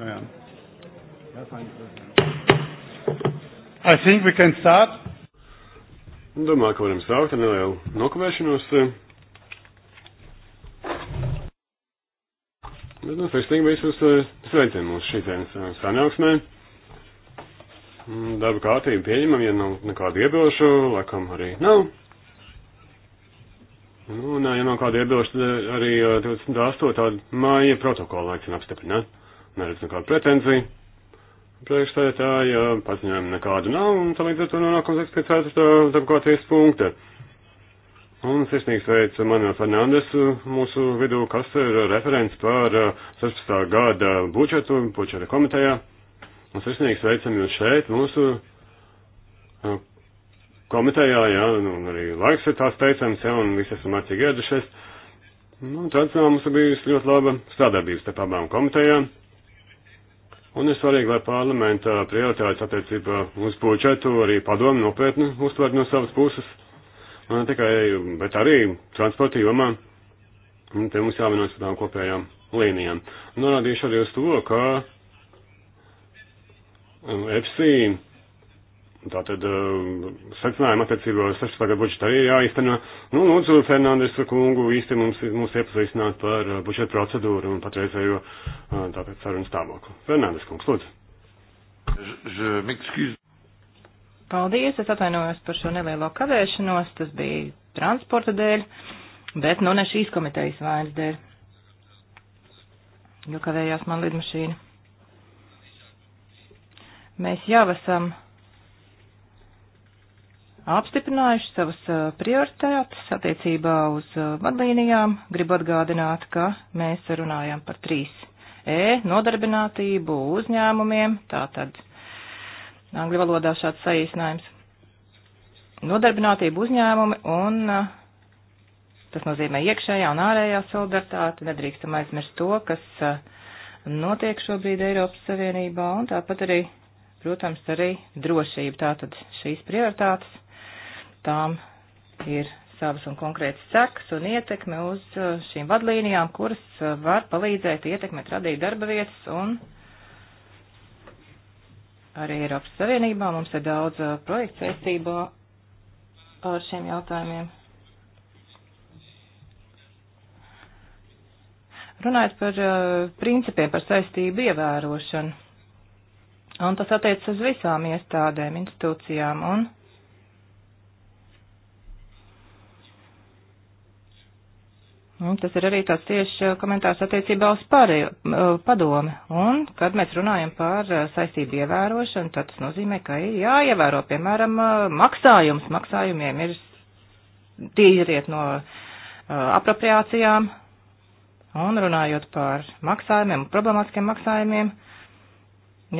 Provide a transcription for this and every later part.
Naja. Oh, I think we can start. Domāju, ka varam sākt ar nelielu nokavēšanos. Eh. Bet, nu, sirsnīgi visus eh, sveicinu mūsu šīdienas eh, sanāksmē. Mm, darba kārtība pieņemam, ja nav nekādu iebilšu, laikam arī nav. Nu, un, ja nav kādu iebilšu, tad arī 28. māja protokola aicinu apstiprināt neredz nekādu pretenziju. Priekšstādātāja paziņojuma nekādu nav, un tā līdz ar to nonākam līdz pie 4. debakāties punkta. Un sirsnīgs veids Manuel Fernandes mūsu vidū, kas ir referents par 16. Uh, gada budžetu, budžeta komitejā. Un sirsnīgs veicam jūs šeit, mūsu uh, komitejā, jā, nu, arī laiks ir tās teicams, jā, un visi esam acīgi ieradušies. Nu, tāds no mums ir bijusi ļoti laba strādābības te abām komitejām. Un ir svarīgi, lai parlamentā prioritātes attiecībā uz budžetu arī padomu nopietni uztver no savas puses. Un ne tikai, bet arī transporta jomā. Un te mums jāvienojas par tām kopējām līnijām. Norādīšu arī uz to, ka EPSI um, Tātad eh, secinājuma attiecībā 16. gada budžeta arī jāizteno. Nu, lūdzu, Fernandes kungu īsti mums, mums iepazīstināt par eh, budžeta procedūru un patreizējo eh, tātad sarunu stāvokli. Fernandes kungs, lūdzu. Paldies, es atvainojos par šo nelielo kavēšanos, tas bija transporta dēļ, bet nu ne šīs komitejas vainas dēļ, jo kavējās man lidmašīna. Mēs jau esam apstiprinājuši savas prioritātes attiecībā uz vadlīnijām. Gribu atgādināt, ka mēs runājam par trīs E - nodarbinātību uzņēmumiem, tātad angļu valodā šāds saīsinājums - nodarbinātību uzņēmumi un tas nozīmē iekšējā un ārējā solidaritāte. Nedrīkstam aizmirst to, kas notiek šobrīd Eiropas Savienībā un tāpat arī, protams, arī drošība. Tātad šīs prioritātes tām ir savas un konkrētas sekas un ietekme uz uh, šīm vadlīnijām, kuras uh, var palīdzēt ietekmēt radīt darba vietas un arī Eiropas Savienībā mums ir daudz uh, projektu saistībā ar šiem jautājumiem. Runājot par principiem par saistību ievērošanu, un tas attiec uz visām iestādēm, institūcijām un Un nu, tas ir arī tāds tieši uh, komentārs attiecībā uz pārējo uh, padomi. Un, kad mēs runājam par uh, saistību ievērošanu, tad tas nozīmē, ka ir jāievēro, piemēram, maksājums. Maksājumiem ir tīriet no apropriācijām. Un runājot par maksājumiem, problemātiskiem maksājumiem,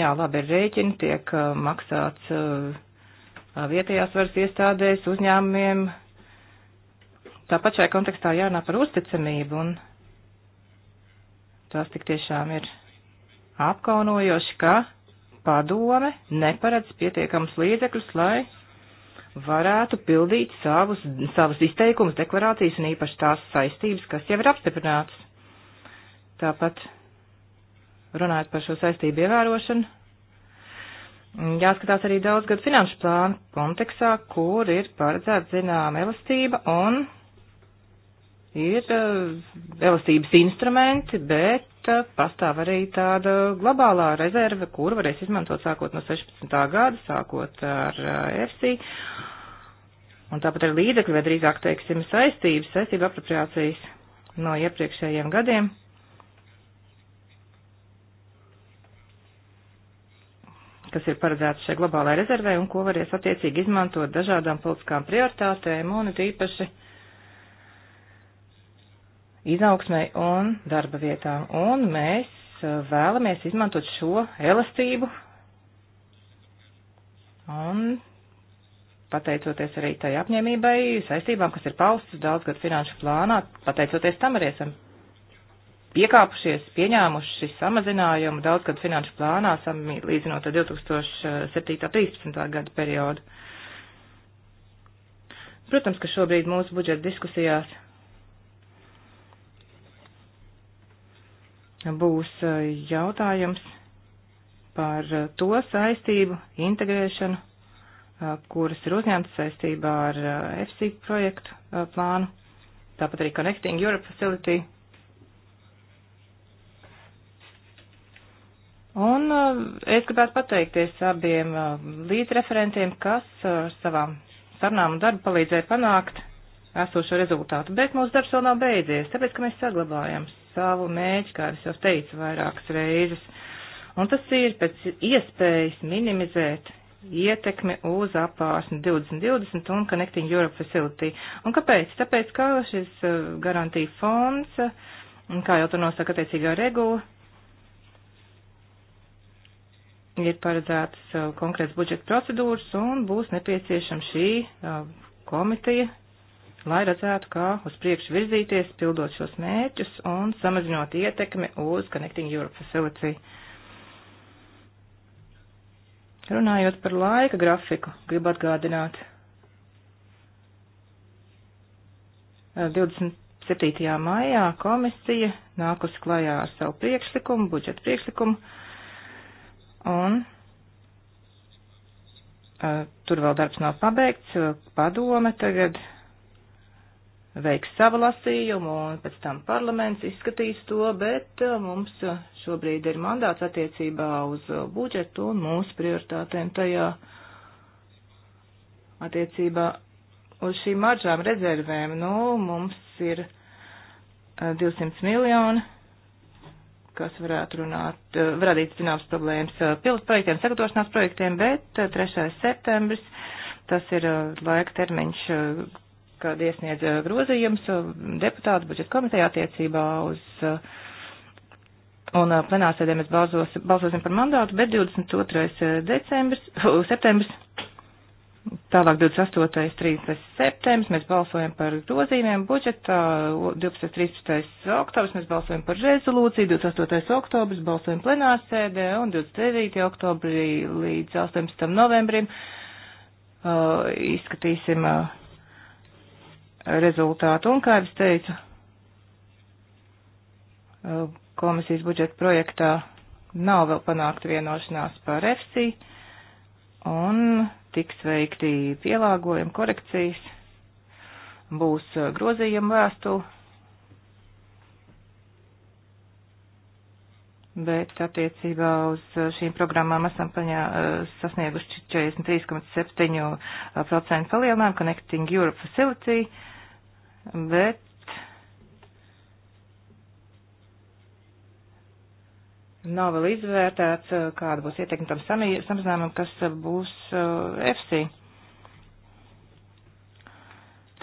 jā, labi ir rēķini, tiek maksāts vietējās varas iestādēs, uzņēmumiem, Tāpat šajā kontekstā jārunā par uzticamību, un tas tik tiešām ir apkaunojoši, ka padome neparedz pietiekams līdzekļus, lai varētu pildīt savus, savus izteikumus, deklarācijas un īpaši tās saistības, kas jau ir apstiprinātas. Tāpat runājot par šo saistību ievērošanu, jāskatās arī daudz gadu finanšu plānu kontekstā, kur ir paredzēta zināma elastība un ir eh, elastības instrumenti, bet eh, pastāv arī tāda globālā rezerve, kur varēs izmantot sākot no 16. gada, sākot ar EFSI. Eh, un tāpat ar līdzekļu, vai drīzāk teiksim saistības, saistību apropriācijas no iepriekšējiem gadiem. kas ir paredzēts šai globālajai rezervē un ko varēs attiecīgi izmantot dažādām politiskām prioritātēm un tīpaši uh, izaugsmai un darba vietām. Un mēs uh, vēlamies izmantot šo elastību un pateicoties arī tai apņēmībai, saistībām, kas ir paustas daudzgad finanšu plānā, pateicoties tam arī esam piekāpušies, pieņēmuši samazinājumu daudzgad finanšu plānā, līdzinot ar 2007.13. gada periodu. Protams, ka šobrīd mūsu budžeta diskusijās būs jautājums par to saistību, integrēšanu, kuras ir uzņemtas saistībā ar FC projektu plānu, tāpat arī Connecting Europe Facility. Un es gribētu pateikties abiem līdzreferentiem, kas ar savām sarunām un darbu palīdzēja panākt esošo rezultātu, bet mūsu darbs vēl nav beidzies, tāpēc, ka mēs saglabājam savu mēģi, kā es jau teicu vairākas reizes. Un tas ir pēc iespējas minimizēt ietekmi uz apvārsni 2020 un Connecting Europe Facility. Un kāpēc? Tāpēc, ka šis uh, garantija fonds, kā jau to nosaka attiecīgā regula, ir paredzētas uh, konkrēts budžeta procedūras un būs nepieciešama šī uh, komiteja lai redzētu, kā uz priekšu virzīties, pildot šos mērķus un samazinot ietekmi uz Connecting Europe Facility. Runājot par laika grafiku, gribu atgādināt 27. Eh, maijā komisija nākusi klajā ar savu priekšlikumu, budžeta priekšlikumu, un uh, tur vēl darbs nav pabeigts, padome tagad veiks savu lasījumu un pēc tam parlaments izskatīs to, bet uh, mums uh, šobrīd ir mandāts attiecībā uz uh, budžetu un mūsu prioritātēm tajā attiecībā uz šīm maržām rezervēm. Nu, mums ir 200 miljoni, kas varētu runāt, radīt zināmas problēmas pilotu projektiem, sagatavošanās projektiem, bet 3. septembris, tas ir laika termiņš kad iesniedz eh, grozījums eh, deputātu budžeta komiteja attiecībā uz eh, un plenārsēdē mēs balsos, balsosim par mandātu, bet 22. decembris, septembris, tālāk 28. 30. septembris mēs balsojam par grozījumiem budžetā, 12. 13. oktobris mēs balsojam par rezolūciju, 28. oktobris balsojam plenārsēdē un 29. oktobrī līdz 18. novembrim uh, izskatīsim. Uh, rezultātu. Un, kā jau es teicu, eh, komisijas budžeta projektā nav vēl panākt vienošanās par EFSI un tiks veikti pielāgojumi, korekcijas, būs eh, grozījuma vēstule, bet attiecībā uz eh, šīm programmām esam paņā, sasnieguši 43,7% palielinājumu Connecting Europe Facility. Uh, bet nav vēl izvērtēts, uh, kāda būs ietekme tam samazinājumam, kas uh, būs uh, FC.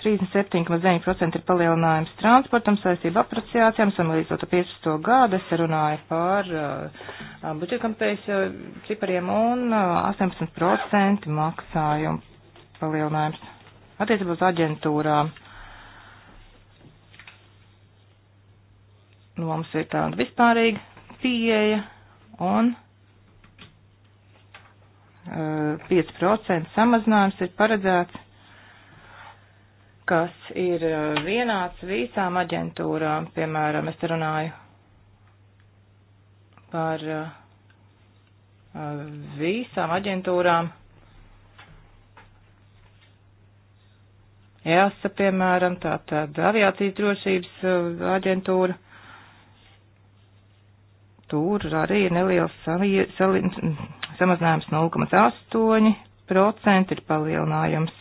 37,9% ir palielinājums transportam saistību apreciācijām, samalīdzot ar 15. gadu, es runāju par uh, budžetkampējas uh, cipariem un uh, 18% maksājumu palielinājums. Attiecībā uz aģentūrām. Uh, Nu, mums ir tāda vispārīga pieeja un 5% eh, samazinājums ir paredzēts, kas ir eh, vienāds visām aģentūrām. Piemēram, es te runāju par eh, visām aģentūrām. EASA, piemēram, tātad aviācijas drošības aģentūra tur arī ir neliels sali, sali, samazinājums 0,8% ir palielinājums.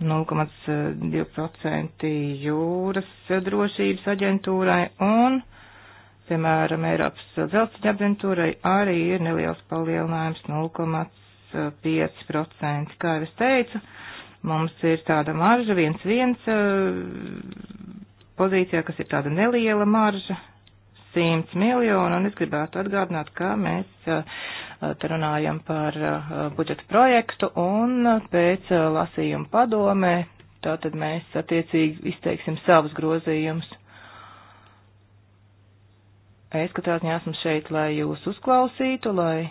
0,2% jūras drošības aģentūrai un, piemēram, Eiropas dzelzceļa aģentūrai arī ir neliels palielinājums 0,5%. Kā jau es teicu, mums ir tāda marža, viens viens eh, pozīcijā, kas ir tāda neliela marža, 100 miljonu, un es gribētu atgādināt, ka mēs te runājam par budžeta projektu, un pēc lasījuma padomē, tātad mēs attiecīgi izteiksim savus grozījumus. Es katrā ziņā esmu šeit, lai jūs uzklausītu, lai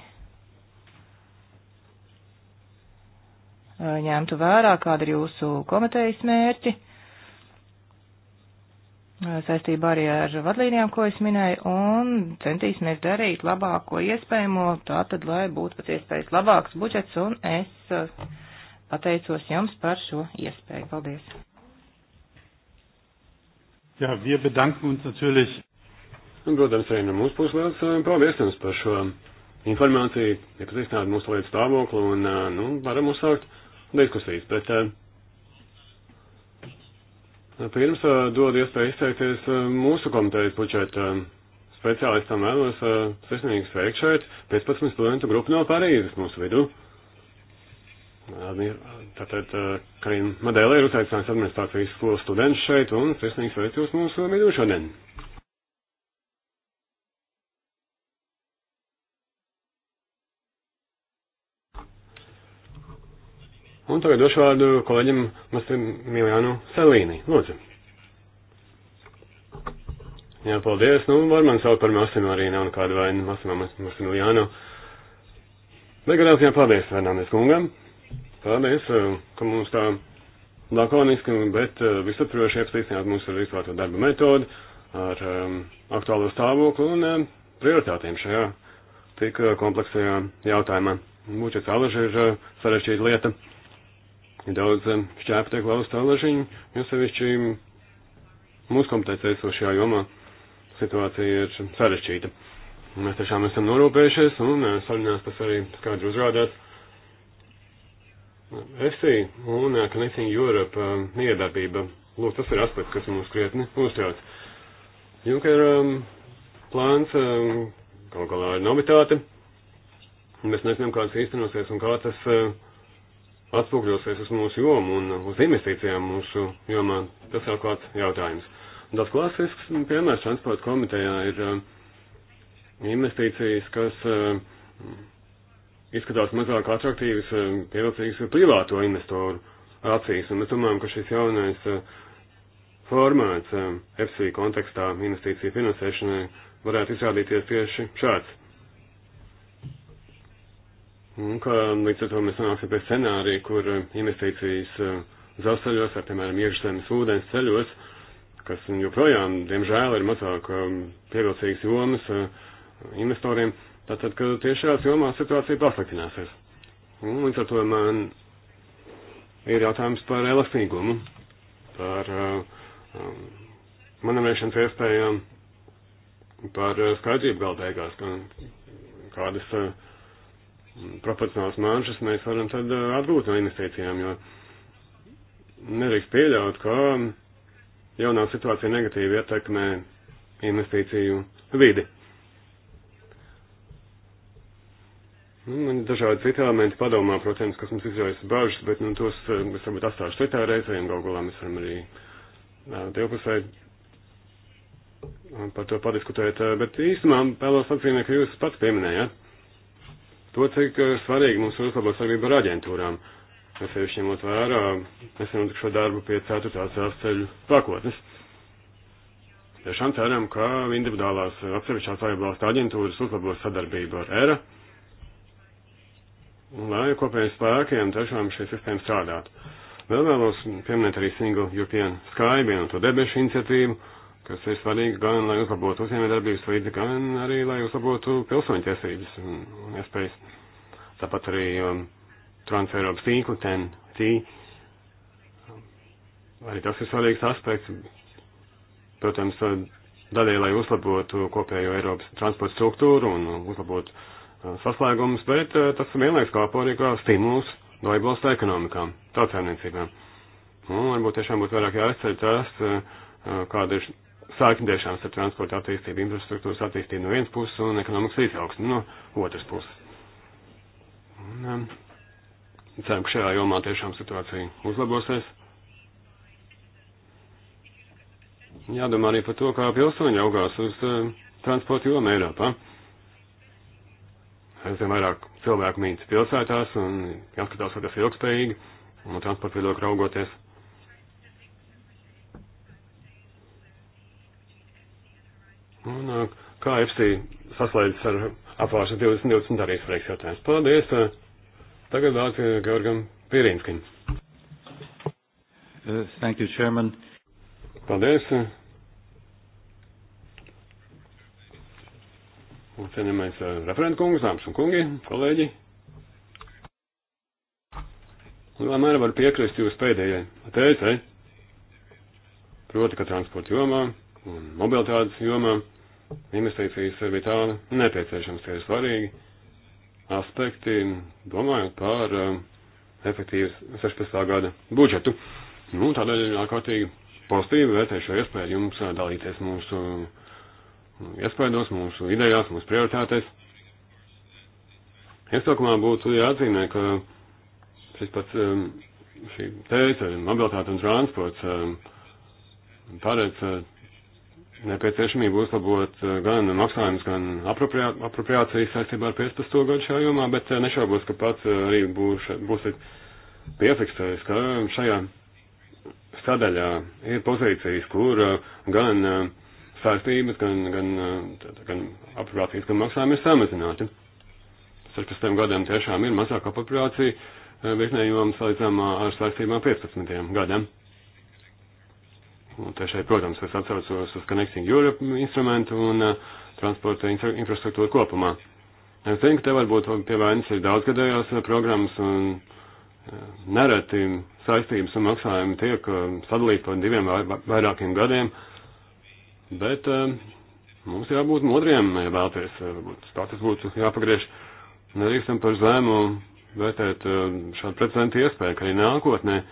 ņemtu vērā, kāda ir jūsu komitejas mērķi saistībā arī ar vadlīnijām, ko es minēju, un centīsimies darīt labāko iespējamo, tātad, lai būtu pēc iespējas labāks budžets, un es pateicos jums par šo iespēju. Paldies! Jā, ja, wir bedanken uns natürlich. Un, protams, arī no mūsu puses liels paldies jums par šo informāciju, iepazīstināt mūsu lietu stāvokli, un, nu, varam uzsākt diskusijas, bet. Uh, Pirms eh, dod iespēju izteikties eh, mūsu komitejas budžeta eh, speciālistam vēlos sirsnīgi sveikt šeit 15 studentu grupu no Parīzes mūsu vidū. Tātad Karina Madēlē ir uzaicināts administrācijas skolas students šeit un sirsnīgi sveicu jūs mūsu vidū šodien. Un tagad došu vārdu kolēģim Massimiliānu Salīni. Lūdzu. Jā, paldies. Nu, var man saukt par Massimu arī nav nekāda vaina nu Massimiliānu. Begadās jā, paldies Fernandes kungam. Paldies, eh, ka mums tā lakoniski, bet eh, visaptroši iepazīstināt mums ar visu to darba metodu, ar um, aktuālo stāvokli un um, prioritātiem šajā tik kompleksajā jautājumā. Būtiet, alaži ir uh, sarežģīta lieta. Ir daudz eh, šķēpu tiek lausta alažiņu, jo sevišķi mūsu kompetencija esošajā jomā situācija ir sarežģīta. Mēs tiešām esam norūpējušies, un eh, sarunās tas arī skaidri uzrādās. FSI un eh, Connecting Europe iedarbība, lūk, tas ir aspekts, kas mums krietni uztrauc. Junker um, plāns um, ehm, kaut galā ir novitāte, mēs nezinām, kāds īstenosies un kā tas uh, atspūgļosies uz mūsu jomu un uz investīcijām mūsu jomā. Tas vēl kāds jautājums. Un tas klasisks piemērs transporta komitejā ir uh, investīcijas, kas uh, izskatās mazāk atraktīvas, uh, pievilcīgas privāto investoru acīs. Un mēs domājam, ka šis jaunais formāts FC kontekstā investīciju finansēšanai varētu izrādīties tieši šāds. Un ka līdz ar to mēs nonāksim pie scenārija, kur eh, investīcijas dzelzceļos eh, vai, piemēram, iekšzemes ūdens ceļos, kas mm, joprojām, diemžēl, ir mazāk eh, pievilcīgas jomas investoriem, tātad, ka tieši šajās jomās situācija pasliktināsies. Un līdz ar to man ir jautājums par elastīgumu, par um, manevrēšanas iespējām, par skaidrību galbeigās, kādas uh, proporcionāls manšas mēs varam tad atgūt no investīcijām, jo nedrīkst pieļaut, ka jaunā situācija negatīvi ietekmē investīciju vidi. Nu, man ir dažādi citi elementi padomā, protams, kas mums izraisa bažas, bet nu, tos es varbūt atstāšu citā reizē, un galu galā mēs varam arī divpusē par to padiskutēt. Bet īstumā vēlos atzīmēt, ka jūs pats pieminējāt. Ja? to, cik eh, svarīgi mums ir uzlabot sadarbību ar aģentūrām. Mēs jau ņemot vērā, eh, mēs jau šo darbu pie 4. dzelzceļu pakotnes. Tiešām ceram, ka individuālās eh, atsevišķās valsts aģentūras uzlabos sadarbību ar ERA, lai kopējiem spēkiem tiešām šī sistēma strādātu. Vēl vēlos pieminēt arī Single European Sky, vienu to debešu iniciatīvu kas ir svarīgi gan, lai uzlabotu uzņēmējdarbības līdzi, gan arī, lai uzlabotu pilsoņu tiesības un, un iespējas. Tāpat arī um, Transeiropas tīklu, TNT, arī tas ir svarīgs aspekts. Protams, daļai, lai uzlabotu kopējo Eiropas transporta struktūru un um, uzlabotu uh, saslēgumus, bet uh, tas vienlaiks kāpo arī kā stimulus dalībvalstu ekonomikām, tautsēmniecībām. Un varbūt tiešām būtu vairāk jāizceļ tas, uh, uh kāda ir sākņdēšanas ar transporta attīstību, infrastruktūras attīstību no vienas puses un ekonomikas izaugsmu no otras puses. Un, um, ceram, ka šajā jomā tiešām situācija uzlabosies. Jādomā arī par to, kā pilsoņi augās uz uh, transporta jomu Eiropā. Aizvien vairāk cilvēku mītas pilsētās un jāskatās, vai tas ir ilgspējīgi, un transporta viedokļa raugoties. Un kā FC saslēdzas ar apvāršanu 2020 arī svarīgs jautājums. Paldies! Eh, tagad vārds eh, Georgam Pīrīnskim. Uh, thank you, Chairman. Paldies! Eh. Un cienījamais referenta kungs, dāmas un kungi, kolēģi. Lēmēr var piekrist jūs pēdējai teicai, proti, ka transporta jomā un mobilitātes jomā. Investīcijas ir vitāli nepieciešams, tie ir svarīgi aspekti, domājot par um, efektīvas 16. gada budžetu. Nu, tādēļ ārkārtīgi pozitīvi vērtēju šo iespēju jums uh, dalīties mūsu nu, iespējos, mūsu idejās, mūsu prioritātēs. Iesākumā būtu jāatzīmē, ka šis pats um, šī teica, mobilitāte un transports um, paredz uh, nepieciešamību uzlabot eh, gan maksājumus, gan apropriā, apropriācijas saistībā ar 15. gadu šajā jomā, bet eh, nešaubos, ka pats eh, arī būs, būsit piefiksējis, ka šajā sadaļā ir pozīcijas, kur gan saistības, gan, gan, tātad, gan apropriācijas, gan maksājumi ir samazināti. 16. gadam tiešām ir mazāk apropriācija, bet ne jomā salīdzāmā ar saistībām 15. gadam. Un tiešai, protams, es atcaucos uz Connecting Europe instrumentu un uh, transporta infra infrastruktūru kopumā. Es zinu, ka te varbūt pie vainas ir daudzgadējās uh, programmas un uh, nereti saistības un maksājumi tiek uh, sadalīti par diviem vai vairākiem gadiem, bet uh, mums jābūt modriem, ja vēlties, uh, varbūt status būtu jāpagriež. Nerīkstam par zēmu vērtēt šādu precedentu iespēju, ka arī nākotnē. Ja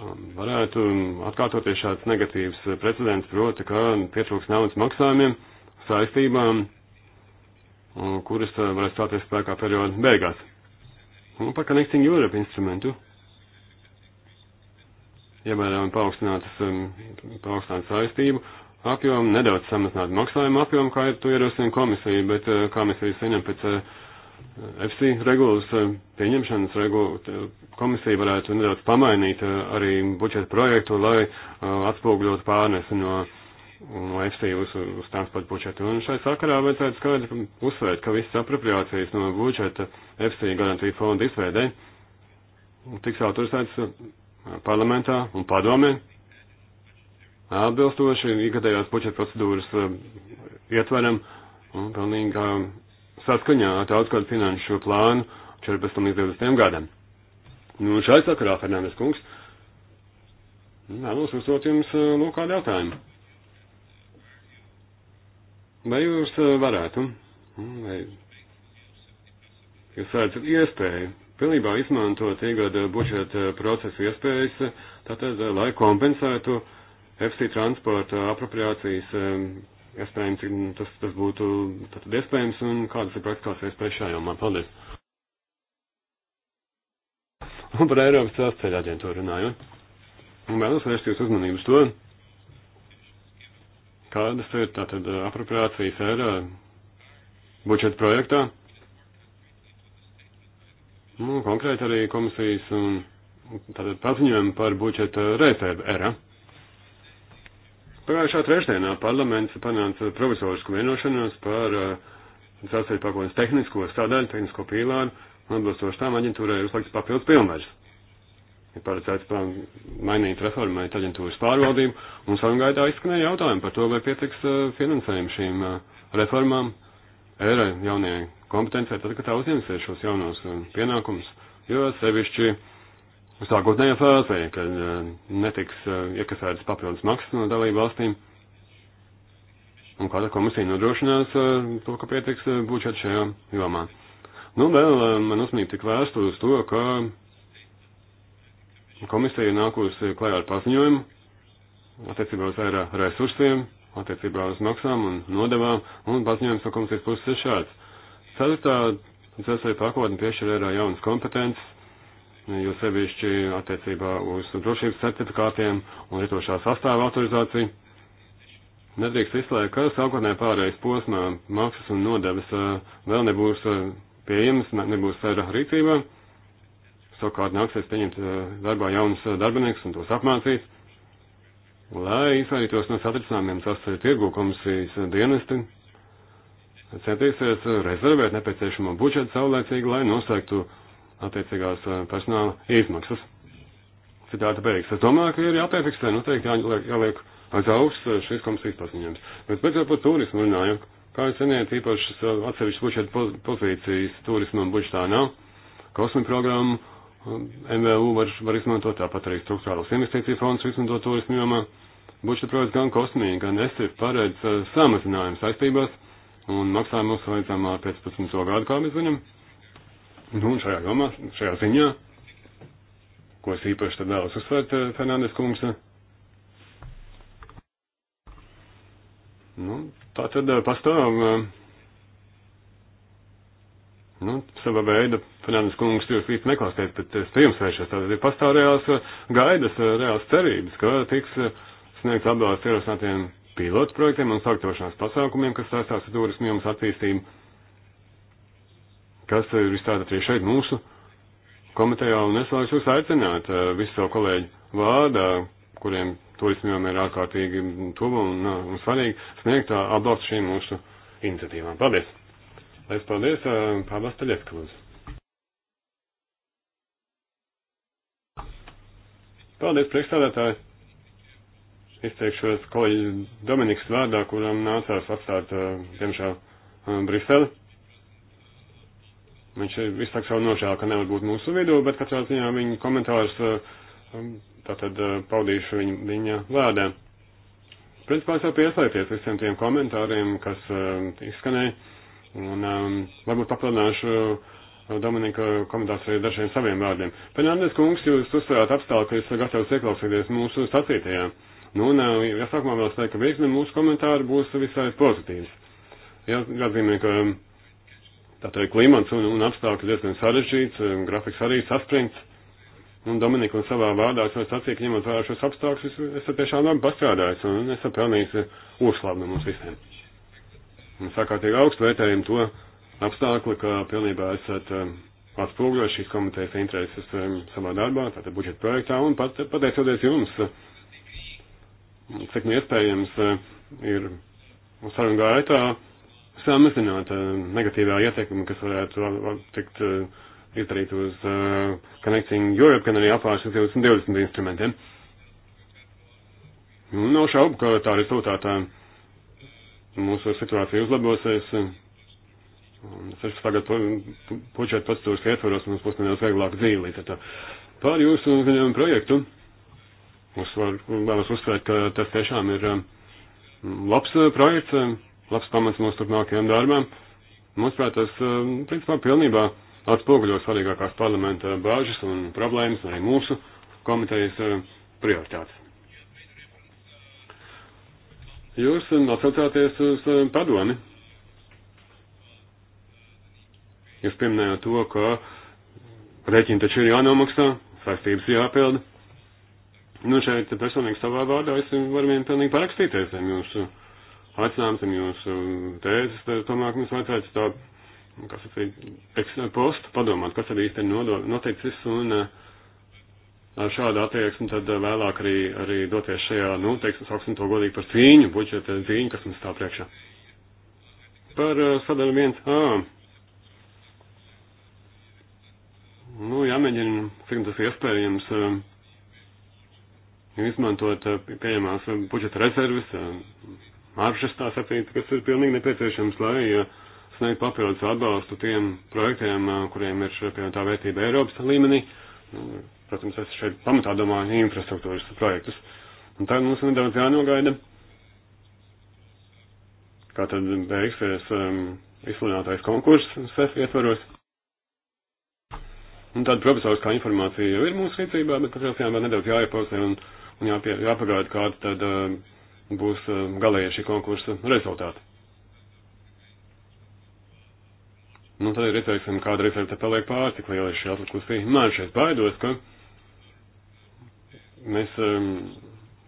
Um, varētu atkārtoties šāds negatīvs precedents, proti, ka pietrūks naudas maksājumiem, saistībām, kuras uh, varēs stāties spēkā perioda beigās. Un par Connecting Europe instrumentu, iemērām paaugstinātas, um, paaugstinātas saistību apjomu, nedaudz samazināt maksājumu apjomu, kā ir to ierosina komisija, bet uh, kā mēs arī saņem pēc uh, FC regulas eh, pieņemšanas regula komisija varētu nedaudz pamainīt eh, arī budžeta projektu, lai eh, atspūgļot pārnesi no, no FC uz, uz transporta budžetu. Un šai sakarā vajadzētu skaidri uzsvērt, ka visas apropriācijas no budžeta FC garantija fonda izveidē tiks autorizētas parlamentā un padomē atbilstoši ikgadējās budžeta procedūras ietveram un pilnīgi saskaņā ar daudzgadu finanšu plānu 14 līdz 20 gadam. Nu, šai sakarā, Fernandes kungs, vēlos uzdot jums nu, kādu jautājumu. Vai jūs eh, varētu, mm, vai jūs redzat iespēju pilnībā izmantot iegada budžeta eh, procesu iespējas, tātad, lai kompensētu FC transporta apropriācijas iespējams, cik tas, tas būtu tātad iespējams un kādas ir praktiskās iespējas šajā jomā. Paldies! Un par Eiropas celceļa aģentūru runājot. Un vēlos vērst jūs uzmanību uz to, kādas ir tātad apropriācijas ērā budžeta projektā. Nu, konkrēti arī komisijas un tātad paziņojumi par budžeta reizēdu ērā. Pagājušā trešdienā parlaments panāca provizorisku vienošanos par eh, dzelzceļa uh, pakotnes tehnisko sadaļu, tehnisko pīlāru, un atbilstoši tām aģentūrai ir uzlikts papildus pilnvaras. Ir paredzēts mainīt reformēt aģentūras pārvaldību, un sarungaidā izskanēja jautājumi par to, vai pietiks uh, finansējumu šīm uh, reformām, ēra jaunie kompetencijai, tad, kad tā uzņemsies šos jaunos pienākumus, jo sevišķi sākotnējā fāzē, kad netiks iekasētas papildus maksas no dalību valstīm. Un kāda komisija nodrošinās to, ka pietiks būčēt šajā jomā. Nu, vēl man uzmanība tik vērsta uz to, ka komisija ir nākusi klajā ar paziņojumu attiecībā uz eiro resursiem, attiecībā uz maksām un nodevām, un paziņojums no komisijas puses ir šāds. Ceturtā dzelzceļa pakotne piešķir eiro jaunas kompetences, jo sevišķi attiecībā uz drošības certifikātiem un ritošā sastāva autorizāciju. Nedrīkst izslēgt, ka sākotnē pārējais posmā maksas un nodevas vēl nebūs pieejamas, nebūs ar rīcībā. Savukārt nāksies pieņemt darbā jaunus darbiniekus un tos apmācīt, lai izvairītos no satricinājumiem sastāvju tirgu komisijas dienesti. Centīsies rezervēt nepieciešamo budžetu saulēcīgi, lai noslēgtu attiecīgās eh, personāla izmaksas. Citāta beigas. Es domāju, ka ir jāpiefiksē, noteikti nu, jāliek, jāliek aiz augsts eh, šīs komisijas paziņojums. Bet pēc jau par turismu runājam, kā jūs zināt, īpašas eh, atsevišķas budžeta pozīcijas turismam budžetā nav. Kosmi programmu MVU var, var izmantot, tāpat arī struktūrālos investīciju fondus izmantot turismu jomā. Budžeta projekts gan kosmī, gan esif paredz samazinājumu saistībās un maksājumus vajadzām ar 15. gadu, kā mēs zinām. Nu, un šajā jomā, šajā ziņā, ko es īpaši tad vēlos uzsvērt, eh, Fernandes kungs. Nu, tā tad eh, pastāv, eh, nu, sava veida, Fernandes kungs, jūs īsti neklāstēt, bet es te jums vēršos, tātad ir pastāv reāls gaidas, reāls cerības, ka tiks sniegts atbalsts ierosinātiem pilotu projektiem un sāktošanās pasākumiem, kas saistās ar turismu jums attīstību kas ir izstrādāt arī šeit mūsu komitejā, un es vēlos jūs aicināt eh, visu savu kolēģu vārdā, kuriem turismiem ir ārkārtīgi tuva un, eh, un svarīgi, sniegt eh, atbalstu šīm mūsu iniciatīvām. Paldies! Liels paldies, Pāvils Taļevka, lūdzu! Paldies, priekšstādātāji! Izteikšos kolēģi Dominiks vārdā, kuram nācās atstāt, diemžēl, Briseli. Viņš vispār savu nožēlu, ka nevar būt mūsu vidū, bet katrā ziņā viņa komentārs eh, um, tātad eh, paudīšu viņa, viņa vārdā. Principā es jau pieslēgties visiem tiem komentāriem, kas eh, izskanēja, un um, varbūt papildināšu Dominika komentārs arī dažiem saviem vārdiem. Fernandes kungs, jūs uzsvērāt apstākļus, ka esat gatavs ieklausīties mūsu sacītajā. Nu, un jāsākumā vēl es teiktu, ka virkne mūsu komentāru būs visai pozitīvs. Jā, jāatzīmē, ka Tātad klimats un, un apstākļi diezgan sarežģīts, um, grafiks arī saspringts. Un Dominika un savā vārdā es varu sacīt, ka ņemot vērā šos apstākļus, esat tiešām labi pastrādājis un esat pelnījis uh, uzslavu no mums visiem. Un sākārtīgi augstu vērtējam to apstākli, ka pilnībā esat um, atspūgļojuši šīs komitejas intereses um, savā darbā, tātad budžeta projektā, un pat, pateicoties jums, uh, cik nu iespējams uh, ir sarunu gaitā samazināt eh, negatīvā ietekmi, kas varētu tikt eh, izdarīt uz eh, Connecting Europe, gan arī apāršas 2020 instrumentiem. Nu, nav šaubu, ka tā rezultātā mūsu situācija uzlabosies. Es tagad pučēt pastūras ietvaros, mums būs nedaudz vieglāk dzīve līdz ar to. Pār jūsu ziņojumu projektu, es varu, vēlos uzsvērt, ka tas tiešām ir labs projekts, labs pamats mūsu turpmākajam darbam. Mūsuprāt, tas, eh, principā, pilnībā atspoguļo svarīgākās parlamenta bāžas un problēmas, un arī mūsu komitejas eh, prioritātes. Jūs atsaucāties uz eh, padomi. Jūs pieminējāt to, ka rēķini taču ir jānomaksā, saistības jāpilda. Nu, šeit personīgi savā vārdā es varu vien pilnīgi parakstīties ar jūsu. Uh, aicinājums un jūsu tēzes, tomēr mums vajadzētu tā, kas sacīja, postu padomāt, kas tad īsti ir noteicis un eh, ar šādu attieksmi tad eh, vēlāk arī, arī doties šajā, nu, teiksim, sauksim to godīgi par cīņu, budžeta cīņu, kas mums stāv priekšā. Par eh, sadaļu 1a. Nu, jāmēģina, cik tas iespējams, izmantot pieejamās budžeta rezerves, maržas tā sacīt, kas ir pilnīgi nepieciešams, lai ja sniegt papildus atbalstu tiem projektiem, kuriem ir pievienotā vērtība Eiropas līmenī. Nu, protams, es šeit pamatā domāju infrastruktūras projektus. Un tagad mums nedaudz jānogaida, kā tad beigsies um, izsludinātais konkurss SEF ietvaros. Un tāda profesoriskā informācija jau ir mūsu rīcībā, bet, protams, jā, vēl nedaudz jāiepauzē un, un jāpie, jāpagaida, kāda tad. Uh, būs eh, galējie šī konkursa rezultāti. Nu, tad ir ieteiksim, kāda recepte paliek pāri, cik liela ir šī atlikusī. Man šeit baidos, ka mēs um,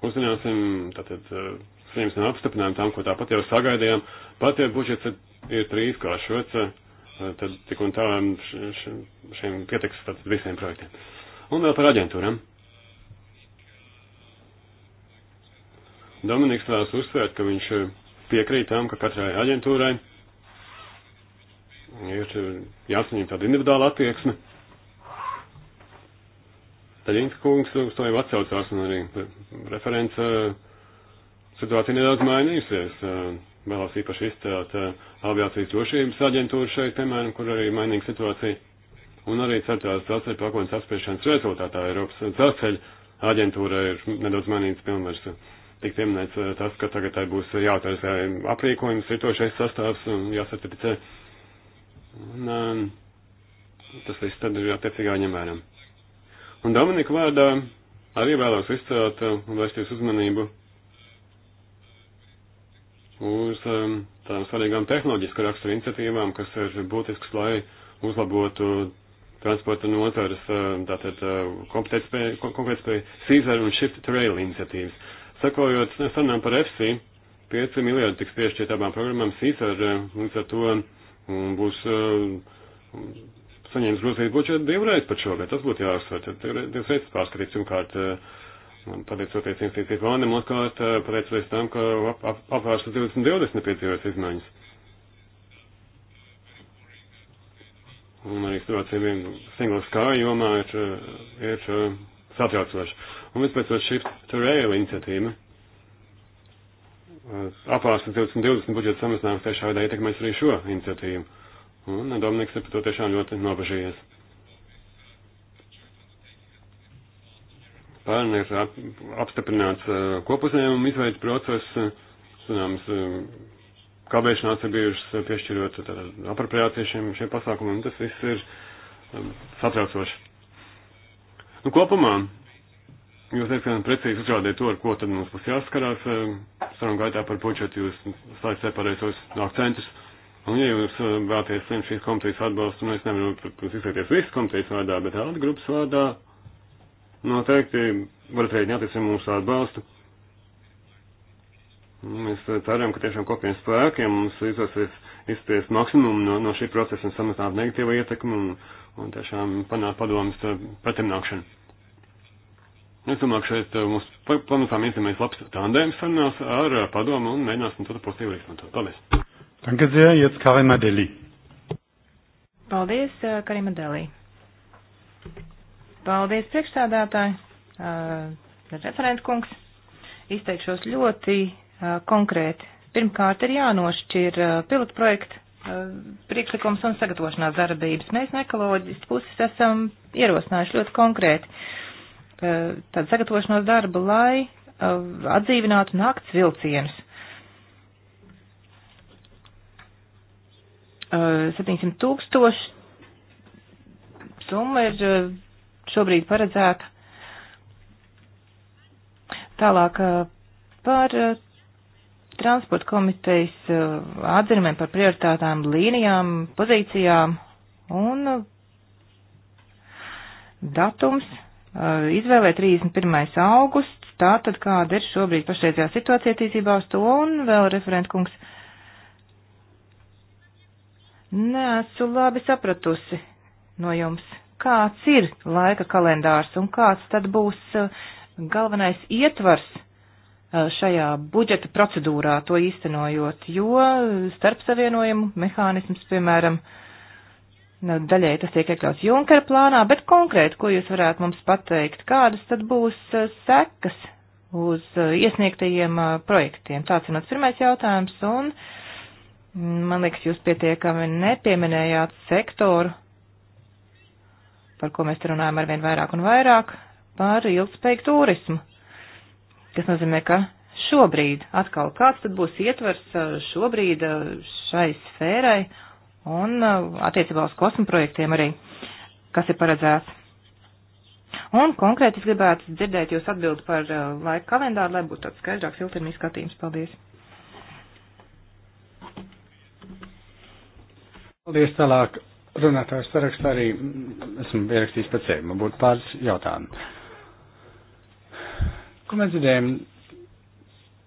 uzzināsim, tātad uh, saņemsim apstiprinājumu tam, ko tāpat jau sagaidījām. Pat ja budžets ir trīskāršots, uh, tad tik un tā ehm, š, š, šiem pietiks tad visiem projektiem. Un vēl par aģentūram. Uh, Dominiks vēlas uzsvērt, ka viņš eh, piekrīt tam, ka katrai aģentūrai ir eh, jāsaņem tāda individuāla attieksme. Tad Inka kungs eh, uz to jau atcaucās un arī referents situācija nedaudz mainīsies. Vēlos īpaši izcelt aviācijas drošības aģentūru šeit, piemēram, kur arī mainīga situācija. Un arī ceturtās dzelzceļa pakotnes apspiešanas rezultātā Eiropas dzelzceļa aģentūra ir nedaudz mainīts pilnvars tik pieminēts eh, tas, ka tagad tai būs jāautorizē aprīkojums, ritošais sastāvs, jāsertificē. Un um, tas viss tad ir attiecīgā ņem vērā. Un Dominika vārdā arī vēlos izcelt eh, un vērsties uzmanību uz um, tām svarīgām tehnoloģisku raksturu iniciatīvām, kas ir būtisks, lai uzlabotu transporta nozares, eh, tātad konkrētspēja, Caesar un Shift Trail iniciatīvas. Sakojot sarunām par FC, 5 miljardi tiks piešķirt abām programmām SISAR, eh, līdz ar to mm, būs eh, saņēmis grozīt budžetu divreiz pat šogad, tas būtu jāuzsver, tad divreiz pārskatīt simkārt, pateicoties eh, institīciju plānam, otrkārt, pateicoties tam, ka ap, ap, apvērsta 2020 piedzīvojas izmaiņas. Un arī situācija vien single sky jomā ir, ir satraucoša. Un vispēc to Shift to Rail iniciatīva. Apārsts 2020 budžeta samazinājums tiešā veidā ietekmēs arī šo iniciatīvu. Un Dominiks ir par to tiešām ļoti nobežījies. Pārnieks ap, apstiprināts uh, kopuzņēmumu izveids process, uh, zināms, uh, kavēšanās ir bijušas uh, piešķirot uh, apropriāciju šiem, šiem pasākumiem, tas viss ir um, satraucoši. Nu, kopumā Jūs diezgan precīzi uzrādījāt to, ar ko tad mums būs jāskarās sarunu gaitā par budžetu, jūs sāc separētos akcentus. Un, ja jūs vēlaties saņemt šīs komitejas atbalstu, un es nevaru, nu, protams, izteikties visas komitejas vārdā, bet tāda grupas vārdā, noteikti varat rēķināties ar mūsu atbalstu. Mēs ceram, ka tiešām kopiem spēkiem mums izdosies izspiest maksimumu no, no šī procesa un samazināt negatīvo ietekmi un, un tiešām panākt padomus eh, pretimnākšanu. Es domāju, ka šeit eh, mums pamatām iezīmēs labs tandēms sarunās ar eh, padomu un mēģināsim to pozitīvi izmantot. Paldies! Danke sehr, jetzt Karima Deli. Paldies, eh, Karima Deli. Paldies, priekšstādātāji, uh, referenta kungs. Izteikšos ļoti uh, konkrēti. Pirmkārt ir jānošķir uh, pilotprojektu priekšlikums un sagatavošanās darbības. Mēs no ekoloģijas puses esam ierosinājuši ļoti konkrēti. Uh, tādu sagatavošanos darbu, lai uh, atdzīvinātu nakts vilcienus. 700 uh, tūkstoši summa ir uh, šobrīd paredzēta. Tālāk par transporta komitejas atzinumiem par prioritātām līnijām, pozīcijām un datums Eh, izvēlē 31. augusts, tātad kāda ir šobrīd pašreizējā situācija attiecībā uz to un vēl referentkungs. Nē, esmu labi sapratusi no jums, kāds ir laika kalendārs un kāds tad būs eh, galvenais ietvars eh, šajā budžeta procedūrā to īstenojot, jo starpsavienojumu mehānisms, piemēram, uh, Nu, daļai tas tiek iekļauts Junkera plānā, bet konkrēti, ko jūs varētu mums pateikt, kādas tad būs uh, sekas uz uh, iesniegtajiem uh, projektiem? Tāds ir mans pirmais jautājums, un mm, man liekas, jūs pietiekami nepieminējāt sektoru, par ko mēs te runājam arvien vairāk un vairāk, par ilgspējīgu turismu, kas nozīmē, ka šobrīd atkal kāds tad būs ietvers šobrīd šai sfērai un uh, attiecībā uz kosmu projektiem arī, kas ir paredzēts. Un konkrēti es gribētu dzirdēt jūs atbildi par uh, laika kalendāru, lai būtu tāds skaidrāks ilgtermiņa skatījums. Paldies! Paldies tālāk. Runātājs sarakstā arī mm, esmu pierakstījis pēc sevi. Man būtu pāris jautājumu. Ko mēs dzirdējam?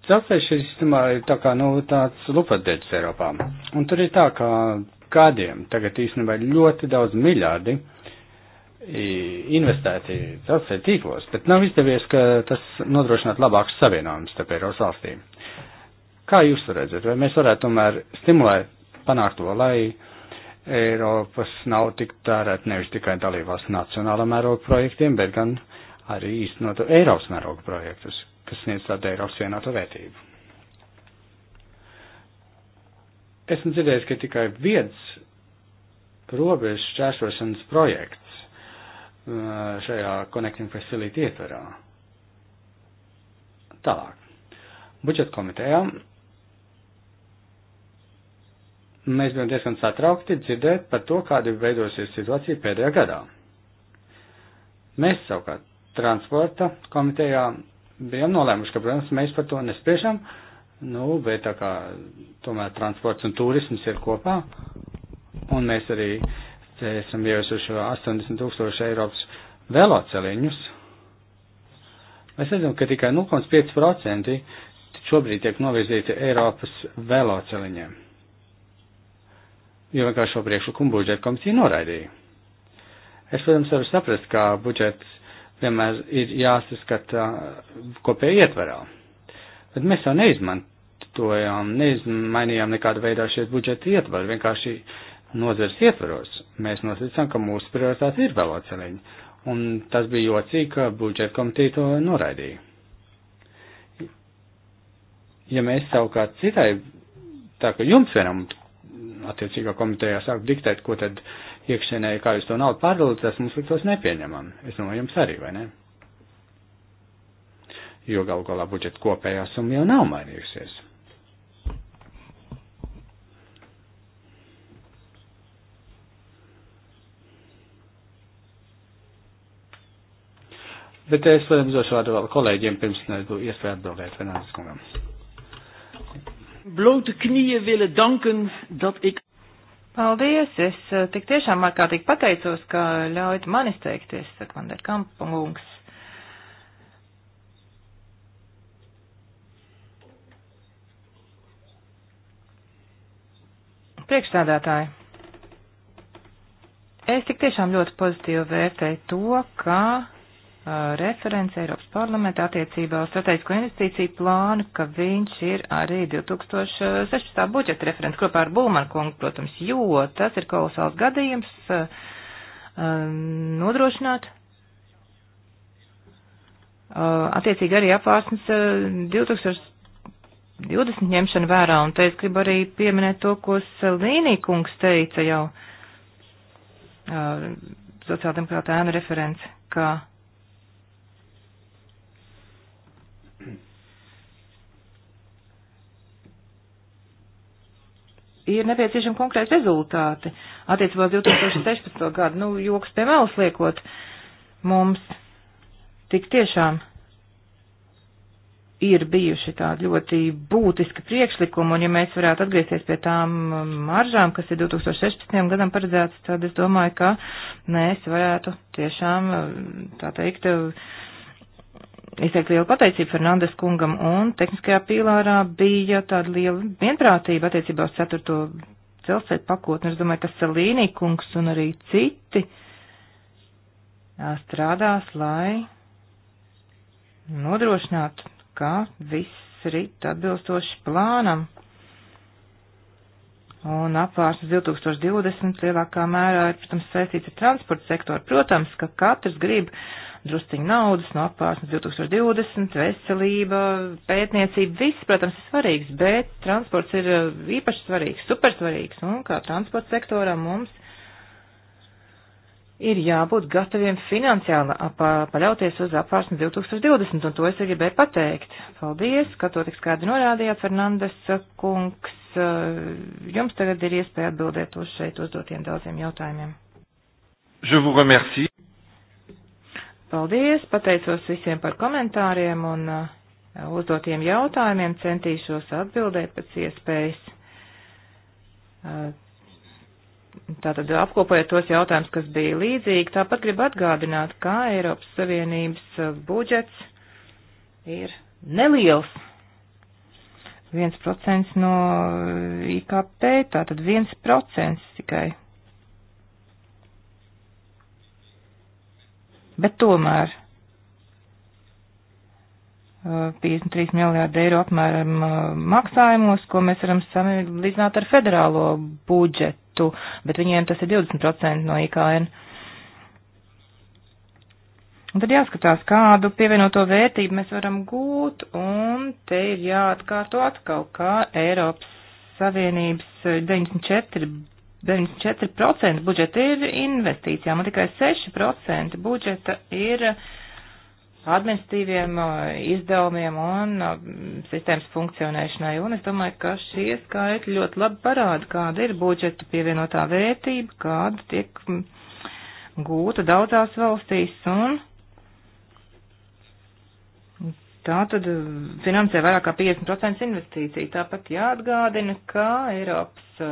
Dzelzceļš ir īstenībā tā kā, nu, tāds lupatdeģis Eiropā. Un tur ir tā, ka gadiem, tagad īstenībā ir ļoti daudz miljārdi investēti dzelzceļa tīklos, bet nav izdevies, ka tas nodrošinātu labākus savienojumus starp Eiropas valstīm. Kā jūs redzat, vai mēs varētu tomēr stimulēt panākt to, lai Eiropas nav tik tērēt nevis tikai dalībās nacionāla mēroga projektiem, bet gan arī īstenotu Eiropas mēroga projektus, kas sniedz tādu Eiropas vienotu vērtību? Esmu dzirdējis, ka tikai viens robežu šķērsošanas projekts uh, šajā Connecting Facility ietverā. Tālāk. Budžeta komitejā mēs bijām diezgan satraukti dzirdēt par to, kāda ir veidosies situācija pēdējā gadā. Mēs savukārt transporta komitejā bijām nolēmuši, ka, protams, mēs par to nespriešam, uh, Nu, bet tā kā tomēr transports un turisms ir kopā, un mēs arī esam ievesuši 80 tūkstoši Eiropas veloceliņus, mēs redzam, ka tikai 0,5% šobrīd tiek novirzīti Eiropas veloceliņiem. Jo vienkārši šo priekšlikumu budžeta komisija noraidīja. Es, protams, varu saprast, ka budžets vienmēr ir jāsaskata kopēji ietverā. Bet mēs jau neizmantojām, neizmainījām nekādu veidā šeit budžeta ietvaru, vienkārši nozars ietvaros. Mēs nosacām, ka mūsu prioritāte ir velocieliņi, un tas bija jocīgi, ka budžeta komitīja to noraidīja. Ja mēs savukārt citai, tā ka jums vienam attiecīgā komitejā sāk diktēt, ko tad iekšienē, kā jūs to naudu pārdalīt, tas mums liktos nepieņemam. Es domāju, jums arī, vai ne? jo galu galā budžeta kopējā summa jau nav mainījusies. Bet es, protams, došu vārdu vēl kolēģiem, pirms nedu iespēju atbildēt Fernandes kungam. Blote knieën willen danken dat ik. Paldies, es eh, tik tiešām ārkārtīgi pateicos, ka ļaujat man izteikties, saka Vanderkamp kungs. priekšstādātāji. Es tik tiešām ļoti pozitīvi vērtēju to, ka uh, referents Eiropas parlamenta attiecībā uz strateģisko investīciju plānu, ka viņš ir arī 2016. budžeta referents kopā ar Būmanu kungu, protams, jo tas ir kolosāls gadījums uh, um, nodrošināt uh, attiecīgi arī apvārsnes 2000. Uh, 20 ņemšanu vērā, un te es gribu arī pieminēt to, ko Salīnī kungs teica jau uh, sociāldemokrāta ēnu referents, ka ir nepieciešami konkrēti rezultāti attiecībā uz 2016. gadu. Nu, joks pie mēles liekot, mums tik tiešām ir bijuši tādi ļoti būtiski priekšlikumi, un ja mēs varētu atgriezties pie tām maržām, kas ir 2016. gadam paredzētas, tad es domāju, ka mēs varētu tiešām, tā teikt, izteikt lielu pateicību Fernandes kungam, un tehniskajā pīlārā bija tāda liela vienprātība attiecībā uz ceturto celsēt pakotni. Es domāju, ka Salīnī kungs un arī citi strādās, lai nodrošinātu ka viss rit atbilstoši plānam. Un apvārsnes 2020 lielākā mērā ir, protams, saistīts ar transporta sektoru. Protams, ka katrs grib drusciņu naudas no apvārsnes 2020, veselība, pētniecība, viss, protams, ir svarīgs, bet transports ir uh, īpaši svarīgs, supersvarīgs, un kā transporta sektoram mums ir jābūt gataviem finansiāli paļauties uz apvārsni 2020, un to es arī gribēju pateikt. Paldies, ka to tik skaidri norādījāt, Fernandes kungs. Eh, jums tagad ir iespēja atbildēt uz šeit uzdotiem daudziem jautājumiem. Je vous remercie. Paldies, pateicos visiem par komentāriem un eh, uzdotiem jautājumiem, centīšos atbildēt pēc iespējas eh, Tātad apkopojot tos jautājumus, kas bija līdzīgi, tāpat gribu atgādināt, kā Eiropas Savienības uh, budžets ir neliels. 1% no uh, IKP, tātad 1% tikai. Bet tomēr 53 uh, miljārdi eiro apmēram maksājumos, ko mēs varam samīdzināt ar federālo budžetu citu, bet viņiem tas ir 20% no IKN. Un tad jāskatās, kādu pievienoto vērtību mēs varam gūt, un te ir jāatkārto atkal, kā Eiropas Savienības 94, 94% budžeta ir investīcijām, un tikai 6% budžeta ir uh, administratīviem izdevumiem un sistēmas funkcionēšanai. Un es domāju, ka šie skaitļi ļoti labi parāda, kāda ir budžeta pievienotā vērtība, kāda tiek gūta daudzās valstīs un tā tad finansē vairāk kā 50% investīciju. Tāpat jāatgādina, ka Eiropas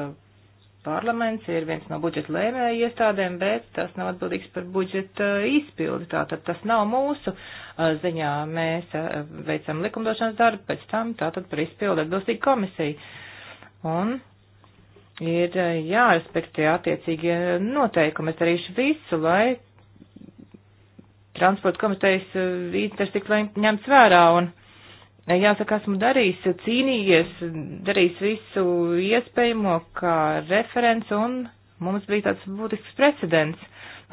parlaments ir viens no budžeta lēmēja iestādēm, bet tas nav atbildīgs par budžeta izpildi. Tātad tas nav mūsu uh, ziņā. Mēs uh, veicam likumdošanas darbu, pēc tam tātad par izpildi atbilstīga komisija. Un ir uh, jārespektē attiecīgie noteikumi. Es darīšu visu, lai transporta komitejas intereses tiktu ņemts vērā. Un, Jāsaka, esmu darījis, cīnījies, darījis visu iespējamo kā referents, un mums bija tāds būtisks precedents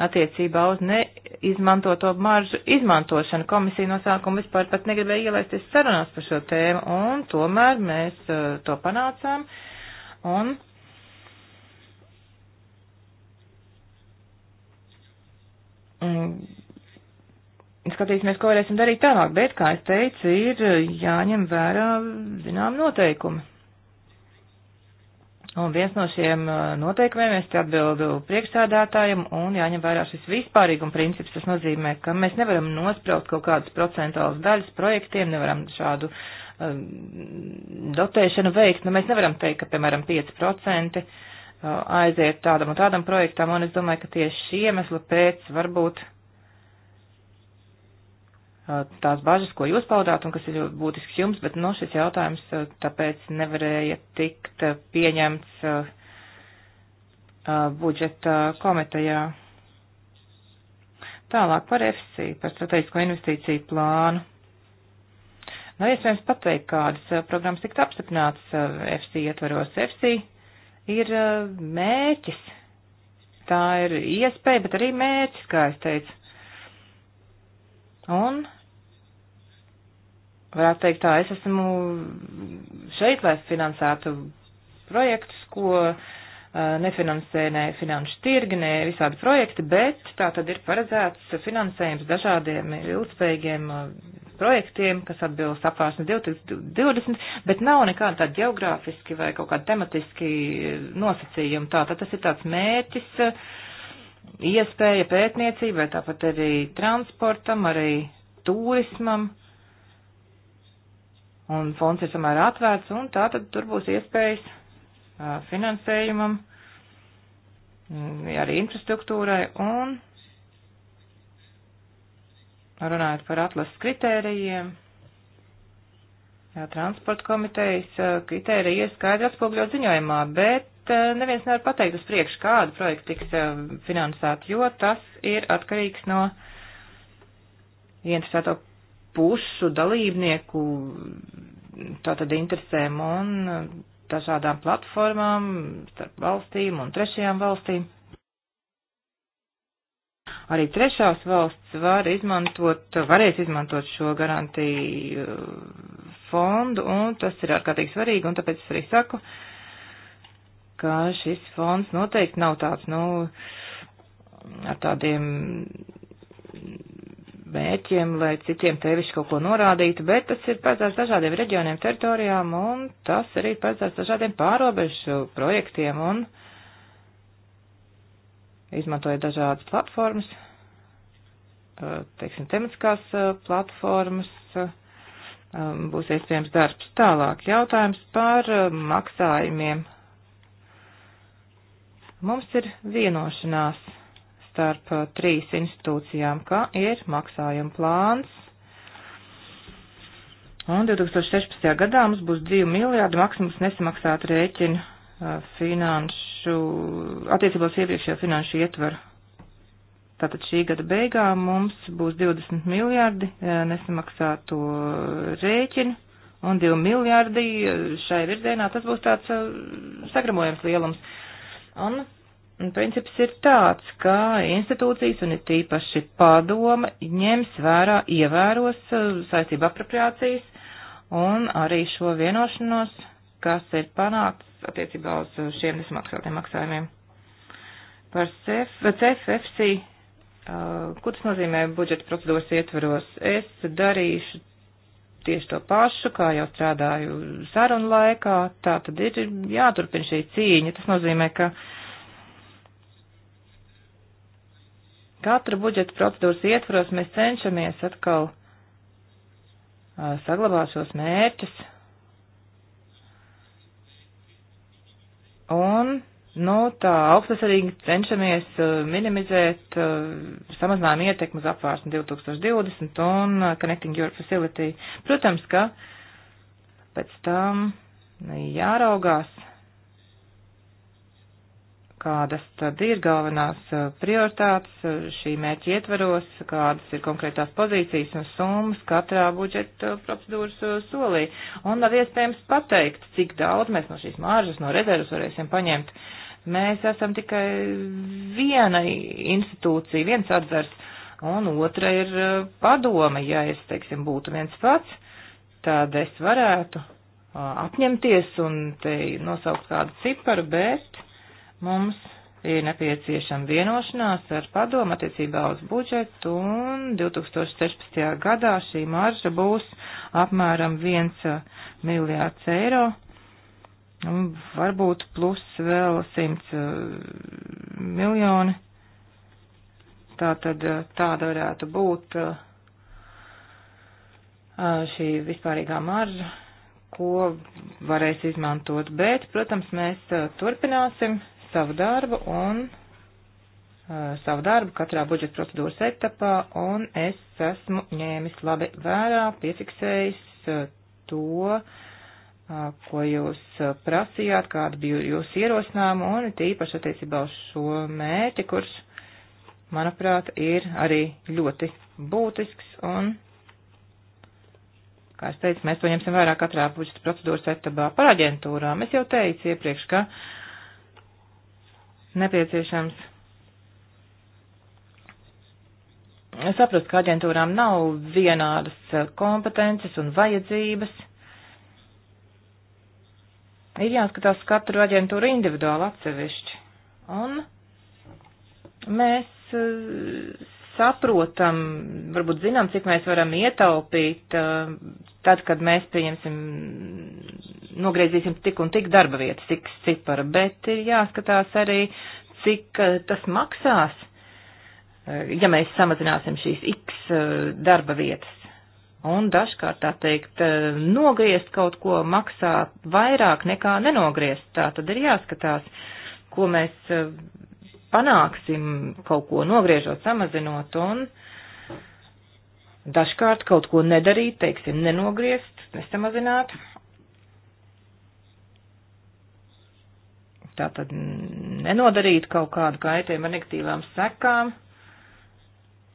attiecībā uz neizmantoto maržu izmantošanu. Komisija no sākuma vispār pat negribēja ielaisties sarunās par šo tēmu, un tomēr mēs uh, to panācām. Un mm, skatīsimies, ko varēsim darīt tālāk, bet, kā es teicu, ir jāņem vērā, zinām, noteikumi. Un viens no šiem uh, noteikumiem, es te atbildu priekšsādātājiem, un jāņem vērā šis vispārīguma princips, tas nozīmē, ka mēs nevaram nospraust kaut kādas procentuālas daļas projektiem, nevaram šādu um, dotēšanu veikt, nu mēs nevaram teikt, ka, piemēram, 5% uh, aiziet tādam un tādam projektam, un es domāju, ka tieši šī iemesla pēc varbūt tās bažas, ko jūs paudāt un kas ir būtisks jums, bet no nu, šis jautājums tāpēc nevarēja tikt pieņemts budžeta komitejā. Tālāk par EFSI, par strateģisko investīciju plānu. Nav nu, iespējams pateikt, kādas programmas tikt apstiprinātas EFSI ietvaros. EFSI ir mērķis. Tā ir iespēja, bet arī mērķis, kā es teicu Un varētu teikt tā, es esmu šeit, lai finansētu projektus, ko uh, nefinansē ne finanšu tirgi, ne visādi projekti, bet tā tad ir paredzēts finansējums dažādiem ilgspējīgiem eh, projektiem, kas atbilst apvārsni 2020, bet nav nekāda tāda geogrāfiski vai kaut kāda tematiski eh, nosacījuma. Tā tad tas ir tāds mērķis. Uh, iespēja pētniecībai, tāpat arī transportam, arī turismam. Un fonds ir samērā atvērts, un tā tad tur būs iespējas finansējumam, mm, arī infrastruktūrai, un runājot par atlases kritērijiem, jā, transporta komitejas kritērija ir skaidri atspogļot ziņojumā, bet Eh, neviens nevar pateikt uz priekšu, kādu projektu tiks eh, finansēt, jo tas ir atkarīgs no interesēto pušu dalībnieku tātad interesēm un eh, dažādām platformām, starp valstīm un trešajām valstīm. Arī trešās valsts var izmantot, varēs izmantot šo garantiju fondu, un tas ir ārkārtīgi svarīgi, un tāpēc es arī saku, uh, ka šis fonds noteikti nav tāds, nu, ar tādiem mērķiem, lai citiem tevišķi kaut ko norādītu, bet tas ir paredzēts dažādiem reģioniem, teritorijām, un tas arī paredzēts dažādiem pārobežu projektiem, un izmantoja dažādas platformas, teiksim, tematiskās platformas, būs iespējams darbs. Tālāk jautājums par maksājumiem Mums ir vienošanās starp uh, trīs institūcijām, ka ir maksājuma plāns. Un 2016. gadā mums būs 2 miljārdi maksimums nesamaksāt rēķinu uh, finanšu, attiecībā uz iepriekšējo finanšu ietvaru. Tātad šī gada beigām mums būs 20 miljārdi uh, nesamaksāto rēķinu un 2 miljārdi šai virzienā. Tas būs tāds sagramojams lielums. Un, un princips ir tāds, ka institūcijas un ir tīpaši padoma ņems vērā, ievēros uh, saistību apropriācijas un arī šo vienošanos, kas ir panākts attiecībā uz uh, šiem nesmaksātiem maksājumiem. Par CF, CFFC, uh, ko tas nozīmē budžeta procedūras ietveros, es darīšu tieši to pašu, kā jau strādāju sarunu laikā, tā tad ir jāturpina šī cīņa. Tas nozīmē, ka katra budžeta procedūras ietvaros mēs cenšamies atkal uh, saglabāt šos mērķus. Un nu, tā augstasarīgi cenšamies uh, minimizēt uh, samazinājumu ietekmi uz apvārsni 2020 un uh, Connecting Europe Facility. Protams, ka pēc tam jāraugās, kādas tad ir galvenās prioritātes šī mērķa ietveros, kādas ir konkrētās pozīcijas un summas katrā budžeta procedūras solī. Un nav iespējams pateikt, cik daudz mēs no šīs māržas, no rezervas varēsim paņemt. Uh, Mēs esam tikai viena institūcija, viens atzars, un otra ir e, padome. Ja es, teiksim, būtu viens pats, tad es varētu e, apņemties un te nosaukt kādu ciparu, bet mums ir nepieciešama vienošanās ar padomu attiecībā uz budžetu, un 2016. gadā šī marža būs apmēram 1 e, miljārds eiro. Nu, varbūt plus vēl 100 uh, miljoni. Tā tad uh, tāda varētu būt uh, šī vispārīgā marža, ko varēs izmantot, bet, protams, mēs turpināsim savu darbu un savu darbu katrā budžeta procedūras etapā, un es esmu ņēmis labi vērā, piefiksējis to, uh, ko jūs prasījāt, kāda bija jūsu ierosinājuma un tīpaši attiecībā uz šo mērķi, kurš, manuprāt, ir arī ļoti būtisks un, kā es teicu, mēs to ņemsim vērā katrā budžeta procedūras etabā par aģentūrām. Es jau teicu iepriekš, ka nepieciešams saprast, ka aģentūrām nav vienādas kompetences un vajadzības ir jāskatās katru aģentūru individuāli atsevišķi. Un mēs eh, saprotam, varbūt zinām, cik mēs varam ietaupīt eh, tad, kad mēs pieņemsim, nogriezīsim tik un tik darba vietas, cik cipara, bet ir jāskatās arī, cik eh, tas maksās, ja mēs samazināsim šīs x darba vietas un dažkārt, tā teikt, eh, nogriezt kaut ko maksā vairāk nekā nenogriezt. Tā tad ir jāskatās, ko mēs eh, panāksim, kaut ko nogriežot, samazinot, un dažkārt kaut ko nedarīt, teiksim, nenogriezt, nesamazināt. Tātad nenodarīt kaut kādu kaitējumu ar negatīvām sekām. Uh,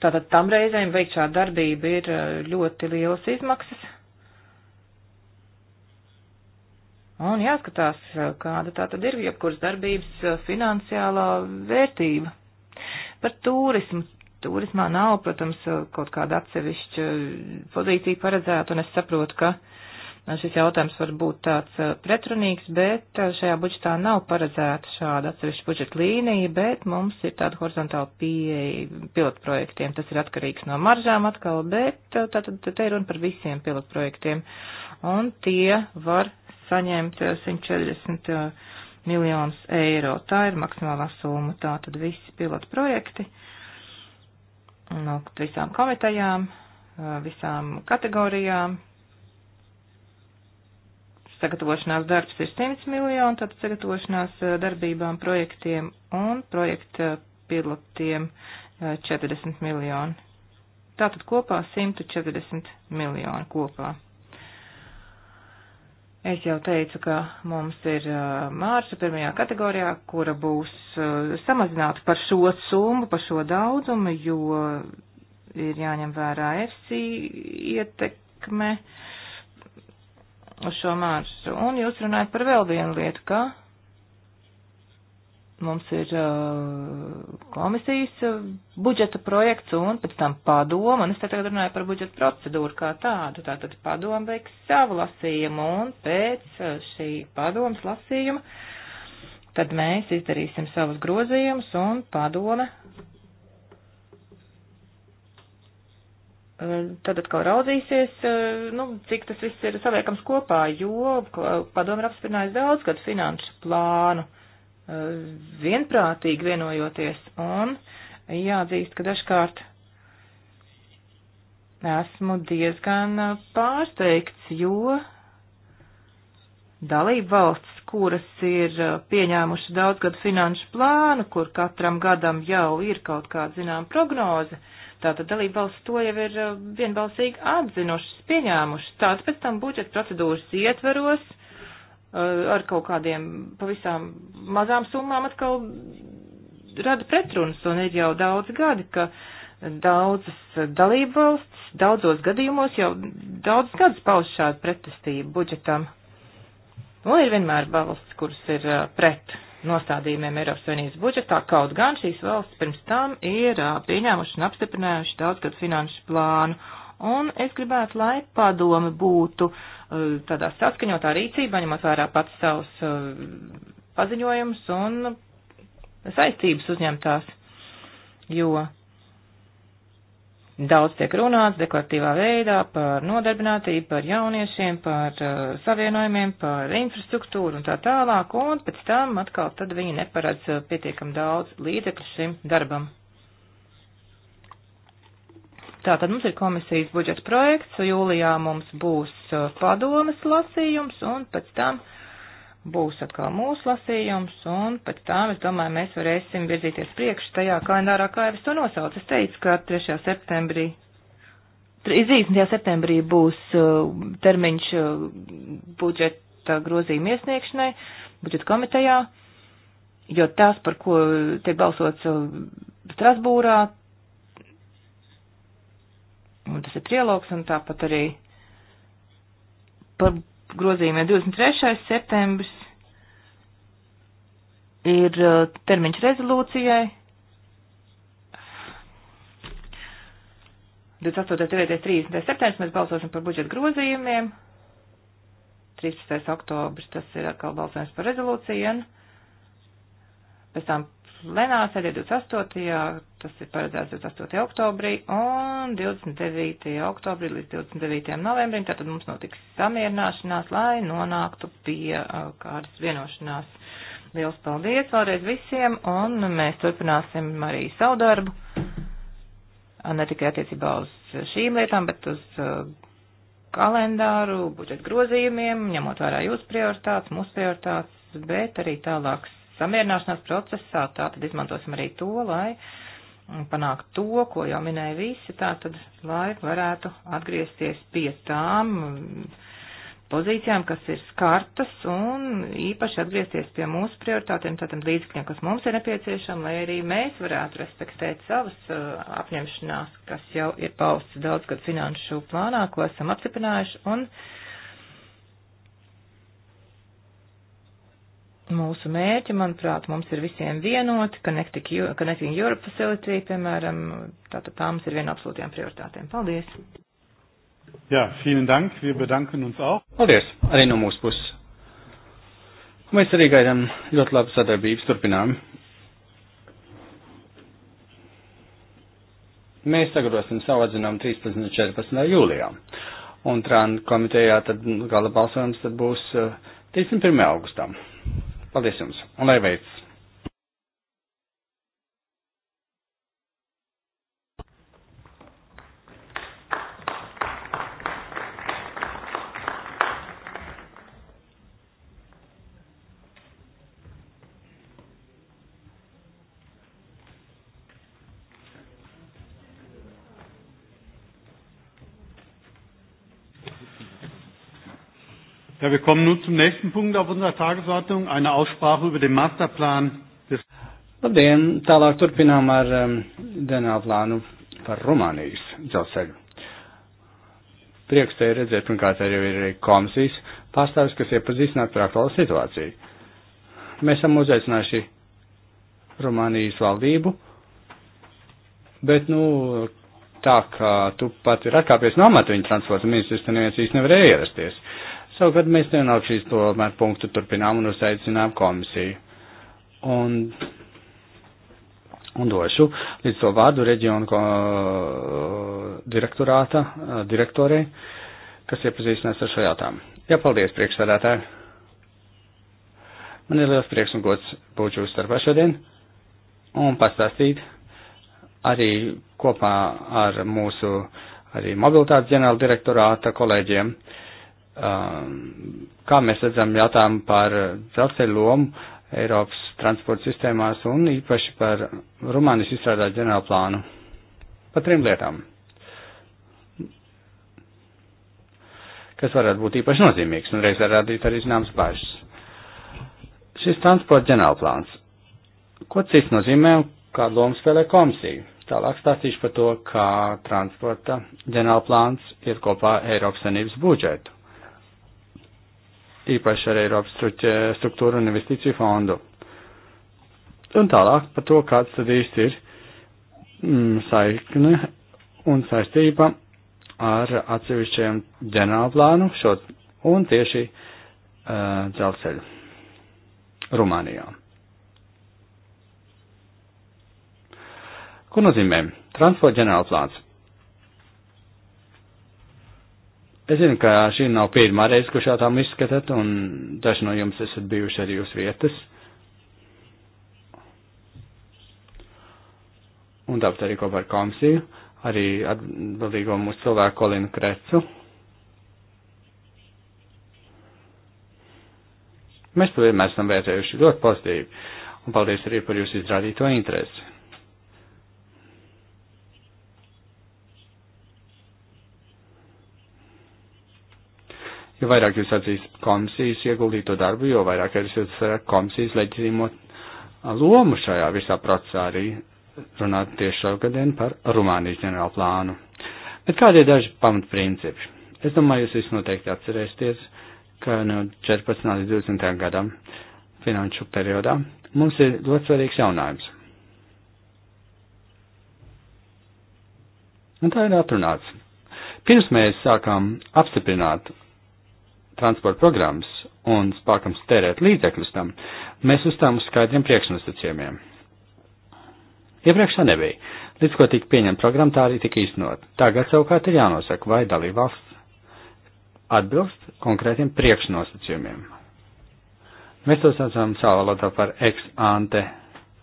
Tātad tam reizēm veikt šādu darbību ir eh, ļoti lielas izmaksas. Un jāskatās, eh, kāda tā tad ir jebkuras darbības eh, finansiālā vērtība. Par turismu. Turismā nav, protams, kaut kāda atsevišķa pozīcija paredzēta, un es saprotu, ka uh, Šis jautājums var būt tāds uh, pretrunīgs, bet uh, šajā budžetā nav paredzēta šāda atsevišķa budžeta līnija, bet mums ir tāda horizontāla pieeja pilotprojektiem. Tas ir atkarīgs no maržām atkal, bet uh, tātad te ir runa par visiem pilotprojektiem. Un tie var saņemt 140 miljonus eiro. Tā ir maksimālā summa. Tātad visi pilotprojekti no visām komitejām, visām kategorijām sagatavošanās darbs ir 100 miljoni, tātad sagatavošanās eh, darbībām, projektiem un projekta pilotiem 40 eh, miljoni. Tātad kopā 140 miljoni kopā. Es jau teicu, ka mums ir eh, mārsa pirmajā kategorijā, kura būs samazināta par šo summu, par šo daudzumu, jo ir jāņem vērā FC ietekme. Uh, uz šo mārsu. Un jūs runājat par vēl vienu lietu, ka mums ir uh, komisijas uh, budžeta projekts un pēc tam padoma, un es tagad runāju par budžeta procedūru kā tādu, tātad padoma veiks savu lasījumu, un pēc uh, šī padomas lasījuma tad mēs izdarīsim savus grozījumus, un padome tad atkal raudzīsies, eh, nu, cik tas viss ir saliekams kopā, jo padomu ir apsprinājis daudz gadu finanšu plānu, eh, vienprātīgi vienojoties, un jāatzīst, ka dažkārt esmu diezgan eh, pārsteigts, jo dalību valsts, kuras ir pieņēmuši daudzgadu finanšu plānu, kur katram gadam jau ir kaut kāda zinām prognoze, uh, Tātad dalība valsts to jau ir uh, vienbalsīgi atzinušas, pieņēmušas. Tātad pēc tam budžeta procedūras ietveros uh, ar kaut kādiem pavisam mazām summām atkal rada pretrunas un ir jau daudz gadi, ka daudzas dalība valsts daudzos gadījumos jau daudz gadus pauž šādu pretestību budžetam. Un ir vienmēr valsts, kuras ir uh, pret nostādījumiem Eiropas Savienības budžetā, kaut gan šīs valsts pirms tam ir pieņēmuši un apstiprinājuši daudzgadu finanšu plānu. Un es gribētu, lai padomi būtu tādā saskaņotā rīcībā, ņemot vērā pats savus paziņojumus un saistības uzņemtās. Jo Daudz tiek runāts deklaratīvā veidā par nodarbinātību, par jauniešiem, par uh, savienojumiem, par infrastruktūru un tā tālāk, un pēc tam atkal tad viņi neparedz uh, pietiekam daudz līdzekļu šim darbam. Tātad mums ir komisijas budžeta projekts, jūlijā mums būs uh, padomas lasījums, un pēc tam uh, būs atkal mūsu lasījums, un pēc tam, es domāju, mēs varēsim virzīties priekš tajā kalendārā, kā jau es to nosaucu. Es teicu, ka 3. septembrī, 13. septembrī būs uh, termiņš uh, budžeta grozījuma iesniegšanai, budžeta komitejā, jo tās, par ko tiek balsots uh, Strasbūrā, un tas ir trialogs, un tāpat arī par grozījumiem 23. septembris ir uh, termiņš rezolūcijai. 28. 9. 30. septembris mēs balsosim par budžeta grozījumiem. 13. oktobris tas ir atkal balsojums par rezolūciju. Pēc tam plenārs arī 28. tas ir paredzēts 28. oktobrī un 29. oktobrī līdz 29. novembrim. Tātad mums notiks samierināšanās, lai nonāktu pie uh, kādas vienošanās. Liels paldies vēlreiz visiem, un mēs turpināsim arī savu darbu, ne tikai attiecībā uz šīm lietām, bet uz kalendāru, budžeta grozījumiem, ņemot vērā jūsu prioritātes, mūsu prioritātes, bet arī tālāk samierināšanās procesā, tā tad izmantosim arī to, lai panākt to, ko jau minēja visi, tā tad, lai varētu atgriezties pie tām pozīcijām, kas ir skartas un īpaši atgriezties pie mūsu prioritātiem, tātad līdzekļiem, kas mums ir nepieciešama, lai arī mēs varētu respektēt savas uh, apņemšanās, kas jau ir paustas daudzgad finanšu plānā, ko esam apstiprinājuši, un mūsu mērķi, manuprāt, mums ir visiem vienoti, Connecting, Connecting Europe Facility, piemēram, tātad tā mums ir viena absolūtiem prioritātiem. Paldies! Jā, vielen dank, wir bedanken uns auch. Paldies, arī no mūsu puses. Mēs arī gaidām ļoti labu sadarbības turpinājumu. Mēs sagrosim savu atzinumu 13. un 14. jūlijā. Un Trānu komitejā tad gala balsojums tad būs 31. Eh, augustā. Paldies jums un lai veids! Ja, wir kommen nun zum nächsten Punkt auf unserer Tagesordnung, eine Aussprache über den Masterplan des. Labdien, tālāk turpinām ar um, dienā plānu par Rumānijas dzelzceļu. Prieks te redzēt, pirmkārt, arī ir komisijas pārstāvis, kas iepazīstināt par aktuālu situāciju. Mēs esam uzaicinājuši Rumānijas valdību, bet, nu, tā kā tu pat ir atkāpies no amata viņa transporta ministrs, tad neviens īsti nevarēja ierasties. Uh, Savukārt mēs nevienāk šīs tomēr punktu turpinām un uzaicinām komisiju. Un, un došu līdz to vārdu reģionu ko, uh, direktorāta, uh, direktorei, kas iepazīstinās ar šo jautājumu. Jā, paldies, priekšsēdētāji. Man ir liels prieks un gods būt jūsu starpā šodien un pastāstīt arī kopā ar mūsu arī mobilitātes ģenerāla direktorāta kolēģiem Um, kā mēs redzam jautājumu par dzelzceļu lomu Eiropas transporta sistēmās un īpaši par Rumānijas izstrādāt ģenerālu plānu. Par trim lietām, kas varētu būt īpaši nozīmīgs un reiz radīt arī zināmas bažas. Šis transporta ģenerāla plāns. Ko cits nozīmē un kādu lomu spēlē komisija? Tālāk stāstīšu par to, kā transporta ģenerāla plāns iet kopā Eiropas Sanības budžetu īpaši ar Eiropas struktūru un investīciju fondu. Un tālāk par to, kāds tad īsti ir mm, saikne un saistība ar atsevišķiem ģenerālplānu šo un tieši uh, dzelceļu Rumānijā. Ko nozīmē transporta ģenerālplāns? Es zinu, ka šī nav pirmā reize, ko šādām izskatāt, un daži no jums esat bijuši arī uz vietas. Un tāpat arī kopā ar komisiju, arī atbildīgo mūsu cilvēku Kolinu Krecu. Mēs to vienmēr esam vērtējuši ļoti pozitīvi, un paldies arī par jūsu izrādīto interesi. Jo vairāk jūs atzīst komisijas ieguldīto darbu, jo vairāk arī jūs varat komisijas leģitīmo lomu šajā visā procesā arī runāt tieši šogadien par Rumānijas ģenerālu plānu. Bet kādi ir daži pamatprincipi? Es domāju, jūs visi noteikti atcerēsieties, ka no 14. līdz 20. gadam finanšu periodā mums ir ļoti svarīgs jaunājums. Un tā ir atrunāts. Pirms mēs sākām apstiprināt transporta programmas un spākam stērēt līdzekļus tam, mēs uzstām uz skaidriem priekšnosacījumiem. Iepriekš tā nebija. Līdz ko tika pieņemta programma, tā arī tika īstenot. Tagad savukārt ir jānosaka, vai dalībvalsts atbilst konkrētiem priekšnosacījumiem. Mēs to saucam savā valodā par ex ante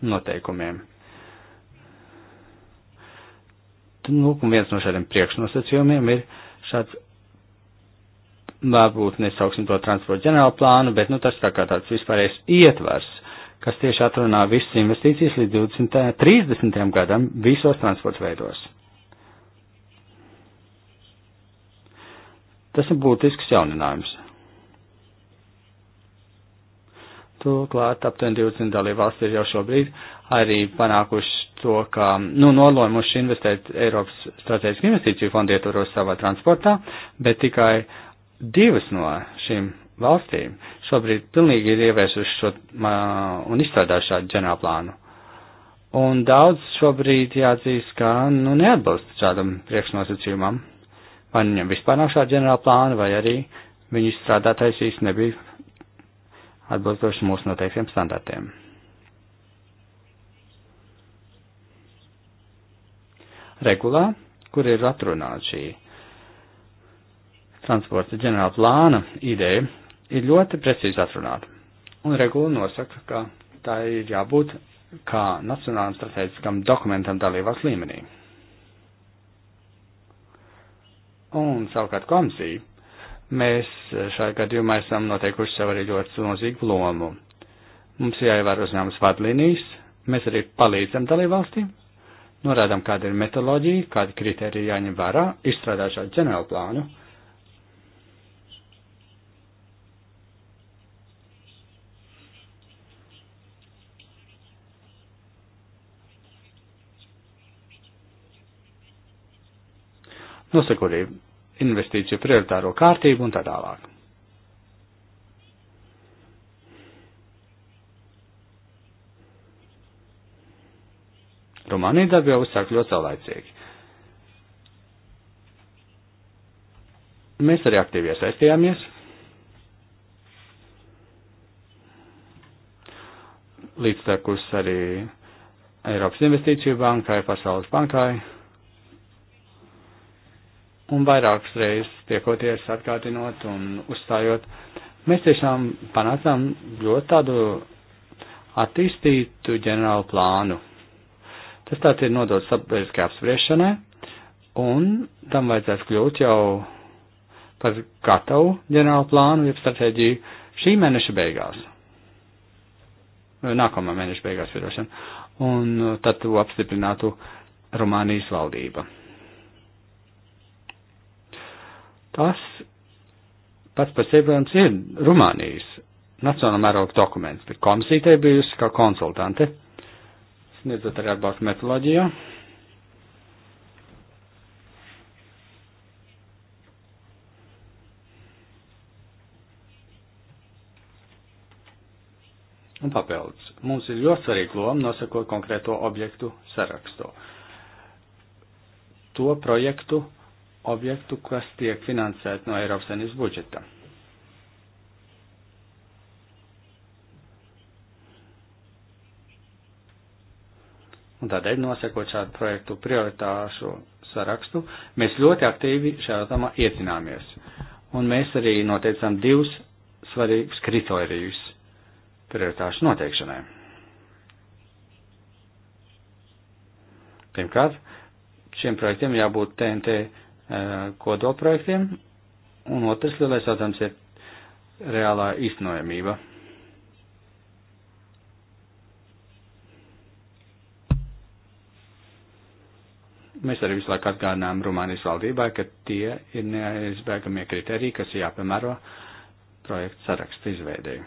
noteikumiem. Nu, un viens no šādiem priekšnosacījumiem ir šāds varbūt nesauksim to transporta ģenerālu plānu, bet nu, tas tā kā tāds vispārējais ietvers, kas tieši atrunā visas investīcijas līdz 20, 30. Eh, gadam visos transporta veidos. Tas ir būtisks jauninājums. Turklāt aptuveni 20 dalībvalsts ir jau šobrīd arī panākuši to, ka nu, nolēmuši investēt Eiropas strateģisku investīciju fondu ietvaros savā transportā, bet tikai uh, divas no šīm valstīm šobrīd pilnīgi ir ievērsuši šo un izstrādājuši šādu ģenerālplānu. Un daudz šobrīd jāatzīst, ka nu, neatbalsta šādam priekšnosacījumam. Vai nu viņam vispār nav šāda ģenerālplāna, vai arī viņu izstrādātais īsti nebija atbilstoši mūsu noteiktiem standartiem. Regulā, kur ir atrunāta šī transporta ģenerāla plāna ideja ir ļoti precīzi atrunāta. Un regula nosaka, ka tā ir jābūt kā nacionālam strateģiskam dokumentam dalībās līmenī. Un savukārt komisija, mēs šajā gadījumā esam noteikuši sev arī ļoti nozīgu lomu. Mums jāievēro uzņēmums vadlīnijas, mēs arī palīdzam dalībvalstīm, norādām, kāda ir metodoloģija, kādi kriteriji jāņem vērā, izstrādāt šādu ģenerālu plānu nosakot arī investīciju prioritāro kārtību un tā tālāk. Rumānija darbi jau uzsāk ļoti saulaicīgi. Mēs arī aktīvi iesaistījāmies. Līdztekus arī Eiropas investīciju bankai, Pasaules bankai un vairākas reizes tiekoties atgādinot un uzstājot, mēs tiešām panācām ļoti tādu attīstītu ģenerālu plānu. Tas tāds ir nodots sabiedriskajā apspriešanai, un tam vajadzēs kļūt jau par gatavu ģenerālu plānu, jeb stratēģiju šī mēneša beigās. Nākamā mēneša beigās, virošana. Un uh, tad to apstiprinātu Rumānijas valdība. Tas pats par sevi, protams, ir Rumānijas nacionāla mēroga dokuments, bet komisija te bijusi kā konsultante, sniedzot arī atbalstu metoloģijā. Un papildus, mums ir ļoti svarīga loma nosakot konkrēto objektu sarakstu. To projektu, uh, objektu, kas tiek finansēt no Eiropas Savienības budžeta. Un tādēļ nosakot šādu projektu prioritāšu sarakstu, mēs ļoti aktīvi šajā jautājumā iecināmies. Un mēs arī noteicām divus svarīgus kriterijus prioritāšu noteikšanai. Pirmkārt, šiem projektiem jābūt TNT Eh, kodolprojektiem, un otrs lielais jautājums ir reālā īstenojamība. Mēs arī visu laiku atgādinām Rumānijas valdībai, ka tie ir neaizbēgamie kriteriji, kas jāpiemēro projekta saraksta izveidēji.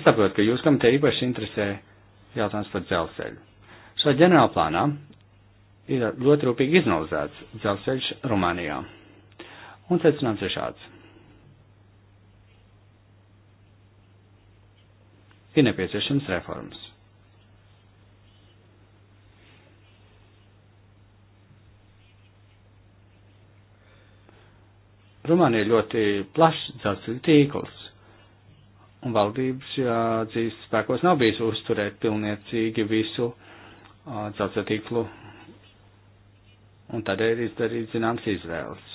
Es saprotu, ka jūs kam te īpaši interesē uh, jautājums par dzelzceļu. Šajā ģenerālplānā ir ļoti rūpīgi izanalizēts dzelzceļš Rumānijā. Un secinājums ir šāds. Ir nepieciešams reformas. Rumānija ir ļoti plašs dzelzceļa tīkls un valdības dzīves spēkos nav bijis uzturēt pilniecīgi visu dzelzceļa tīklu, un tādēļ ir izdarīt zināms izvēles.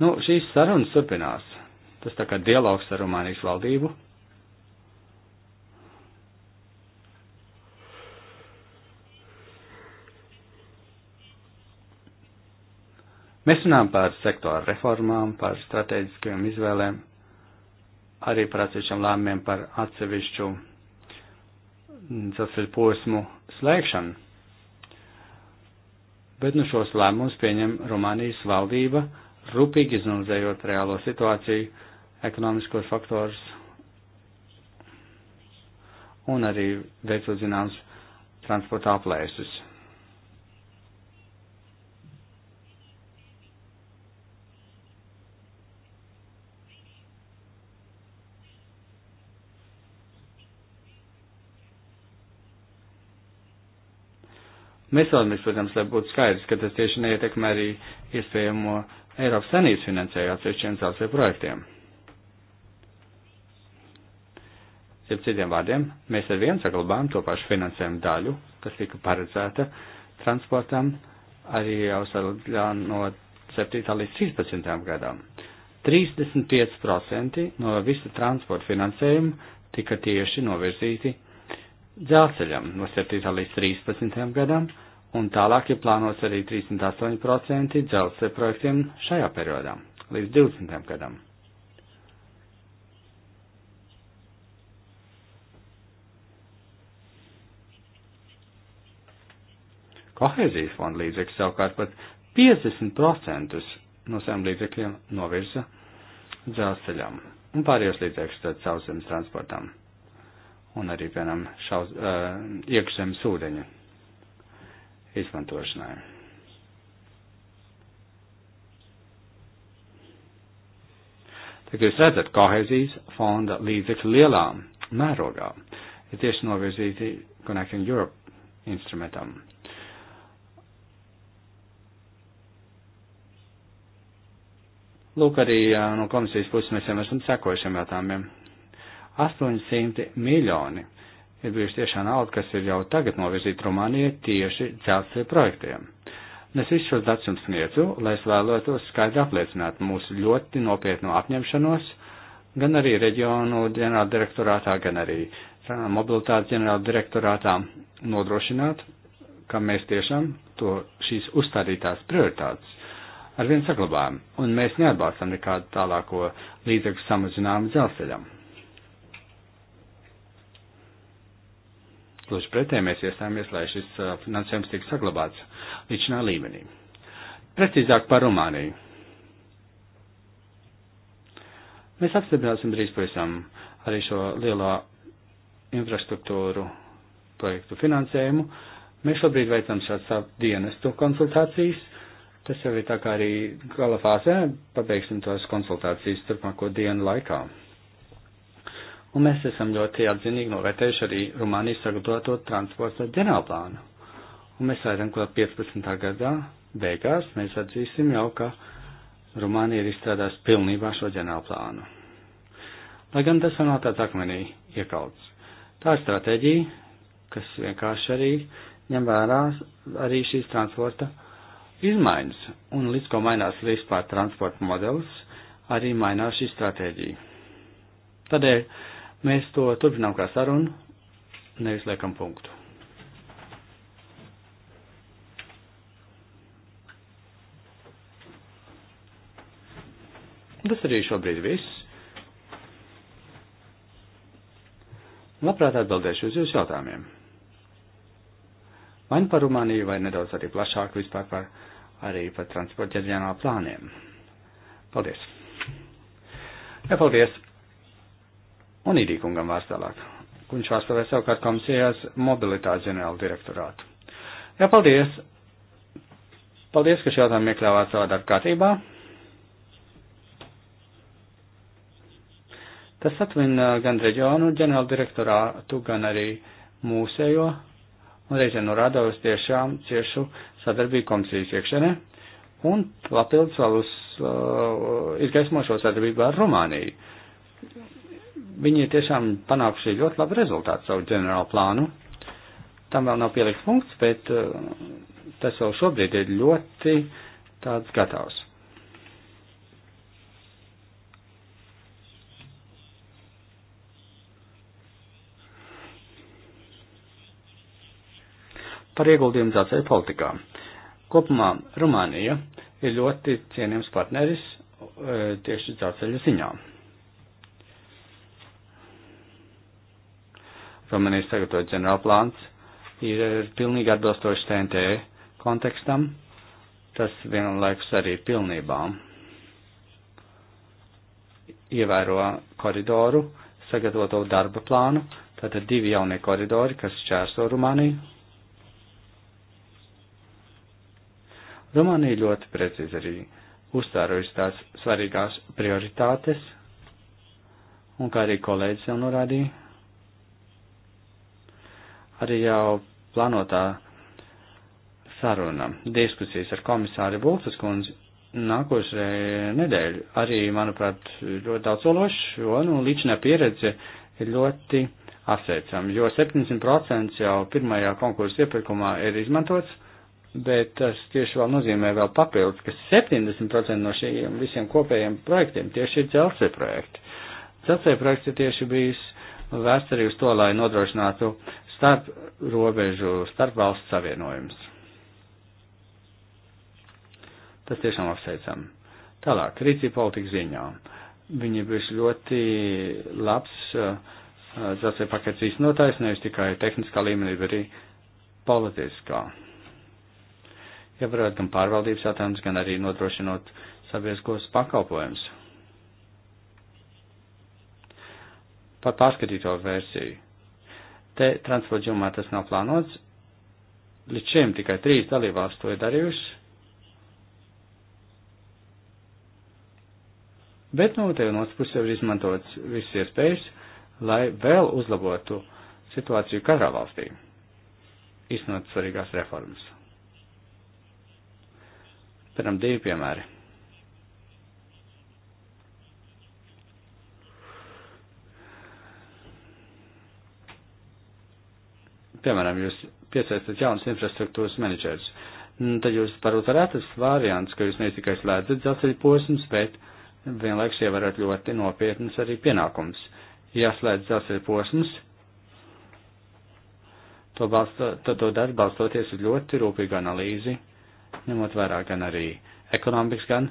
Nu, šīs sarunas turpinās. Tas tā kā dialogs ar Rumānijas valdību. Mēs runājam par sektoru reformām, par strateģiskajām izvēlēm arī par atsevišķiem lēmumiem par atsevišķu ceļu posmu slēgšanu. Bet nu šos lēmumus pieņem Rumānijas valdība, rūpīgi izanalizējot reālo situāciju, ekonomiskos faktors un arī veicot zināms transporta aplēsus. Mēs vēlamies, protams, lai būtu skaidrs, ka tas tieši neietekmē arī iespējamo Eiropas Sanības finansēju atsevišķiem zelzē projektiem. Ja citiem vārdiem, mēs ar vienu saglabājam to pašu finansējumu daļu, kas tika paredzēta transportam arī jau no 7. līdz 13. gadam. 35% no visa transporta finansējuma tika tieši novirzīti dzelceļam no 7. līdz 13. gadam, un tālāk ir plānots arī 38% dzelceļa projektiem šajā periodā, līdz 20. gadam. Kohēzijas fonda līdzekļi savukārt pat 50% no saviem līdzekļiem novirza dzelzceļam un pārējos līdzekļus tad sauszemes transportam un arī, piemēram, šaus, uh, iekšzemes ūdeņa izmantošanai. Tagad jūs redzat, kohēzijas fonda līdzekļu lielā mērogā ir tieši novirzīti Connecting Europe instrumentam. Lūk, arī no komisijas puses mēs jau esam sekojušiem jautājumiem. 800 miljoni ir bijuši tiešā nauda, kas ir jau tagad novirzīta Rumānijai tieši dzelzceļa projektiem. Un es visus šos datus jums sniedzu, lai es vēlētos skaidri apliecināt mūsu ļoti nopietnu apņemšanos, gan arī reģionu ģenerāla direktorātā, gan arī mobilitātes ģenerāla direktorātā nodrošināt, ka mēs tiešām to šīs uzstādītās prioritātes arvien saglabājam, un mēs neatbalstam nekādu tālāko līdzekļu samazinājumu dzelzceļam. Gluži pretēji mēs iestājāmies, lai šis uh, finansējums tiek saglabāts līdz šā līmenī. Precīzāk par Rumāniju. Mēs apstiprināsim drīz pavisam arī šo lielo infrastruktūru projektu finansējumu. Mēs šobrīd veicam šāds dienestu konsultācijas. Tas jau ir tā kā arī gala fāzē. Pabeigsim tos konsultācijas turpmāko dienu laikā. Un mēs esam ļoti atzinīgi novērtējuši arī Rumānijas sagatavoto transporta ģenerālplānu. Un mēs redzam, ka 15. gadā beigās mēs atzīsim jau, ka Rumānija ir izstrādājusi pilnībā šo ģenerālplānu. Lai gan tas vēl nav tāds akmenī iekalts. Tā ir stratēģija, kas vienkārši arī ņem vērā arī šīs transporta izmaiņas. Un līdz ko mainās vispār transporta modelis, arī mainās šī stratēģija. Tādēļ Mēs to turpinām kā sarunu, nevis liekam punktu. Tas arī šobrīd viss. Labprāt atbildēšu uz jūsu jautājumiem. Vai nu par Rumāniju, vai nedaudz arī plašāk vispār par arī par transporta ģenerālā plāniem. Paldies! Ja, paldies! Un īrīkungam vairs tālāk. Viņš pārstāvē savukārt komisijās mobilitātes ģenerāla direktorātu. Jā, paldies! Paldies, ka šī jautājuma iekļāvāt savā darba kārtībā. Tas atvina uh, gan reģionu ģenerāla direktorātu, gan arī mūsējo, un reizē norāda uz tiešām ciešu sadarbību komisijas iekšēnē, un papildus vēl uz uh, izgaismošo sadarbību ar Rumāniju. Uh, Viņi ir tiešām panākuši ļoti labu rezultātu savu ģenerālu plānu. Tam vēl nav pielikts punkts, bet uh, tas vēl šobrīd ir ļoti tāds gatavs. par ieguldījumu dzelzceļa politikā. Kopumā Rumānija ir ļoti cienījams partneris uh, tieši dzelzceļa ziņā. Tomēr ir sagatavot ģenerālplāns, ir pilnīgi atbilstoši TNT kontekstam, tas vienlaikus arī pilnībām ievēro koridoru, sagatavoto darba plānu, tātad divi jaunie koridori, kas šķērso Rumāniju. Rumānija ļoti precīzi arī uzstārojas tās svarīgās prioritātes, un kā arī kolēģis jau norādīja, arī jau plānotā saruna diskusijas ar komisāri Bultas kundzi nākošajai nedēļ arī, manuprāt, ļoti daudz sološi, jo, nu, līdzinā pieredze ir ļoti apsveicama, jo 70% jau pirmajā konkursu iepirkumā ir izmantots, bet tas tieši vēl nozīmē vēl papildus, ka 70% no šiem visiem kopējiem projektiem tieši ir dzelzceļa projekti. Dzelzceļa projekts ir tieši bijis vērsts arī uz to, lai nodrošinātu starp robežu, starp valsts savienojums. Tas tiešām apsveicam. Tālāk, rīcība politika ziņā. Viņi bijuši ļoti labs eh, zasē pakets īstenotājs, nevis tikai tehniskā līmenī, bet arī politiskā. Ievarot ja gan pārvaldības jautājumus, gan arī nodrošinot sabiedriskos pakalpojumus. Par pārskatīto versiju Te transporta jomā tas nav plānots. Līdz šim tikai trīs dalībvalsts to ir darījuši. Bet, nu, te no otras puses jau ir izmantots viss iespējas, lai vēl uzlabotu situāciju katrā valstī, iznot svarīgās reformas. Piemēram, divi piemēri. piemēram, jūs piesaistat jaunas infrastruktūras menedžerus, nu, tad jūs varbūt varētu atrast variants, ka jūs ne tikai slēdzat dzelzceļa posmus, bet vienlaikus ievarat ļoti nopietnas arī pienākums. Jāslēdz dzelzceļa posmus, to, balsto, to, to dara balstoties uz ļoti rūpīgu analīzi, ņemot vērā gan arī ekonomikas, gan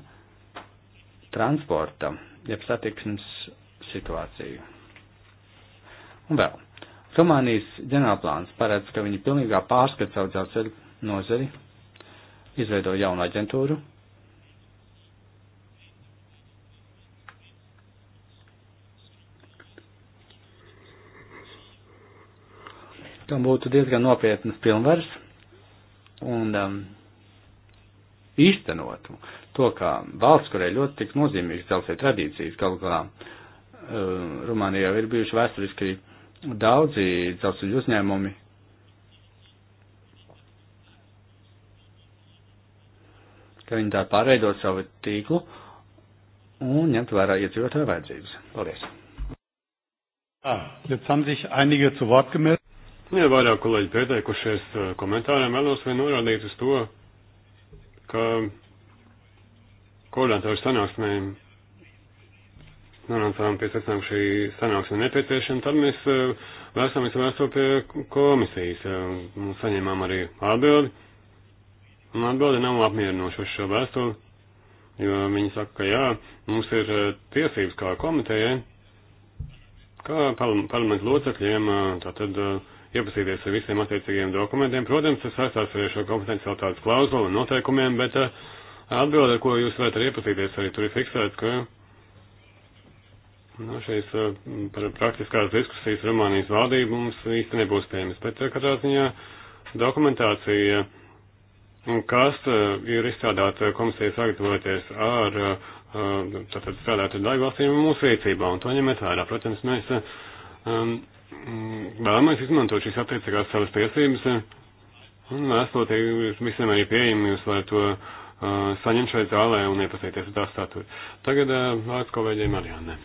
transporta, jeb satiksmes situāciju. Un vēl Somānijas ģenerālplāns paredz, ka viņi pilnīgā pārskat savu dzelzceļu nozari, izveido jaunu aģentūru. Tam būtu diezgan nopietnas pilnvaras un um, īstenotu to, ka valsts, kurai ļoti tik nozīmīgs dzelzceļa tradīcijas, galu galā um, Rumānijā ir bijuši vēsturiski Daudzi dzelzceļu uzņēmumi ka viņi tā pārveidot savu tīklu un ņemt vērā iedzīvotāju vajadzības. Paldies! Ah, jetzt haben sich einige zu Wort gemeldet. Jā, vairāk kolēģi pieteikušies eh, komentāriem vēlos vien norādīt uz to, ka koordinātoru sanāksmēm nonācām pie secinājuma, šī sanāksme nepieciešama, tad mēs eh, vērsāmies vēsto pie komisijas. Mums eh, saņēmām arī atbildi. Un atbildi nav apmierinoši uz šo vēstuli, jo viņi saka, ka jā, mums ir eh, tiesības kā komitejai, kā parlamentu locekļiem, tātad iepazīties ar visiem attiecīgiem dokumentiem. Protams, tas saistās ar šo kompetenciālitātes klauzulu un noteikumiem, bet atbildi, ar ko jūs varat iepazīties, arī tur ir fiksēts, ka Nu, šīs eh, par praktiskās diskusijas Rumānijas valdību mums īsti nebūs tēmas, bet eh, katrā ziņā dokumentācija, kas eh, ir izstrādāta komisijas sagatavoties ar, tātad strādāt ar daļvalstīm mūsu rīcībā, un to ņemiet vērā. Protams, mēs um, vēlamies izmantot šīs attiecīgās savas tiesības, un vēstotī visiem arī pieejami, jūs varat to uh, saņemt šeit zālē un iepazīties ar tā statūru. Tagad uh, vārds kolēģiem Marijānai.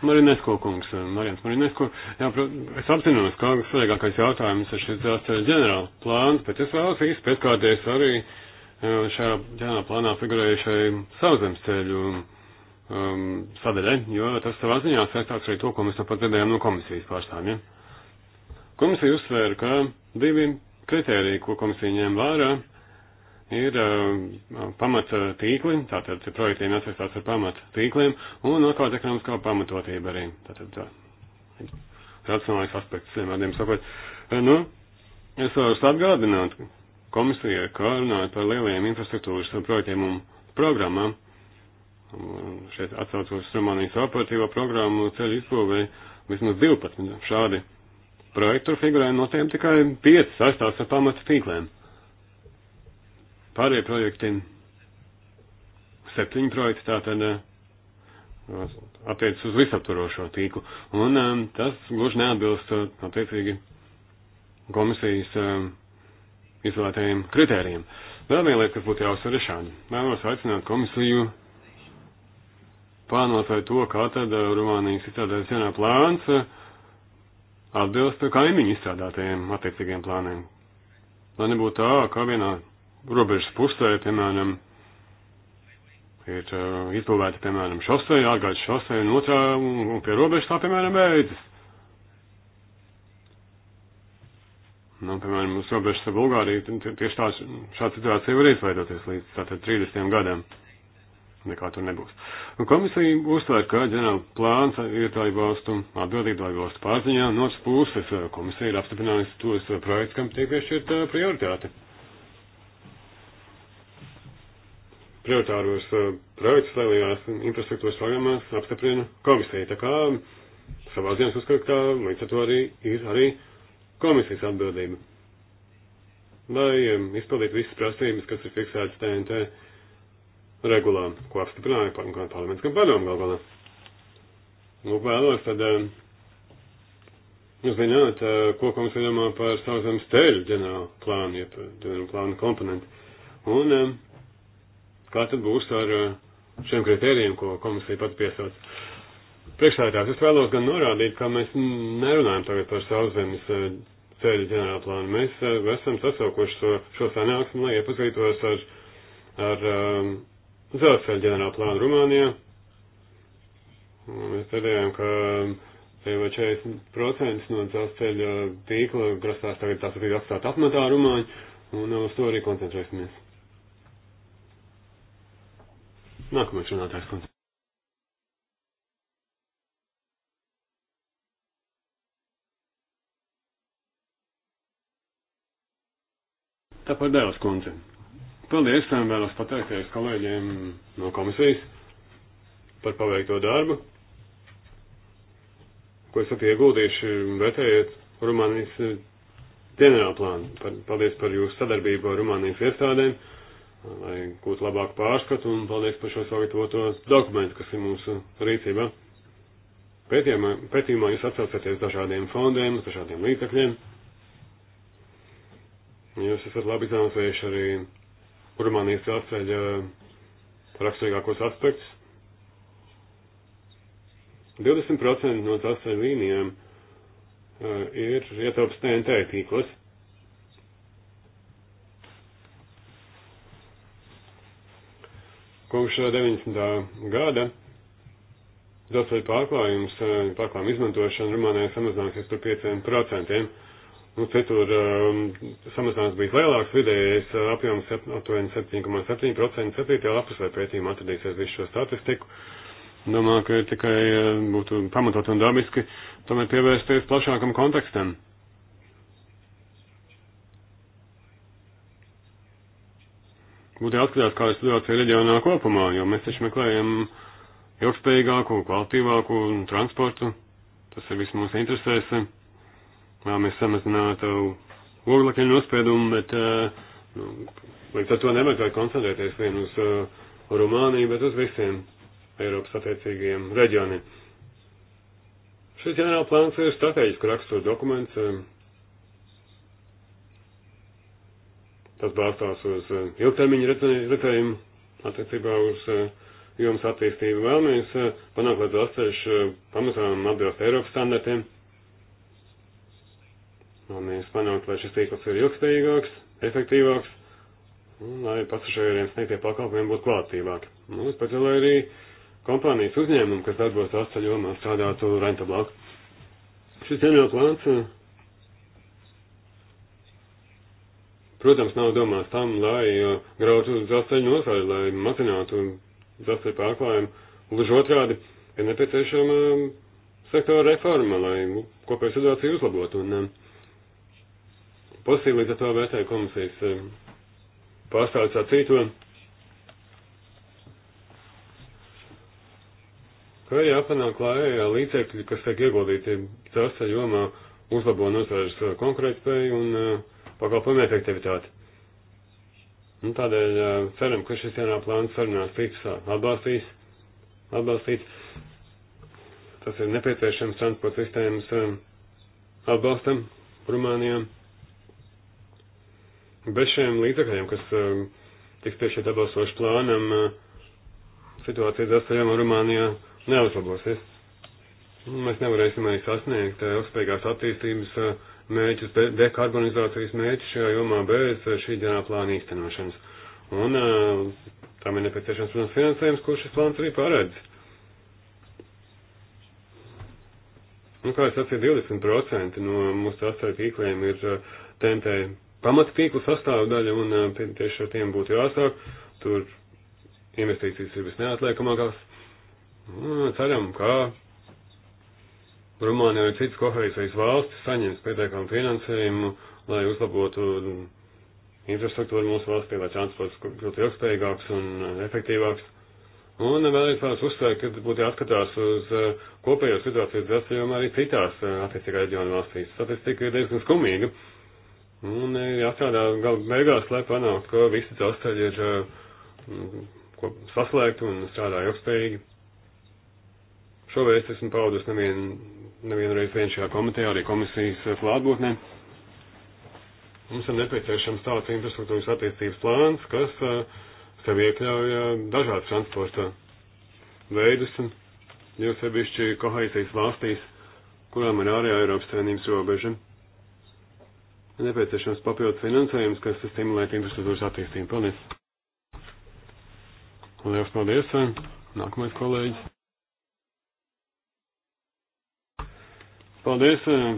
Marinesko kungs, eh, Marijans Marinesko, jā, es apzinos, ka svarīgākais jautājums ir šis eh, ģenerāla plāns, bet es vēlos īsti pēckādēs arī eh, šajā ģenerāla plānā figurējušai sauszemes ceļu um, sadaļai, jo tas savā ziņā saistās arī to, ko mēs tāpat dzirdējām no komisijas pārstāvjiem. Ja? Komisija uzsvēra, ka divi kritēriji, ko komisija ņem vērā, uh, ir uh, pamata uh, tīkli, tātad projektiem jāsaistās ar pamata tīkliem, un atklāt ekonomiskā pamatotība arī. Tātad tā, racionālais aspekts, vienmērdiem sakot. Uh, nu, es varu atgādināt komisijai, ka runājot par lielajiem infrastruktūras projektiem un programmām, un šeit atsaucos Rumānijas operatīvo programmu ceļu izbūvēja vismaz 12 šādi projektu figurē, no tiem tikai 5 saistās ar pamata tīkliem. Pārējie projekti, septiņi projekti, tātad eh, attiecas uz visaptvarošo tīklu. Un um, tas gluži neatbilst, eh, attiecīgi, komisijas um, izvēlētajiem kritērijiem. Vēl viena lieta, kas būtu jāuzsver, ir šāda. Vēlos aicināt komisiju plānotāju to, kā tad Rumānijas izstrādājas jaunā plāns atbilst kaimiņu izstrādātajiem attiecīgiem plāniem. Lai nebūtu tā, ka vienā robežas pusē, piemēram, ir uh, izbūvēta, piemēram, šoseja, ārgājas šoseja, un otrā, un, un pie robežas tā, piemēram, beidzas. Nu, piemēram, uz robežas ar Bulgāriju tieši tā, šāda situācija var izveidoties līdz tātad 30 gadiem. Nekā tur nebūs. Un komisija uzsver, ka ģenerāla plāns ir tā valstu atbildība, tā valstu pārziņā. No otras puses, komisija ir apstiprinājusi tos projekts, kam tiek piešķirta prioritāte. Uh, prioritāros eh, projektus lielajās infrastruktūras programmās apstiprina komisija. Tā kā savā ziņas uzskatu, ka līdz ar to arī ir arī komisijas atbildība. Lai izpildītu visas prasības, kas ir fiksētas TNT regulām, ko apstiprināja gan parlaments, gan padomu gal galā. Lūk, nu, vēlos tad uzzināt, nu, eh, ko komisija domā par savu zemes teļu ģenerālu plānu, ja ģenerālu plānu komponentu. Un um, kā tad būs ar eh, šiem kritērijiem, ko komisija pats piesauc. Priekšsēdētājs, es vēlos gan norādīt, ka mēs nerunājam tagad par sauszemes eh, ceļu ģenerālplānu. Mēs eh, esam sasaukuši šo, šo sanāksmi, lai iepazītos ar, ar um, ehm, dzelzceļu ģenerālplānu Rumānijā. Mēs cerējām, ka vai 40% no dzelzceļa tīkla grasās tagad tās arī atstāt apmetā Rumāņu, un uz to arī koncentrēsimies. Nākamais runātājs, kundze. Tāpat Dēls kundze. Paldies, vēlos pateikties kolēģiem no komisijas par paveikto darbu, ko esat ieguldījuši vērtējot Rumānijas ģenerālplānu. Paldies par jūsu sadarbību ar Rumānijas iestādēm lai gūtu labāku pārskatu, un paldies par šo sagatavoto dokumentu, kas ir mūsu rīcībā. Pētījumā, pētījumā jūs atsaucaties dažādiem fondiem, dažādiem līdzekļiem. Jūs esat labi izanalizējuši arī Rumānijas atceļa raksturīgākos aspektus. 20% no tās līnijām uh, ir ietaupas TNT tīklos. kopš 90. gada dzelzceļa pārklājums, pārklājuma izmantošana Rumānijā samazināsies par 5%. Un citur um, samazinājums bija lielāks, vidējais apjoms aptuveni 7,7%. 7. lapusē pētījumā atradīsies visu šo statistiku. Domāju, ka tikai būtu pamatot un dabiski tomēr pievērsties plašākam kontekstam. būtu jāskatās, kā ir situācija reģionā kopumā, jo mēs taču meklējam ilgspējīgāku, kvalitīvāku transportu. Tas ir viss mūsu interesēs. Vēlamies samazināt oglekļa nospiedumu, bet eh, nu, līdz ar to nevajadzētu koncentrēties vien uz uh, Rumāniju, bet uz visiem Eiropas attiecīgajiem reģioniem. Šis ģenerāla plāns ir strateģisku raksturu dokuments. Uh, Tas balstās uz eh, ilgtermiņa redzējumu attiecībā uz eh, jomas attīstību. Vēlamies eh, panākt, lai dzelzceļš pamazām atbilst Eiropas standartiem. Vēlamies panākt, lai šis tīkls ir ilgspējīgāks, efektīvāks, un lai pasažieriem sniegtie pakalpojumi būtu klātībāki. Mums nu, pat vēl arī kompānijas uzņēmumi, kas darbos dzelzceļa jomā, strādātu rentablāk. Šis ģenerāls plāns protams, nav domāts tam, lai uh, grautu dzelzceļu nozari, lai mazinātu dzelzceļu pārklājumu. Gluži otrādi, ir nepieciešama um, sektora reforma, lai kopēju situāciju uzlabotu. Un um, pozitīvi līdz ar to vērtēju komisijas um, pārstāvis sacīto, ka jāpanāk, lai uh, līdzekļi, kas tiek ieguldīti dzelzceļu jomā, uzlabo nozares uh, konkurētspēju un uh, pakalpojumu efektivitāti. Un nu, tādēļ uh, ceram, ka šis jaunā plāns sarunās tiks atbalstīts. atbalstīts. Tas ir nepieciešams transporta sistēmas um, atbalstam Rumānijā. Bez šiem līdzekļiem, kas um, tiks piešķirt atbalstoši plānam, uh, situācija Dastajamā Rumānijā neuzlabosies. Un mēs nevarēsim arī sasniegt ilgspējīgās attīstības uh, mēķus, de dekarbonizācijas mēķus šajā jomā bez eh, šī dienā plāna īstenošanas. Un eh, tam ir nepieciešams, protams, finansējums, kurš šis plāns arī paredz. Un, kā es sacīju, 20% no mūsu astotā tīkliem ir eh, TNT pamata tīkla sastāvdaļa, un tieši ar tiem būtu jāsāk. Tur investīcijas ir visneatliekamākās. Un, ceram, ka Rumānija un citas kohēzijas valstis saņems pietiekamu finansējumu, lai uzlabotu mm, infrastruktūru mūsu valstī, lai transports kļūtu ilgspējīgāks un eh, efektīvāks. Un vēlreiz vēlas uzsvērt, ka būtu jāskatās uz eh, kopējo situāciju dzelzceļiem arī citās eh, attiecīgā reģiona valstīs. Statistika ir diezgan skumīga. Un jāstrādā galu beigās, lai panāktu, ka visi dzelzceļi ir mm, saslēgti un strādā ilgspējīgi. Šoreiz esmu paudus nevienu nevienreiz vien šajā komitejā, arī komisijas eh, klātbūtnē. Mums ir nepieciešams tāds infrastruktūras attīstības plāns, kas eh, sev iekļauj eh, dažādas transporta veidus, jo sevišķi kohēzijas valstīs, kurām ir ārējā Eiropas Savienības robeža. Ir nepieciešams papildus finansējums, kas stimulē infrastruktūras attīstību. Paldies! Lielas paldies! Nākamais kolēģis! Paldies, eh,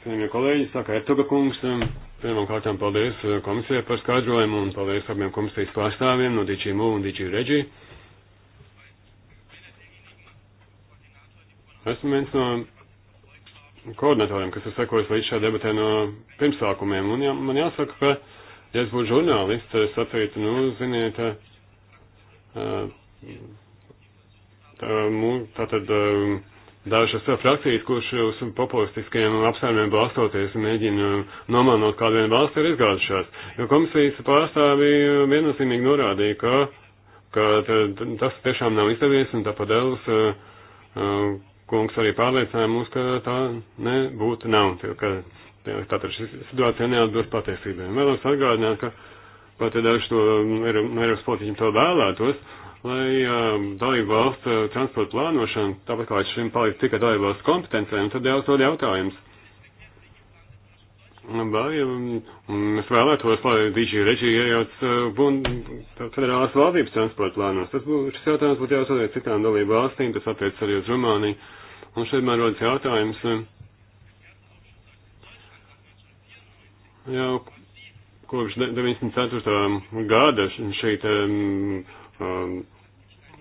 cienījamie kolēģi, saka Ertuga kungs. Eh, Pirmām kārtām paldies eh, komisijai par skaidrojumu un paldies abiem komisijas pārstāvjiem no Dīčī Mū un Dīčī Reģī. Esmu viens no koordinatoriem, kas ir sekojis līdz šā debatē no pirmsākumiem, un jā, man jāsaka, ka, ja es būtu žurnālists, es sacītu, nu, ziniet, uh, tā, mū, tātad. Uh, dažas frakcijas, kurš uz populistiskiem apsvērumiem balstoties mēģina nomanot, kāda viena valsts ir izgājušās. Jo komisijas pārstāvi viennozīmīgi norādīja, ka, ka tas tiešām nav izdevies, un tāpat Dēls uh, uh, kungs arī pārliecināja mūs, ka tā nebūtu nav. Tātad šī situācija neatbilst patiesībai. Vēlos atgādināt, ka pat ja daži to Eiropas politiķiem to vēlētos, lai um, dalību valsts uh, transporta plānošana, tāpat kā šim paliek tikai dalību valsts kompetencē, un tad jau to jautājums. Vai um, es vēlētos, lai DG reģija iejauc uh, federālās valdības transporta plānos? Tas būtu, šis jautājums būtu jāuzsver citām dalību valstīm, tas attiec arī uz Rumāniju. Un šeit man rodas jautājums. Uh, jau kopš 94. gada šī um, um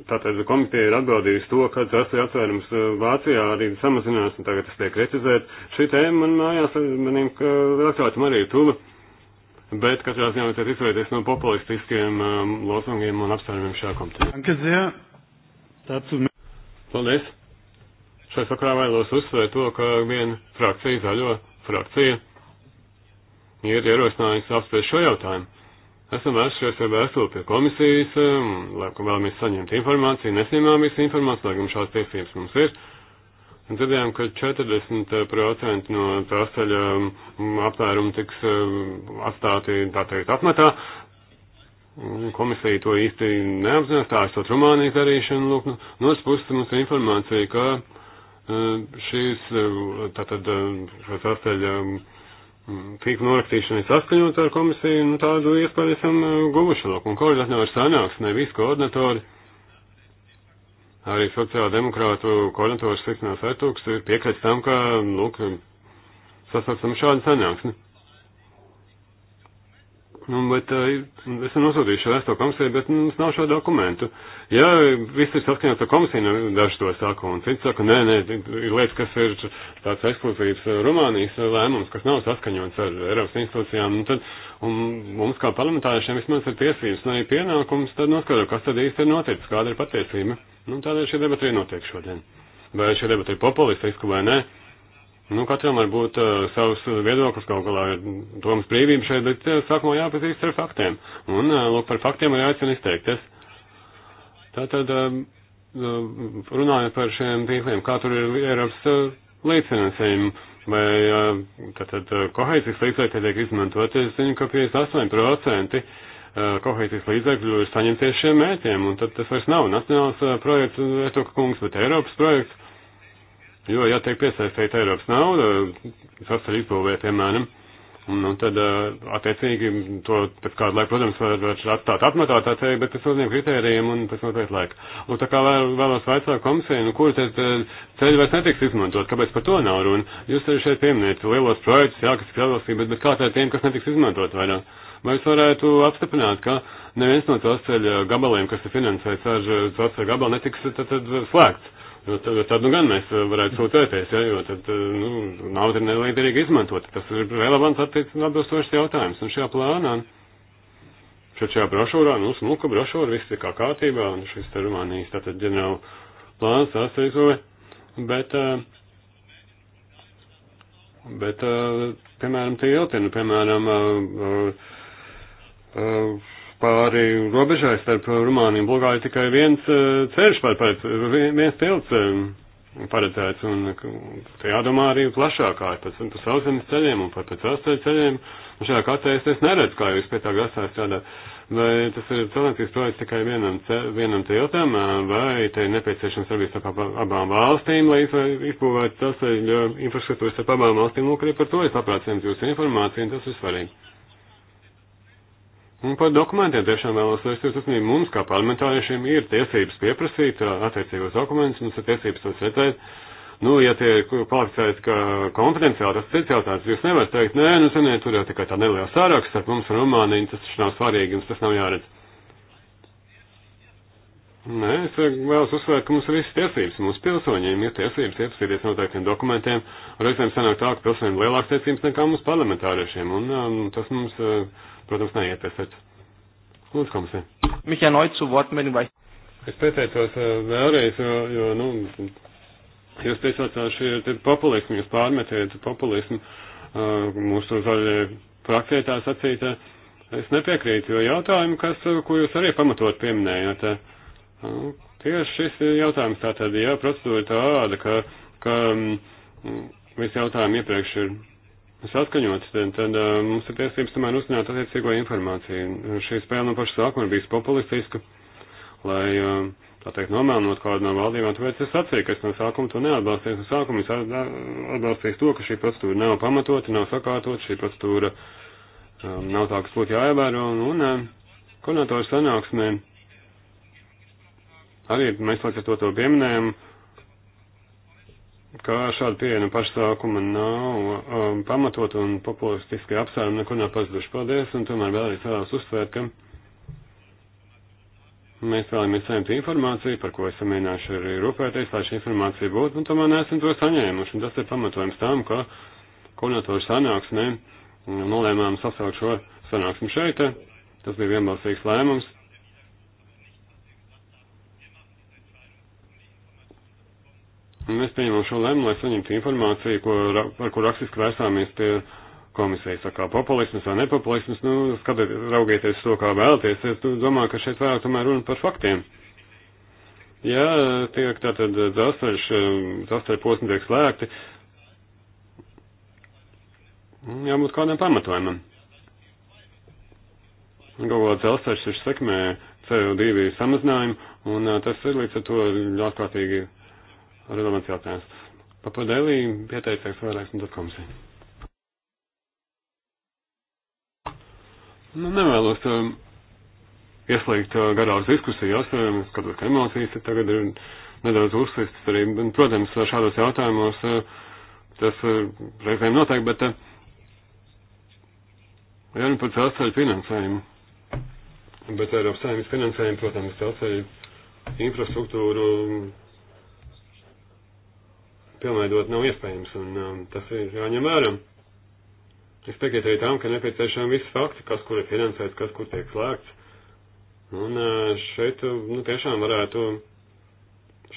Tātad komiteja ir atbildījusi to, ka dzelzceļa atvērums uh, Vācijā arī samazinās, un tagad tas tiek kritizēts. Šī tēma man mājās, uh, manīm, ka atklātam arī ir tuva, bet katrā ziņā vajadzētu izvairīties no populistiskiem um, lozungiem un apstākļiem šajā komitejā. Paldies! Šai sakrā vēlos uzsvērt to, ka viena frakcija, zaļo frakcija, ir ierosinājusi apspriest šo jautājumu. Esam vērsušies ar vēstuli pie komisijas, um, lai vēlamies saņemt informāciju, nesaņemām visu informāciju, lai gan šāds tiesības mums ir. Un dzirdējām, ka 40% no dzelzceļa um, aptvērumu tiks um, atstāti, tā teikt, atmetā. Komisija to īsti neapzinās, tā esot Rumānijas darīšana. Lūk, nu, no otras puses mums ir informācija, ka šīs, tātad, dzelzceļa. Tā, Mm, tīkla norakstīšanai saskaņot ar komisiju, nu tādu iespēju esam e, guvuši lūk. Un koordinatori sanāks, ne visi koordinatori. Arī sociāldemokrātu koordinators Siksnās Ertūks ir piekrits tam, ka, lūk, sasaucam šādu sanāksmi. Nu, bet eh, esam nosūtījuši vēstuli komisijai, bet nu, mums nav šo dokumentu. Ja viss ir saskaņots ar komisiju, nu, daži to saka, un citi saka, nē, nē, ir lietas, kas ir tāds ekskluzīvs eh, Rumānijas lēmums, kas nav saskaņots ar Eiropas institūcijām, un nu, tad un mums kā parlamentāriešiem vismaz ir tiesības un nu, arī pienākums tad noskaidrot, kas tad īsti ir noticis, kāda ir patiesība. Nu, tādēļ šī debata arī notiek šodien. Vai šī debata ir populistiska vai nē? Ne? Nu, katram var būt uh, savs viedoklis, kaut kādā ir domas brīvība šeit, bet uh, sākumā jāpazīst ar faktiem. Un, uh, lūk, par faktiem ir jāicina izteikties. Tātad, um, uh, runājot par šiem tīkliem, kā tur ir Eiropas uh, līdzfinansējumi, vai uh, tātad uh, kohēzijas līdzekļi tiek izmantoti, es zinu, ka 58% uh, kohēzijas līdzekļu ir saņemties šiem mētiem, un tad tas vairs nav nacionāls uh, projekts, uh, Etoka kungs, bet Eiropas projekts Jo, ja tiek piesaistīta Eiropas nauda, sastāv izbūvē, piemēram, un, un nu, tad, attiecīgi, to pēc kādu laiku, protams, var, var atstāt atmetā tā ceļa, bet pēc uzņem kritērijiem un pēc noteikti laika. Un tā kā vēl, vēlos vaicāt komisiju, nu, kur tad ceļi vairs netiks izmantot, kāpēc par to nav runa? Jūs arī šeit pieminējat lielos projektus, jā, kas ir atbalstīgi, bet, bet kā tā tiem, kas netiks izmantot vairāk? Vai jūs varētu apstiprināt, ka neviens no tās ceļa gabaliem, kas ir finansēts ar tās ceļa gabalu, netiks tad, tad slēgts? Jo tad, tad nu gan mēs varētu sūtēties, ja, jo tad eh, nu, nauda ir neliederīgi izmantot. Tas ir relevants attiecīgi atbilstošs jautājums. Un šajā plānā, šeit šajā brošūrā, nu, smuka brošūra, viss ir kā kārtībā, un šis te Rumānijas tātad ģenerāla plāns asterizove. Bet, eh, bet, eh, piemēram, tie jautājumi, nu, piemēram, uh, uh, pāri robežai starp Rumāniju un Bulgāriju tikai viens eh, ceļš paredzēts, viens tilts eh, paredzēts, un te jādomā arī plašākā par, par sauszemes ceļiem un par pēc ārstēļu ceļiem, un šajā kārtē es, es neredzu, kā jūs pie tā grasās strādāt. Vai tas ir cilvēcības projekts tikai vienam, vienam tiltam, eh, vai te ir nepieciešams darbības starp abām valstīm, lai izbūvētu tas infrastruktūras starp abām valstīm, lūk, arī par to es labprāt saņemtu jūsu informāciju, un tas ir svarīgi. Un par dokumentiem tiešām vēlos vērst jūs uzmanību. Mums, kā parlamentāriešiem, ir tiesības pieprasīt attiecīgos dokumentus, mums ir tiesības tos redzēt. Nu, ja tie ir kvalificēti kā konfidenciāli, tas cits jautājums. Jūs nevarat teikt, nē, nu, ziniet, tur jau tikai tā neliela sāraksts ar mums un Rumāniju, tas taču nav svarīgi, jums tas nav jāredz. Nē, es vēlos uzsvērt, ka mums ir visas tiesības, mums pilsoņiem ir tiesības iepazīties noteiktiem dokumentiem, reizēm sanāk tā, ka pilsoņiem lielākas tiesības nekā mums parlamentāriešiem, un um, tas mums. Uh, protams, neiet pie sirds. Lūdzu, komisija. Mihā Noits, Vortmeni vai? Es pieteicos eh, vēlreiz, jo, jo nu, jūs piesaucāt šī populismu, jūs pārmetiet populismu eh, mūsu zaļie frakcijai tā sacītā. Es nepiekrītu, jo jautājumi, kas, ko jūs arī pamatot pieminējāt, eh, nu, tieši šis jautājums tātad, ja procedūra tāda, ka, ka mm, visi jautājumi iepriekš ir saskaņots, tad, tad mums ir tiesības tomēr uzzināt attiecīgo informāciju. Šī spēle no paša sākuma ir bijusi populistiska, lai, tā teikt, nomēnot kādu no valdībām, tāpēc es atceru, ka es no sākuma to neatbalstīju. No sākuma es atbalstīju to, ka šī procedūra nav pamatota, nav sakārtot, šī procedūra um, nav tā, kas būtu jāievēro, un, un koordinatoru sanāksmē arī mēs līdz ar to to pieminējam ka šāda pieeja pašsākuma nav um, pamatot un populistiskie apsvērumi nekur nav pazuduši. Paldies, un tomēr vēlreiz vēlos uzsvērt, ka mēs vēlamies saņemt informāciju, par ko esam mēģinājuši arī rūpēties, lai šī informācija būtu, un tomēr neesam to saņēmuši, un tas ir pamatojums tam, ka koordinatoru sanāksmē nolēmām sasaukt šo sanāksmi šeit, tas bija vienbalsīgs lēmums, Mēs pieņemam šo lēmumu, lai saņemtu informāciju, ko, par ko rakstiski vērsāmies pie komisijas. Kā populisms vai nepopulisms, nu, skatiet, raugieties to, kā vēlaties. Es domāju, ka šeit vairāk tomēr runa par faktiem. Jā, tiek tātad dzelzceļš, dzelzceļa posmi tiek slēgti. Jābūt kādam pamatojumam. Galvā dzelzceļš ir sekmē CO2 samazinājumu, un tas ir līdz ar to ļautkārtīgi. Ļoti relevants jautājums. Papadēlī pieteicēs vēlreiz un tad komisija. Nu, nevēlos um, ieslēgt uh, garās diskusijās, um, skatot, ka emocijas tagad ir nedaudz uzsvistas arī. Un, protams, uh, šādos jautājumos uh, tas uh, reizēm notiek, bet uh, jā, nu par celceļu finansējumu. Bet Eiropas saimnes finansējumu, protams, celceļu infrastruktūru. Um, pilnveidot nav iespējams, un um, tas ir jāņem vērā. Es piekrītu arī tam, ka nepieciešami visi fakti, kas kur ir finansēts, kas kur tiek slēgts. Un uh, šeit uh, nu, tiešām varētu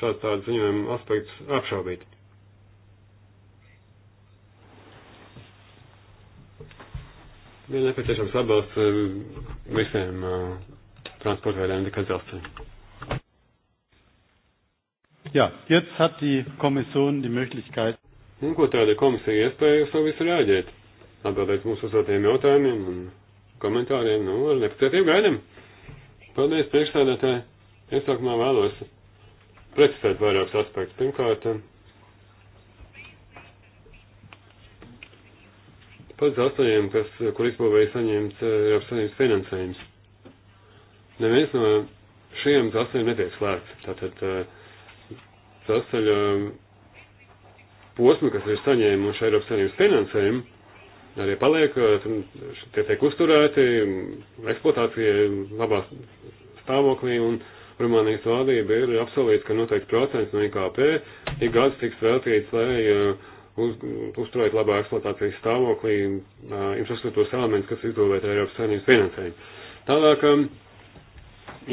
šāds tāds ziņojuma aspekts apšaubīt. Ir nepieciešams atbalsts uh, visiem uh, transporta veidiem, tikai dzelzceļiem. Jā, jetzt hat die Kommission die Möglichkeit. Un nu, ko tāda komisija iespēja uz to visu rēģēt? Atbildēt mūsu uzdotiem jautājumiem un komentāriem, nu, ar nepacietību gaidam. Paldies, priekšsēdētāji. Es sākumā vēlos precizēt vairākus aspektus. Pirmkārt, pats astoņiem, kas, kur izbūvēja saņemts eh, Eiropas Savienības finansējums. Neviens no šiem astoņiem netiek slēgts. Tātad, uh, sasaļa posmi, kas ir saņēmuši Eiropas Savienības finansējumu, arī paliek, tie tiek uzturēti eksploatācija labā stāvoklī, un Rumānijas valdība ir apsolīta, ka noteikti procents no IKP ik gads tiks veltīts, lai uh, uz, uzturētu labā eksploatācijas stāvoklī uh, infrastruktūras elements, kas izdovēta Eiropas Savienības finansējumu. Tālāk, um,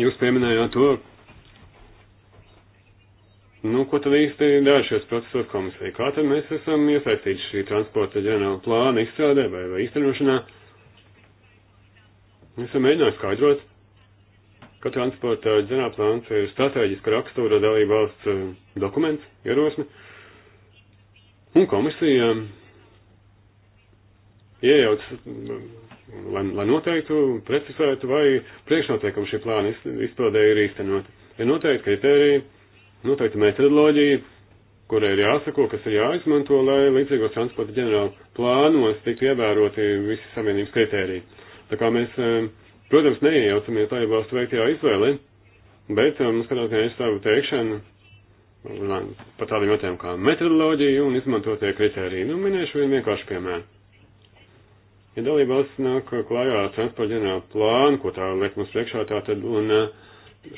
jūs pieminējāt to, Nu, ko tad īsti dara šos procesos komisija? Kā tad mēs esam iesaistīti šī transporta ģenerāla plāna izstrādē vai, vai īstenošanā? Esam mēģinājuši skaidrot, ka transporta ģenerāla plāns ir strateģiska rakstura dalība valsts eh, dokuments, ierosme, un komisija iejauc, lai, lai noteiktu, precisētu, vai priekšnoteikumi šī plāna izpildē ir īstenot. Ir noteikti kriteriji, noteikta metodoloģija, kurai ir jāsako, kas ir jāizmanto, lai līdzīgos transporta ģenerāla plānos tiktu ievēroti visi savienības kritēriji. Tā kā mēs, eh, protams, neiejaucamies tajā valstu veiktajā izvēlē, bet eh, mums katrā ziņā ir savu teikšanu par tādiem jautājumiem kā metodoloģija un izmantotie kritēriji. Nu, minēšu vienu vienkāršu piemēru. Ja dalībvalsts nāk klājā transporta ģenerāla plānu, ko tā liek mums priekšā, tā tad, un uh,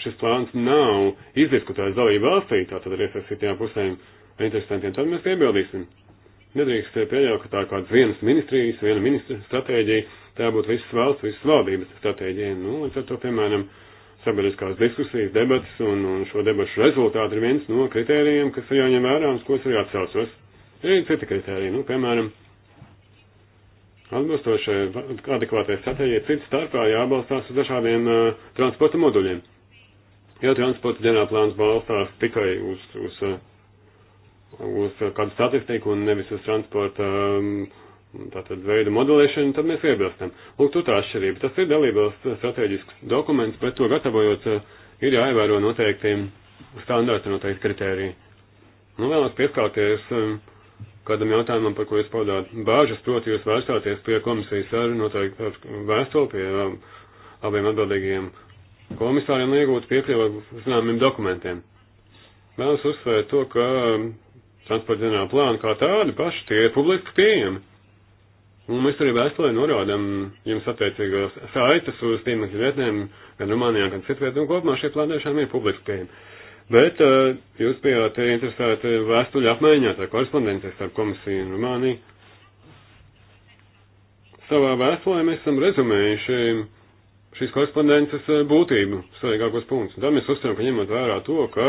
šis plāns nav izdiskutēts dalību valstī, tātad ar iesaistītajām pusēm interesantiem, tad mēs iebildīsim. Nedrīkst pieļaut, ka tā kāds vienas ministrijas, viena ministra stratēģija, tā būtu visas valsts, visas valdības stratēģija. Nu, līdz ar to, piemēram, sabiedriskās diskusijas, debatas un, un šo debašu rezultāti ir viens no kritērijiem, kas ir jāņem vērā un uz ko es arī atsaucos. Ir citi kritēriji, nu, piemēram, atbilstošai adekvātai stratēģijai, cits starpā jābalstās uz dažādiem uh, transporta moduļiem. Ja transporta dienā plāns balstās tikai uz, uz, uh, uz kādu statistiku un nevis uz transporta um, tātad veidu modelēšanu, tad mēs iebilstam. Lūk, tur tā atšķirība. Tas ir dalībvalsts strateģisks dokuments, bet to gatavojot uh, ir jāievēro noteikti standārti, noteikti kritēriji. Nu, vēlos pieskārties um, kādam jautājumam, par ko jūs paudāt bāžas, proti jūs vērsāties pie komisijas ar noteikti ar vēstuli, pie um, abiem atbildīgajiem komisāriem iegūtu piekļuvu zināmiem dokumentiem. Vēlos uzsvērt to, ka transporta ģenerāla plāna kā tādi paši tie ir publiski pieejami. Un mēs arī vēstulē norādām jums attiecīgos saites uz tīmekļa vietnēm, gan Rumānijā, gan citvietnē, un kopumā šie plāni tiešām ir publiski pieejami. Bet uh, jūs bijāt interesēti vēstuļu apmaiņā, tā korespondences ar komisiju un Rumāniju. Savā vēstulē mēs esam rezumējuši šīs korespondences eh, būtību, svarīgākos punktus. Tad mēs uzsveram, ka ņemot vērā to, ka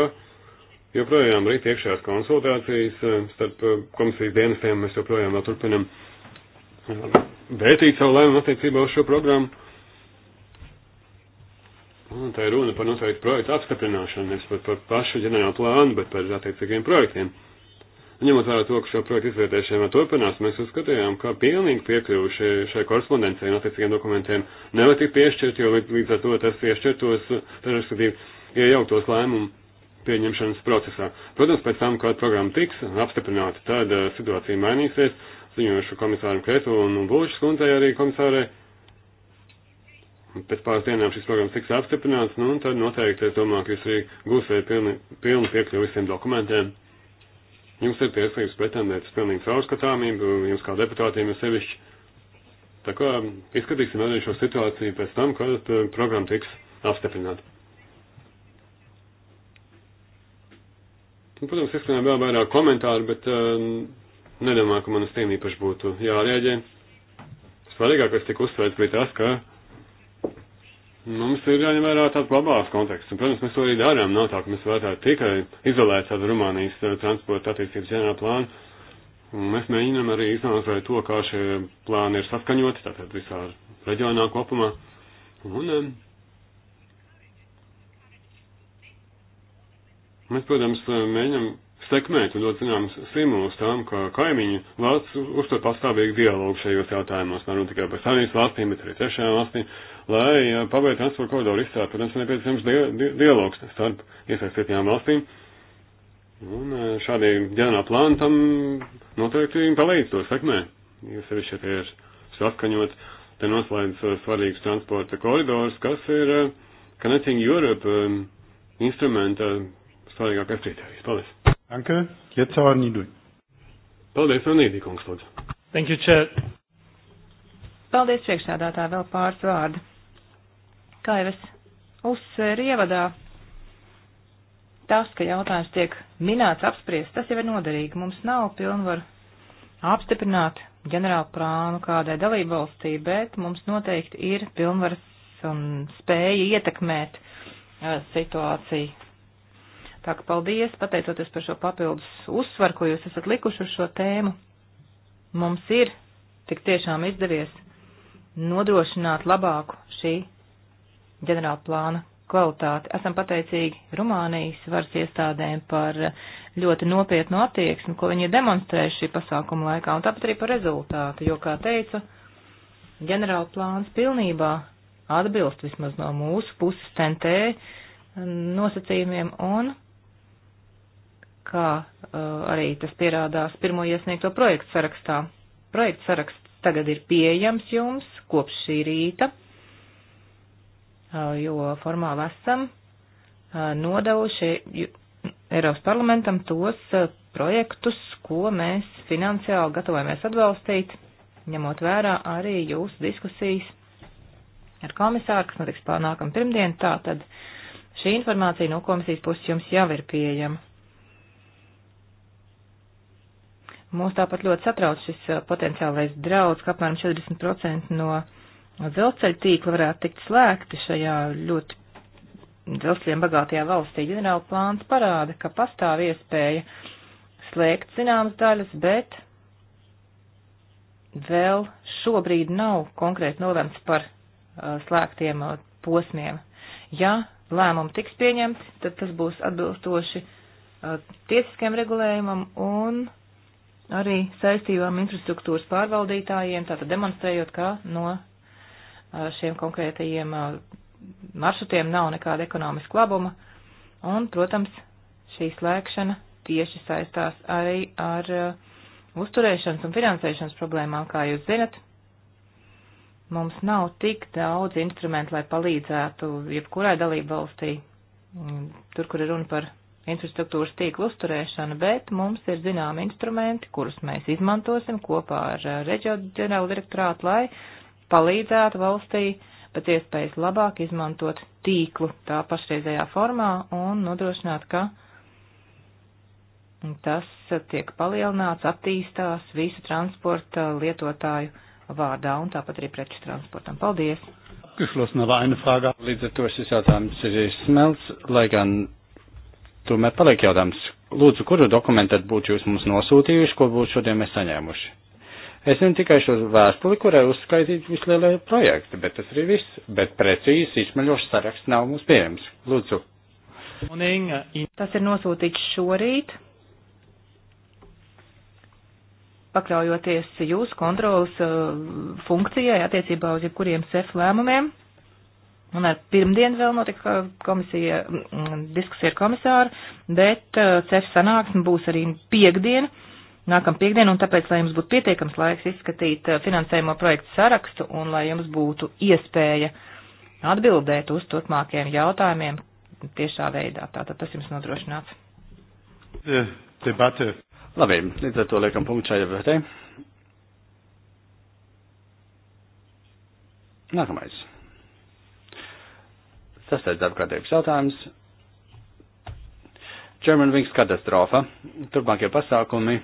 joprojām rīt iekšējās konsultācijas eh, starp eh, komisijas dienestiem, mēs joprojām vēl turpinam vērtīt savu lēmumu attiecībā uz šo programmu. Un tā ir runa par noteiktu projektu apstiprināšanu, nevis par, par pašu ģenerālu plānu, bet par attiecīgiem projektiem. Uh, Ņemot vērā to, ka šo projektu izvērtēšana turpinās, mēs uzskatījām, ka pilnīgi piekļuvi šai, šai korespondencijai un attiecīgiem dokumentiem nevar tik piešķirt, jo līdz ar to tas iešķirtos, tad respektīvi iejauktos lēmumu pieņemšanas procesā. Protams, pēc tam, kad programma tiks apstiprināta, tad uh, situācija mainīsies, ziņojuši komisāram Kretu un Bulšas kundzei arī komisārai. Pēc pāris dienām šis programmas tiks apstiprināts, nu, un tad noteikti, es domāju, ka jūs arī gūsiet pilnu, pilnu piekļuvi visiem dokumentiem. Jums ir tiesības pretendēt uz pilnīgu caurskatāmību, jums kā deputātiem ir sevišķi. Tā kā izskatīsim arī šo situāciju pēc tam, kad eh, programma tiks apstiprināta. Protams, izskanēja vēl vairāk komentāru, bet uh, nedomāju, ka manas tiem īpaši būtu jārēģē. Svarīgākais tika uzsvērts bija tas, ka Nu, mums ir jāņem vērā tāds labāks konteksts, un, protams, mēs to arī darām. Nav tā, ka mēs vērtētu tikai izolēt tādu Rumānijas eh, transporta attīstības ģenerālu plānu. Un mēs mēģinām arī izanalizēt to, kā šie plāni ir saskaņoti, tātad visā reģionā kopumā. Un, um, mēs, protams, eh, mēģinām sekmēt un dot zināmas simulus tam, ka kaimiņu valsts uztur pastāvīgu dialogu šajos jautājumos, nav tikai par savienības valstīm, bet arī trešajām valstīm, lai eh, pabeigtu transporta koridoru izstrādi, protams, nepieciešams di di dialogs starp iesaistītajām valstīm. Un eh, šādi ģenerāla plāna tam noteikti palīdz to sekmē, jo sevišķi tie ir saskaņot, te noslēdz eh, svarīgs transporta koridors, kas ir Connecting Europe instrumenta svarīgākais kriterijs. Paldies! Danke. Jetzt aber Nīdui. Paldies, Nīdī, kungs, lūdzu. Thank you, Chair. Paldies, priekšsēdātā, vēl pāris vārdu. Kā jau es uzsveru ievadā, tas, ka jautājums tiek minēts apspriest, tas jau ir noderīgi. Mums nav pilnvaru apstiprināt ģenerālu plānu kādai dalību valstī, bet mums noteikti ir pilnvaras un spēja ietekmēt uh, situāciju Tā ka paldies, pateicoties par šo papildus uzsvaru, ko jūs esat likuši uz šo tēmu. Mums ir tik tiešām izdevies nodrošināt labāku šī ģenerāla plāna kvalitāti. Esam pateicīgi Rumānijas varas iestādēm par ļoti nopietnu attieksmi, ko viņi ir demonstrējuši šī pasākuma laikā, un tāpat arī par rezultātu, jo, kā teicu, ģenerāla plāns pilnībā atbilst vismaz no mūsu puses TNT nosacījumiem un kā uh, arī tas pierādās pirmo iesniegto projektu sarakstā. Projekts saraksts tagad ir pieejams jums kopš šī rīta, uh, jo formāli esam uh, nodevuši Eiropas parlamentam tos uh, projektus, ko mēs finansiāli gatavojamies atbalstīt, ņemot vērā arī jūsu diskusijas ar komisāru, kas notiks pārnākam pirmdien, tā tad šī informācija no komisijas puses jums jau ir pieejama. Mūs tāpat ļoti satrauc šis potenciālais draudz, ka apmēram 40% no dzelzceļa tīkla varētu tikt slēgti šajā ļoti dzelzceļiem bagātajā valstī. Ģenerāla plāns parāda, ka pastāv iespēja slēgt zināmas daļas, bet vēl šobrīd nav konkrēti nolemts par uh, slēgtiem uh, posmiem. Ja lēmumi tiks pieņemti, tad tas būs atbilstoši uh, tiesiskiem regulējumam un uh, arī saistībām infrastruktūras pārvaldītājiem, tātad demonstrējot, ka no šiem konkrētajiem maršrutiem nav nekāda ekonomiska labuma. Un, protams, šī slēgšana tieši saistās arī ar uzturēšanas un finansēšanas problēmām, kā jūs zinat. Mums nav tik daudz instrumentu, lai palīdzētu jebkurai dalību valstī, mm, tur, kur ir runa par infrastruktūras tīklu uzturēšana, bet mums ir zināmi instrumenti, kurus mēs izmantosim kopā ar reģionālu direktorātu, lai palīdzētu valstī pēc iespējas labāk izmantot tīklu tā pašreizējā formā un nodrošināt, ka tas tiek palielināts, attīstās visu transporta lietotāju vārdā un tāpat arī preču transportam. Paldies! Geschlossen, aber eine Frage. Līdz ar to šis jautājums ir izsmelts, lai gan tomēr paliek jautājums, lūdzu, kuru dokumentu tad būtu jūs mums nosūtījuši, ko būtu šodien mēs saņēmuši? Es zinu tikai šo vēstuli, kurai uzskaitīt vislielie projekti, bet tas arī viss, bet precīzi izsmeļošs saraksts nav mums pieejams. Lūdzu. Uh, tas ir nosūtīts šorīt, pakļaujoties jūsu kontrolas uh, funkcijai attiecībā uz jebkuriem SEF lēmumiem. Un pirmdien vēl notika komisija, mm, diskusija ar komisāru, bet uh, CEF sanāksme būs arī piekdien, nākam piekdien, un tāpēc, lai jums būtu pietiekams laiks izskatīt uh, finansējumo projektu sarakstu un lai jums būtu iespēja atbildēt uz turpmākajiem jautājumiem tiešā veidā. Tātad tas jums nodrošināts. Debate. Labi, līdz ar to liekam punktu šai debatē. Nākamais. Sastais darba kārtības jautājums. German Wings katastrofa, turpmākie pasākumi,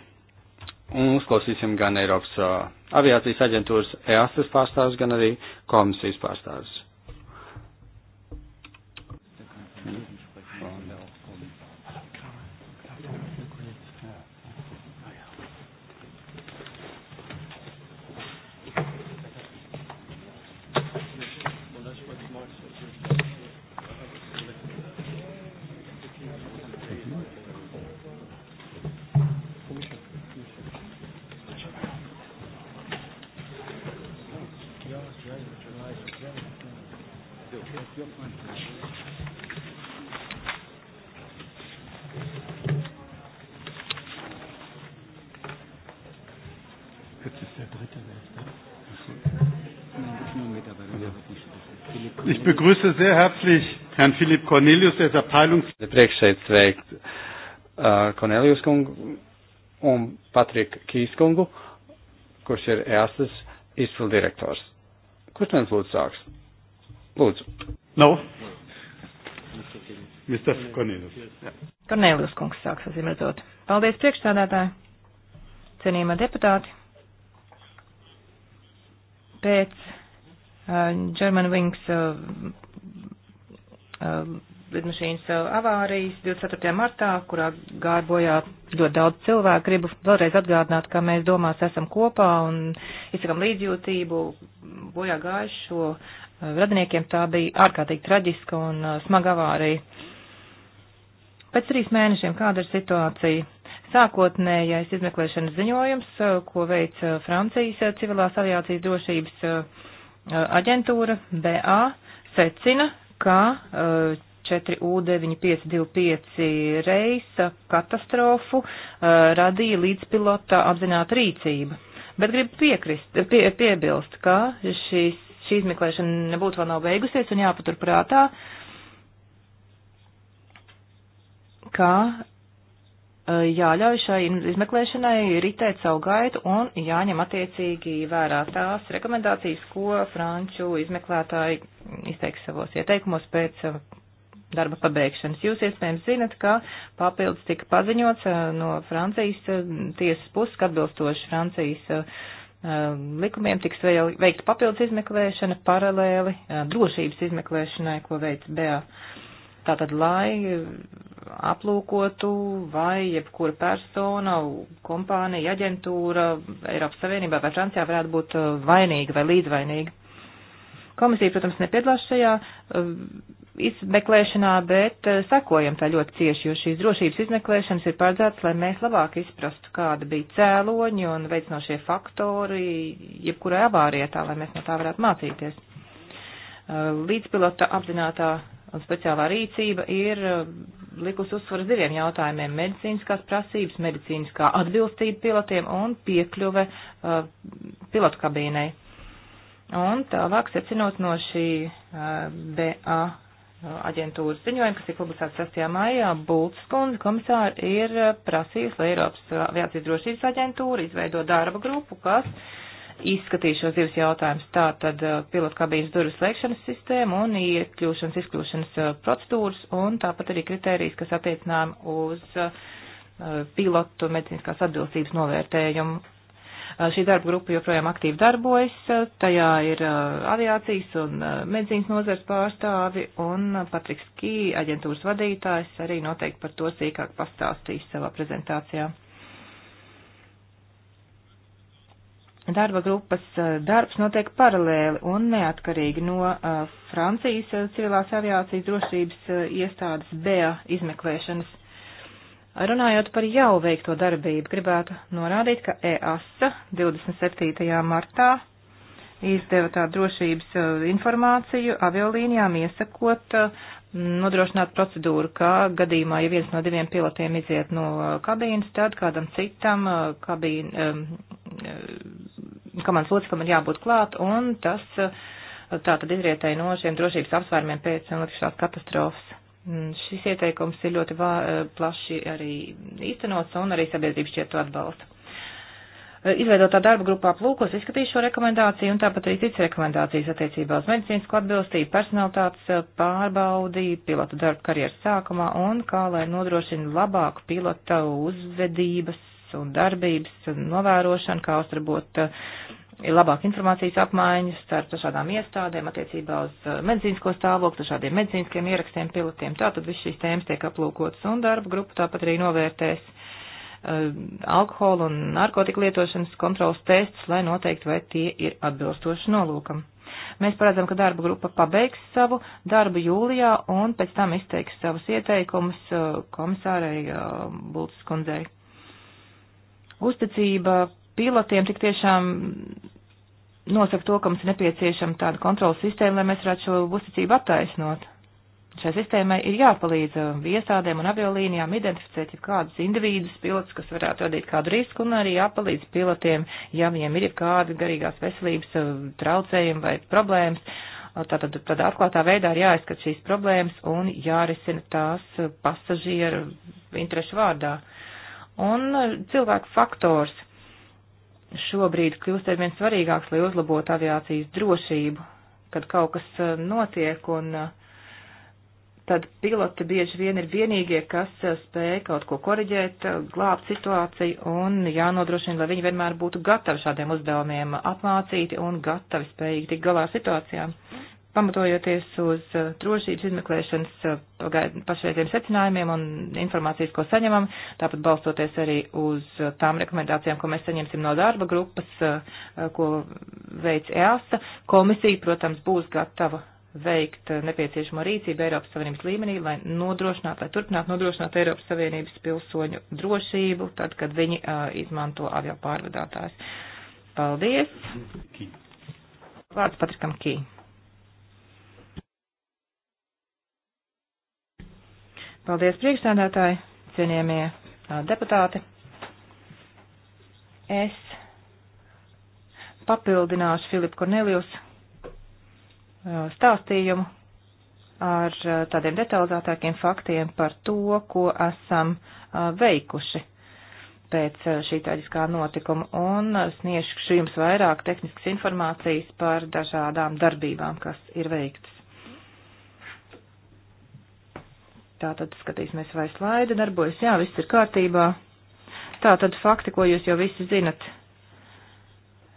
un uzklausīsim gan Eiropas uh, aviācijas aģentūras EASAS pārstāvis, gan arī komisijas pārstāvis. Ich begrüße sehr herzlich Herrn Philipp Cornelius, der ist Abteilungs... Priekšsēdz sveikt uh, Cornelius kungu un Patriku Kīskungu, kurš ir EASAS izpildirektors. Kurš mums lūdzu sāks? Lūdzu. Nav. No. Mr. Cornelius. Kornēlis kungs sāks atzīmredzot. Paldies priekšstādātāji, cienījumā deputāti. Pēc Uh, German Wings uh, uh, lidmašīnas avārijas 24. martā, kurā gāja bojā ļoti daudz cilvēku. Gribu vēlreiz atgādināt, ka mēs domās esam kopā un izsakam līdzjūtību bojā gājušo radiniekiem. Tā bija ārkārtīgi traģiska un smaga avārija. Pēc trīs mēnešiem kāda ir situācija? Sākotnējais izmeklēšanas ziņojums, ko veic Francijas civilās aviācijas drošības aģentūra BA secina, ka 4U9525 reisa katastrofu radīja līdzpilota apzināta rīcība. Bet gribu piekrist, pie, piebilst, ka šis, šī izmeklēšana nebūtu vēl nav beigusies un jāpatur prātā, ka Eh, jāļauj šai izmeklēšanai ritēt savu gaitu un jāņem attiecīgi vērā tās rekomendācijas, ko franču izmeklētāji izteiks savos ieteikumos pēc eh, darba pabeigšanas. Jūs iespējams zinat, ka papildus tika paziņots eh, no Francijas tiesas puses, ka atbilstoši Francijas likumiem tiks veikta papildus izmeklēšana paralēli drošības izmeklēšanai, ko veids BA. Tātad, lai aplūkotu, vai jebkura persona, kompānija, aģentūra Eiropas Savienībā vai Francijā varētu būt uh, vainīga vai līdzvainīga. Komisija, protams, nepiedalās šajā uh, izmeklēšanā, bet uh, sekojam tā ļoti cieši, jo šīs drošības izmeklēšanas ir paredzētas, lai mēs labāk izprastu, kāda bija cēloņi un veicinošie faktori, jebkurai avārietā, lai mēs no tā varētu mācīties līdzpilota apzinātā Un speciālā rīcība ir eh, likus uzsvaru diviem jautājumiem - medicīniskās prasības, medicīniskā atbilstība pilotiem un piekļuve uh, pilotu kabīnei. Un tālāk secinot no šī uh, eh, BA aģentūras ziņojuma, kas ir publicēts 6. maijā, Bultas kundze komisāri ir prasījusi, lai Eiropas aviācijas drošības aģentūra izveido darba grupu, kas uh, izskatīju šos divus jautājumus. Tā tad uh, pilotkabīnas durvis slēgšanas sistēma un iekļūšanas, izkļūšanas uh, procedūras un tāpat arī kritērijas, kas attiecinām uz uh, pilotu medicīniskās atbilstības novērtējumu. Šī darba grupa joprojām aktīvi darbojas, tajā ir aviācijas un medicīnas nozars pārstāvi un Patriks Kī, aģentūras vadītājs, arī noteikti par to sīkāk pastāstīs savā prezentācijā. Darba grupas eh, darbs notiek paralēli un neatkarīgi no eh, Francijas eh, civilās aviācijas drošības iestādes BEA izmeklēšanas. Runājot par jau veikto darbību, gribētu norādīt, ka EASA 27. martā izdeva tā drošības informāciju aviolīnijām iesakot nodrošināt procedūru, ka gadījumā, ja viens no diviem pilotiem iziet no kabīnes, tad kādam citam kabīne komandas locekam ir jābūt klāt, un tas eh, tā tad izrietēja no šiem drošības apsvērumiem pēc notikušās katastrofas. Mm, šis ieteikums ir ļoti vā, eh, plaši arī īstenots, un arī sabiedrības šķiet to atbalsta eh, izveidotā darba grupā plūkos izskatīs šo rekomendāciju un tāpat arī citas rekomendācijas attiecībā uz medicīnisku atbilstību, personalitātes pārbaudi, pilota darba karjeras sākumā un kā lai nodrošina labāku pilota uzvedības un darbības novērošana, kā uztrabot eh, labāk informācijas apmaiņas starp dažādām iestādēm attiecībā uz eh, medicīnisko stāvokli, dažādiem medicīniskiem ierakstiem, pilotiem. Tātad viss šīs tēmas tiek aplūkotas un darba grupa tāpat arī novērtēs eh, alkohola un narkotika lietošanas kontrols tests, lai noteikti, vai tie ir atbilstoši nolūkam. Mēs paredzam, ka darba grupa pabeigs savu darbu jūlijā un pēc tam izteiks savus ieteikumus komisārai Bultas kundzei uzticība pilotiem tik tiešām nosaka to, ka mums ir nepieciešama tāda kontrolas sistēma, lai mēs varētu šo uzticību attaisnot. Šai sistēmai ir jāpalīdz um, iestādēm un aviolīnijām identificēt jau kādus individus, pilotus, kas varētu radīt kādu risku, un arī jāpalīdz pilotiem, ja viņiem ir kādi garīgās veselības um, traucējumi vai problēmas. Uh, tātad tādā atklātā veidā ir jāizskat šīs problēmas un jārisina tās uh, pasažieru interešu vārdā. Uh, Un uh, cilvēku faktors šobrīd kļūst ar vien svarīgāks, lai uzlabotu aviācijas drošību, kad kaut kas uh, notiek, un uh, tad piloti bieži vien ir vienīgie, kas spēja kaut ko koriģēt, glābt situāciju, un jānodrošina, lai viņi vienmēr būtu gatavi šādiem uzdevumiem, apmācīti un gatavi spējīgi tik galā situācijām. Mm pamatojoties uz uh, drošības izmeklēšanas uh, pašreiziem secinājumiem un informācijas, ko saņemam, tāpat balstoties arī uz uh, tām rekomendācijām, ko mēs saņemsim no darba grupas, ko veic EASA. Komisija, protams, būs gatava veikt nepieciešamo rīcību Eiropas Savienības līmenī, lai nodrošinātu, lai turpinātu nodrošināt Eiropas Savienības pilsoņu drošību, tad, kad viņi uh, izmanto avio pārvadātājs. Paldies! Vārds Patrikam Kī. Paldies, priekšsēdētāji, cienījamie deputāti. Es papildināšu Filipu Kornelius stāstījumu ar tādiem detalizētākiem faktiem par to, ko esam veikuši pēc šī traģiskā notikuma un sniegšu jums vairāk tehniskas informācijas par dažādām darbībām, kas ir veiktas. Tātad skatīsimies, vai slaidi darbojas. Jā, viss ir kārtībā. Tātad fakti, ko jūs jau visi zinat.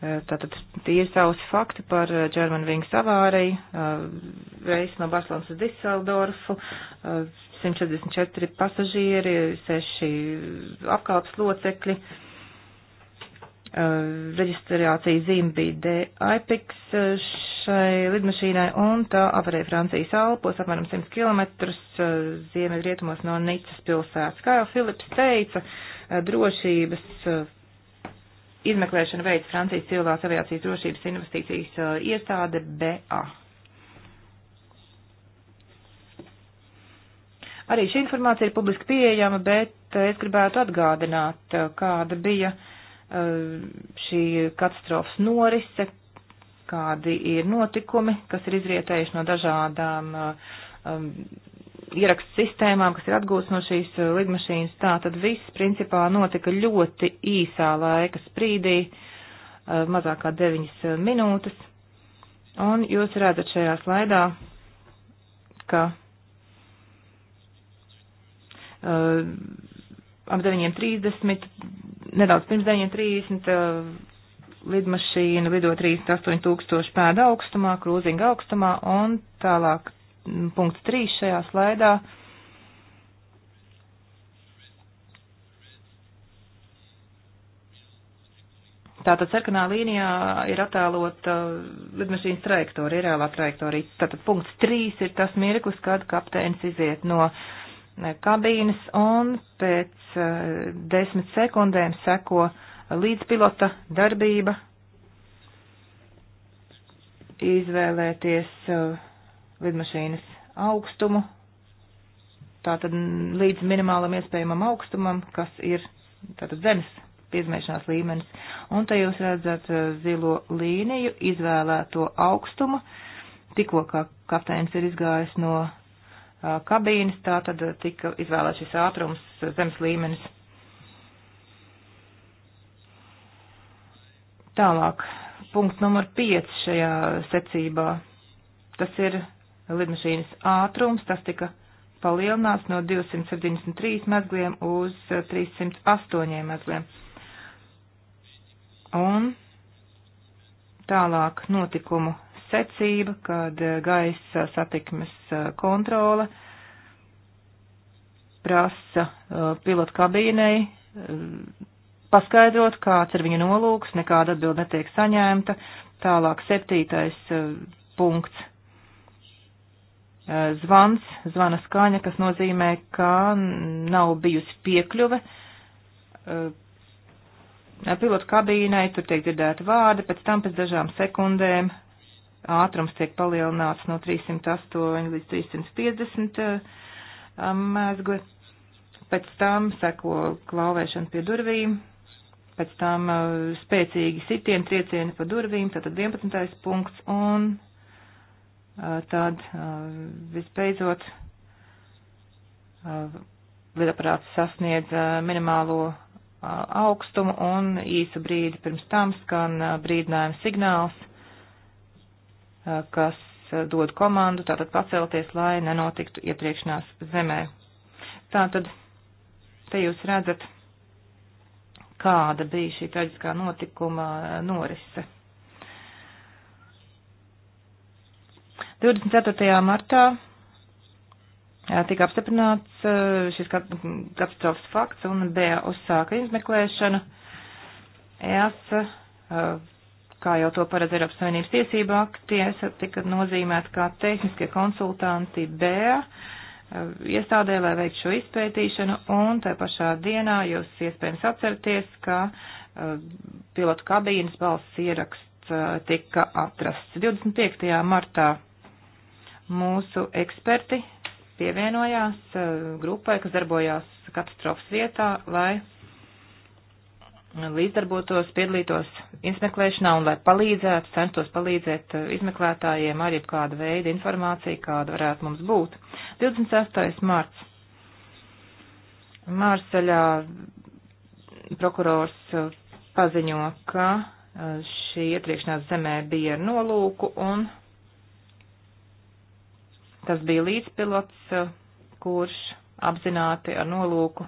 E, tātad tie ir sausi fakti par e, German Wings avāriju, e, reis no Barcelonas uz Diseldorfu, 144 pasažieri, 6 apkalpas locekļi. Reģistrācija zīme bija DIPIX šai lidmašīnai un tā avarēja Francijas Alpos apmēram 100 km eh, ziemeļrietumos no Nicas pilsētas. Kā jau Filips teica, eh, drošības eh, izmeklēšana veids Francijas civilās aviācijas drošības investīcijas iestāde BA. Arī šī informācija ir publiski pieejama, bet es gribētu atgādināt, kāda bija šī katastrofas norise, kādi ir notikumi, kas ir izrietējuši no dažādām um, ierakstu sistēmām, kas ir atgūts no šīs uh, lidmašīnas. Tā tad viss principā notika ļoti īsā laika sprīdī, uh, mazāk kā 9 uh, minūtes. Un jūs redzat šajā slaidā, ka uh, ap 9.30, nedaudz pirms 9.30. Uh, lidmašīna lido 38 tūkstoši pēda augstumā, krūzinga augstumā un tālāk punkts 3 šajā slaidā. Tātad sarkanā līnijā ir attēlot uh, lidmašīnas trajektorija, reālā trajektorija. Tātad punkts 3 ir tas mirklis, kad kapteinis iziet no kabīnes un pēc uh, desmit sekundēm seko uh, līdzpilota darbība, izvēlēties uh, lidmašīnas augstumu, tātad līdz minimālam iespējamam augstumam, kas ir tātad zemes piezmēšanās līmenis, un te jūs redzat uh, zilo līniju izvēlēto augstumu, tikko kā kapteinis ir izgājis no uh, kabīnes, tātad tika izvēlēts šis ātrums zemes līmenis. Tālāk, punkts numur 5 šajā secībā. Tas ir lidmašīnas ātrums, tas tika palielināts no 273 mezgliem uz 308 mezgliem. Un tālāk notikumu secība, kad eh, gaisa satikmes eh, kontrole prasa eh, pilotu kabīnei paskaidrot, kāds ir viņa nolūks, nekāda atbilda netiek saņemta. Tālāk septītais eh, punkts. Eh, zvans, zvana skaņa, kas nozīmē, ka nav bijusi piekļuve eh, pilotu kabīnai, tur tiek dzirdēti vārdi, pēc tam pēc dažām sekundēm ātrums tiek palielināts no 308 līdz 350 mēsgli, pēc tam seko klauvēšana pie durvīm, pēc tam uh, spēcīgi sitieni, triecieni pa durvīm, tātad 11. punkts, un uh, tad uh, visbeidzot lidaparāts sasniedz minimālo augstumu un īsu brīdi pirms tam skan brīdinājuma signāls, kas dod komandu tātad pacelties, lai nenotiktu iepriekšanās zemē. Tātad te jūs redzat kāda bija šī traģiskā notikuma eh, norise. 24. martā eh, tika apstiprināts eh, šis katastrofas fakts un bija uzsāka izmeklēšana. EASA, kā jau to paredz Eiropas Savienības tiesība akti, EASA tika nozīmēta kā tehniskie konsultanti BEA Eh, iestādē, lai veiktu šo izpētīšanu, un tā pašā dienā jūs iespējams atcerties, ka eh, pilotu kabīnes balss ieraksts eh, tika atrasts. 25. martā mūsu eksperti pievienojās grupai, kas darbojās katastrofas vietā, lai līdzdarbotos, piedalītos izmeklēšanā un lai palīdzētu, centos palīdzēt eh, izmeklētājiem ar jebkādu veidu informāciju, kāda varētu mums būt. 26. mārts. Mārseļā prokurors eh, paziņo, ka eh, šī iepriekšnās zemē bija ar nolūku un tas bija līdzpilots, kurš apzināti ar nolūku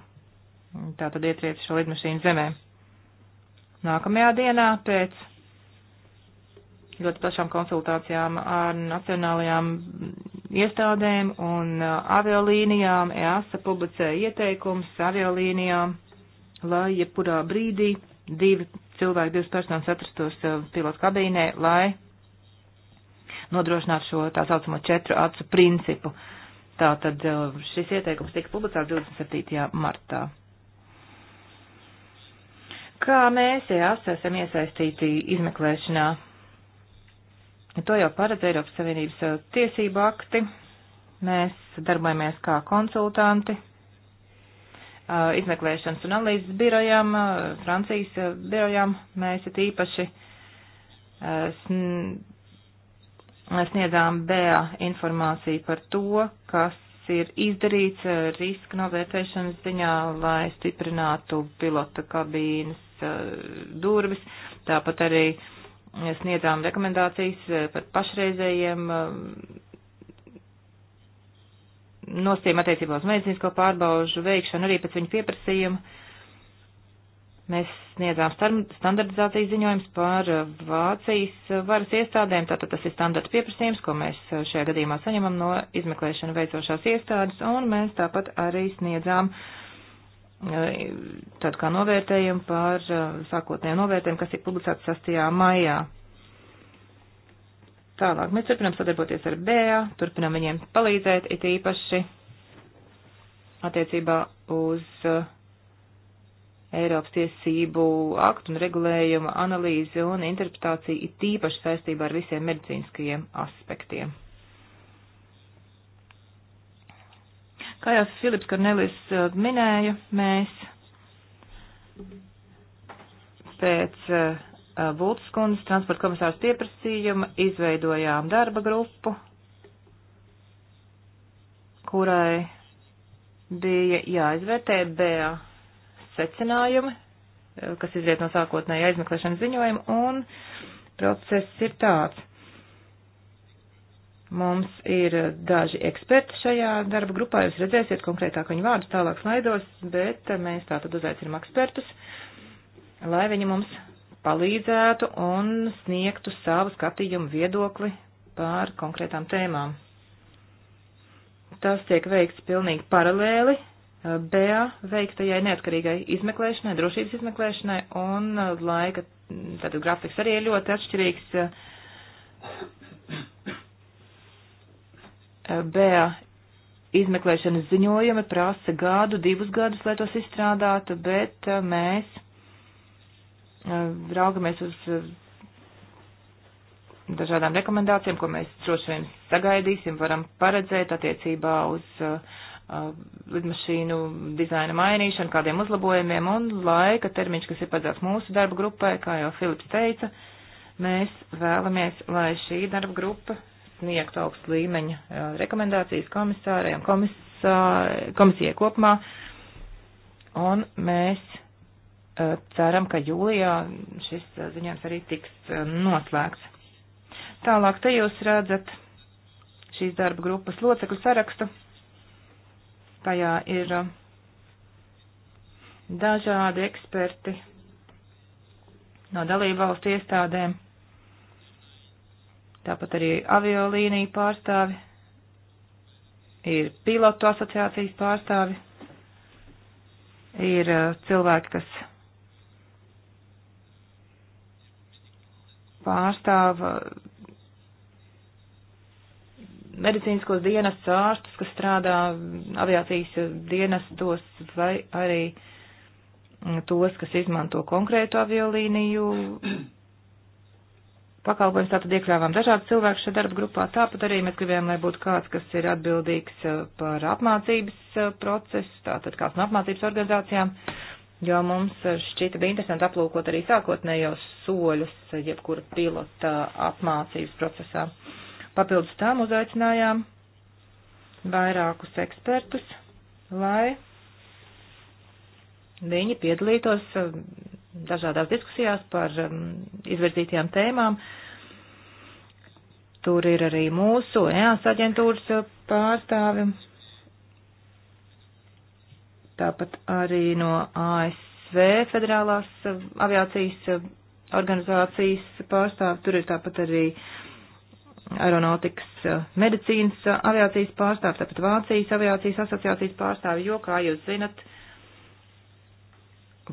tātad ietriec šo lidmašīnu zemē nākamajā dienā pēc ļoti plašām konsultācijām ar nacionālajām iestādēm un uh, aviolīnijām. EASA publicē ieteikums aviolīnijām, lai jebkurā brīdī divi cilvēki, divas personas atrastos uh, pilotu kabīnē, lai nodrošinātu šo tā saucamo četru acu principu. Tātad uh, šis ieteikums tika publicēts 27. martā. Kā mēs EAS esam iesaistīti izmeklēšanā? To jau paredz Eiropas Savienības uh, tiesību akti. Mēs darbojamies kā konsultanti uh, izmeklēšanas un analīzes birojām, uh, Francijas birojām. Mēs it īpaši sniedzām BA informāciju par to, kas ir izdarīts riska novērtēšanas ziņā, lai stiprinātu pilota kabīnes Uh, durvis. Tāpat arī sniedzām rekomendācijas uh, par pašreizējiem uh, nosacījuma attiecībā uz medicīnisko pārbaužu veikšanu arī pēc viņa pieprasījuma. Mēs sniedzām standartizācijas ziņojums par Vācijas varas iestādēm, tātad tas ir standarta pieprasījums, ko mēs šajā gadījumā saņemam no izmeklēšana veicošās iestādes, un mēs tāpat arī sniedzām uh, tādu kā novērtējumu par eh, sākotnēju novērtējumu, kas tika publicēts 6. maijā. Tālāk mēs turpinām sadarboties ar BEA, turpinām viņiem palīdzēt, it īpaši attiecībā uz eh, Eiropas tiesību aktu un regulējumu analīzi un interpretāciju, it īpaši saistībā ar visiem medicīniskajiem aspektiem. Kā jau Filips Kornelis uh, minēja, mēs pēc uh, uh, Bultskundas transporta komisārs pieprasījuma izveidojām darba grupu, kurai bija jāizvērtē BA secinājumi, kas izriet no sākotnēja aizmeklēšanas ziņojuma, un process ir tāds. Mums ir daži eksperti šajā darba grupā, jūs redzēsiet konkrētāk viņu vārdus tālāk slaidos, bet mēs tātad uzaicinām ekspertus, lai viņi mums palīdzētu un sniegtu savu skatījumu viedokli pār konkrētām tēmām. Tas tiek veikts pilnīgi paralēli BA veiktajai neatkarīgai izmeklēšanai, drošības izmeklēšanai, un laika, tātad grafiks arī ir ļoti atšķirīgs BA izmeklēšanas ziņojumi prasa gadu, divus gadus, lai tos izstrādātu, bet eh, mēs eh, raugamies uz eh, dažādām rekomendācijām, ko mēs droši vien sagaidīsim, varam paredzēt attiecībā uz lidmašīnu dizaina mainīšanu, kādiem uzlabojumiem un laika termiņš, kas ir paredzēts mūsu darba grupai, kā jau Filips teica, mēs vēlamies, lai šī darba grupa sniegt augstu līmeņa rekomendācijas komisāriem, komisā, komisijai kopumā, un mēs ceram, ka jūlijā šis ziņojums arī tiks noslēgts. Tālāk te jūs redzat šīs darba grupas locekļu sarakstu. Tajā ir dažādi eksperti no dalībvalstu iestādēm tāpat arī aviolīniju pārstāvi, ir pilotu asociācijas pārstāvi, ir uh, cilvēki, kas pārstāv uh, medicīniskos dienas ārstus, kas strādā aviācijas dienestos vai arī mm, tos, kas izmanto konkrētu aviolīniju pakalpojums, tātad iekļāvām dažādu cilvēku šajā darba grupā. Tāpat arī mēs gribējām, lai būtu kāds, kas ir atbildīgs uh, par apmācības uh, procesu, tātad kāds no apmācības organizācijām, jo mums uh, šķita bija interesanti aplūkot arī sākotnējos soļus, jebkura pilota apmācības procesā. Papildus tam uzaicinājām vairākus ekspertus, lai viņi piedalītos dažādās diskusijās par um, izvirzītajām tēmām. Tur ir arī mūsu EAS aģentūras uh, pārstāvi, tāpat arī no ASV federālās uh, aviācijas uh, organizācijas pārstāvi, tur ir tāpat arī aeronautikas medicīnas aviācijas pārstāvi, tāpat Vācijas aviācijas asociācijas pārstāvi, jo, kā jūs zinat, uh,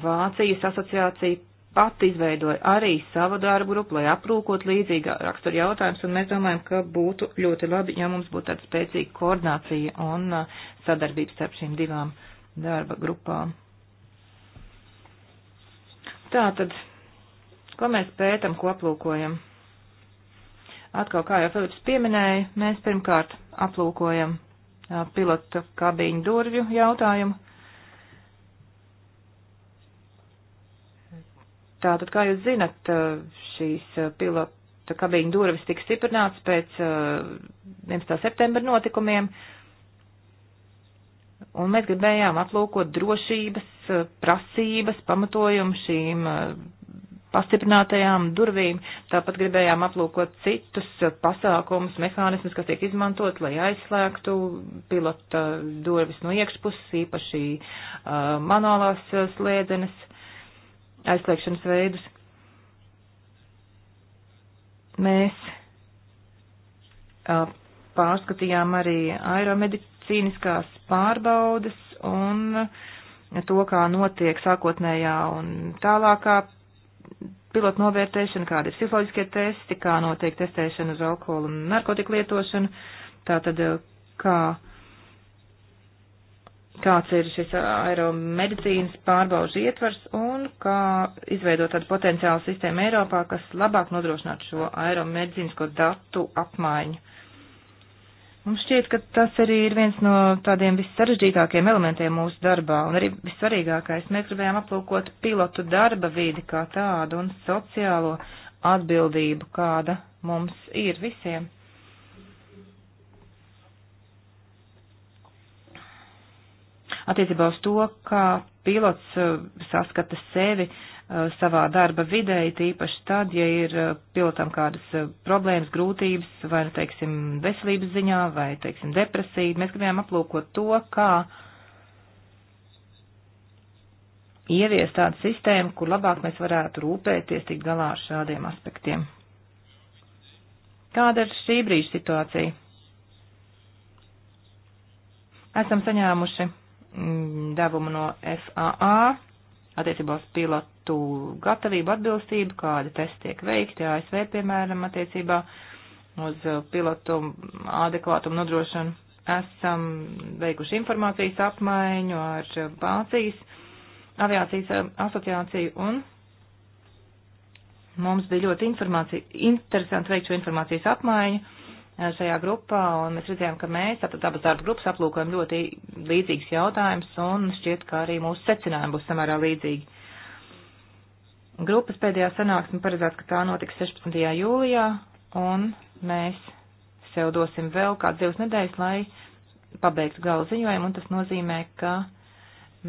Vācijas asociācija pati izveidoja arī savu darbu grupu, lai aprūkot līdzīgā rakstura jautājumus, un mēs domājam, ka būtu ļoti labi, ja mums būtu tāda spēcīga koordinācija un uh, sadarbības starp šīm divām darba grupām. Tātad, ko mēs pētam, ko aplūkojam? Atkal, kā jau Filips pieminēja, mēs pirmkārt aplūkojam uh, pilotu kabīņu durvju jautājumu, Tātad, kā jūs zinat, eh, šīs eh, pilota kabīņu durvis tika stiprināts pēc 11. Eh, septembra notikumiem, un mēs gribējām aplūkot drošības prasības pamatojumu šīm pastiprinātajām durvīm, tāpat gribējām aplūkot citus pasākumus, mehānismus, kas tiek izmantot, lai aizslēgtu pilota durvis no iekšpuses, īpaši uh, manuālās slēdzenes aizslēgšanas veidus. Mēs pārskatījām arī aeromedicīniskās pārbaudas un to, kā notiek sākotnējā un tālākā pilotu novērtēšana, kādi ir psiholoģiskie testi, kā notiek testēšana uz alkoholu un narkotiku lietošanu, tātad kā uh, kāds ir šis aeromedicīnas pārbaužu ietvars un kā izveidot tādu potenciālu sistēmu Eiropā, kas labāk nodrošinātu šo aeromedicīnisko datu apmaiņu. Mums šķiet, ka tas arī ir viens no tādiem vissarežģītākiem elementiem mūsu darbā un arī vissvarīgākais. Mēs gribējām aplūkot pilotu darba vidi kā tādu un sociālo atbildību, kāda mums ir visiem. attiecībā uz to, kā pilots uh, saskata sevi uh, savā darba vidē, tīpaši tad, ja ir uh, pilotam kādas problēmas, grūtības, vai, nu, teiksim, veselības ziņā, vai, teiksim, depresija. Mēs gribējām aplūkot to, kā ieviest tādu sistēmu, kur labāk mēs varētu rūpēties tik galā ar šādiem aspektiem. Kāda ir šī brīža situācija? Esam saņēmuši Mm, devumu no FAA attiecībā uz pilotu gatavību atbilstību, kādi testi tiek veikti ASV, piemēram, attiecībā uz uh, pilotu adekvātumu nodrošanu. Esam veikuši informācijas apmaiņu ar uh, Vācijas aviācijas uh, asociāciju un mums bija ļoti interesanti veikt šo informācijas apmaiņu Eh, šajā grupā, un mēs redzējām, ka mēs, tātad abas darba grupas, aplūkojam ļoti līdzīgs jautājums, un šķiet, ka arī mūsu secinājumi būs samērā līdzīgi. Grupas pēdējā sanāksme paredzēts, ka tā notiks 16. jūlijā, un mēs sev dosim vēl kādas divas nedēļas, lai pabeigtu gala ziņojumu, un tas nozīmē, ka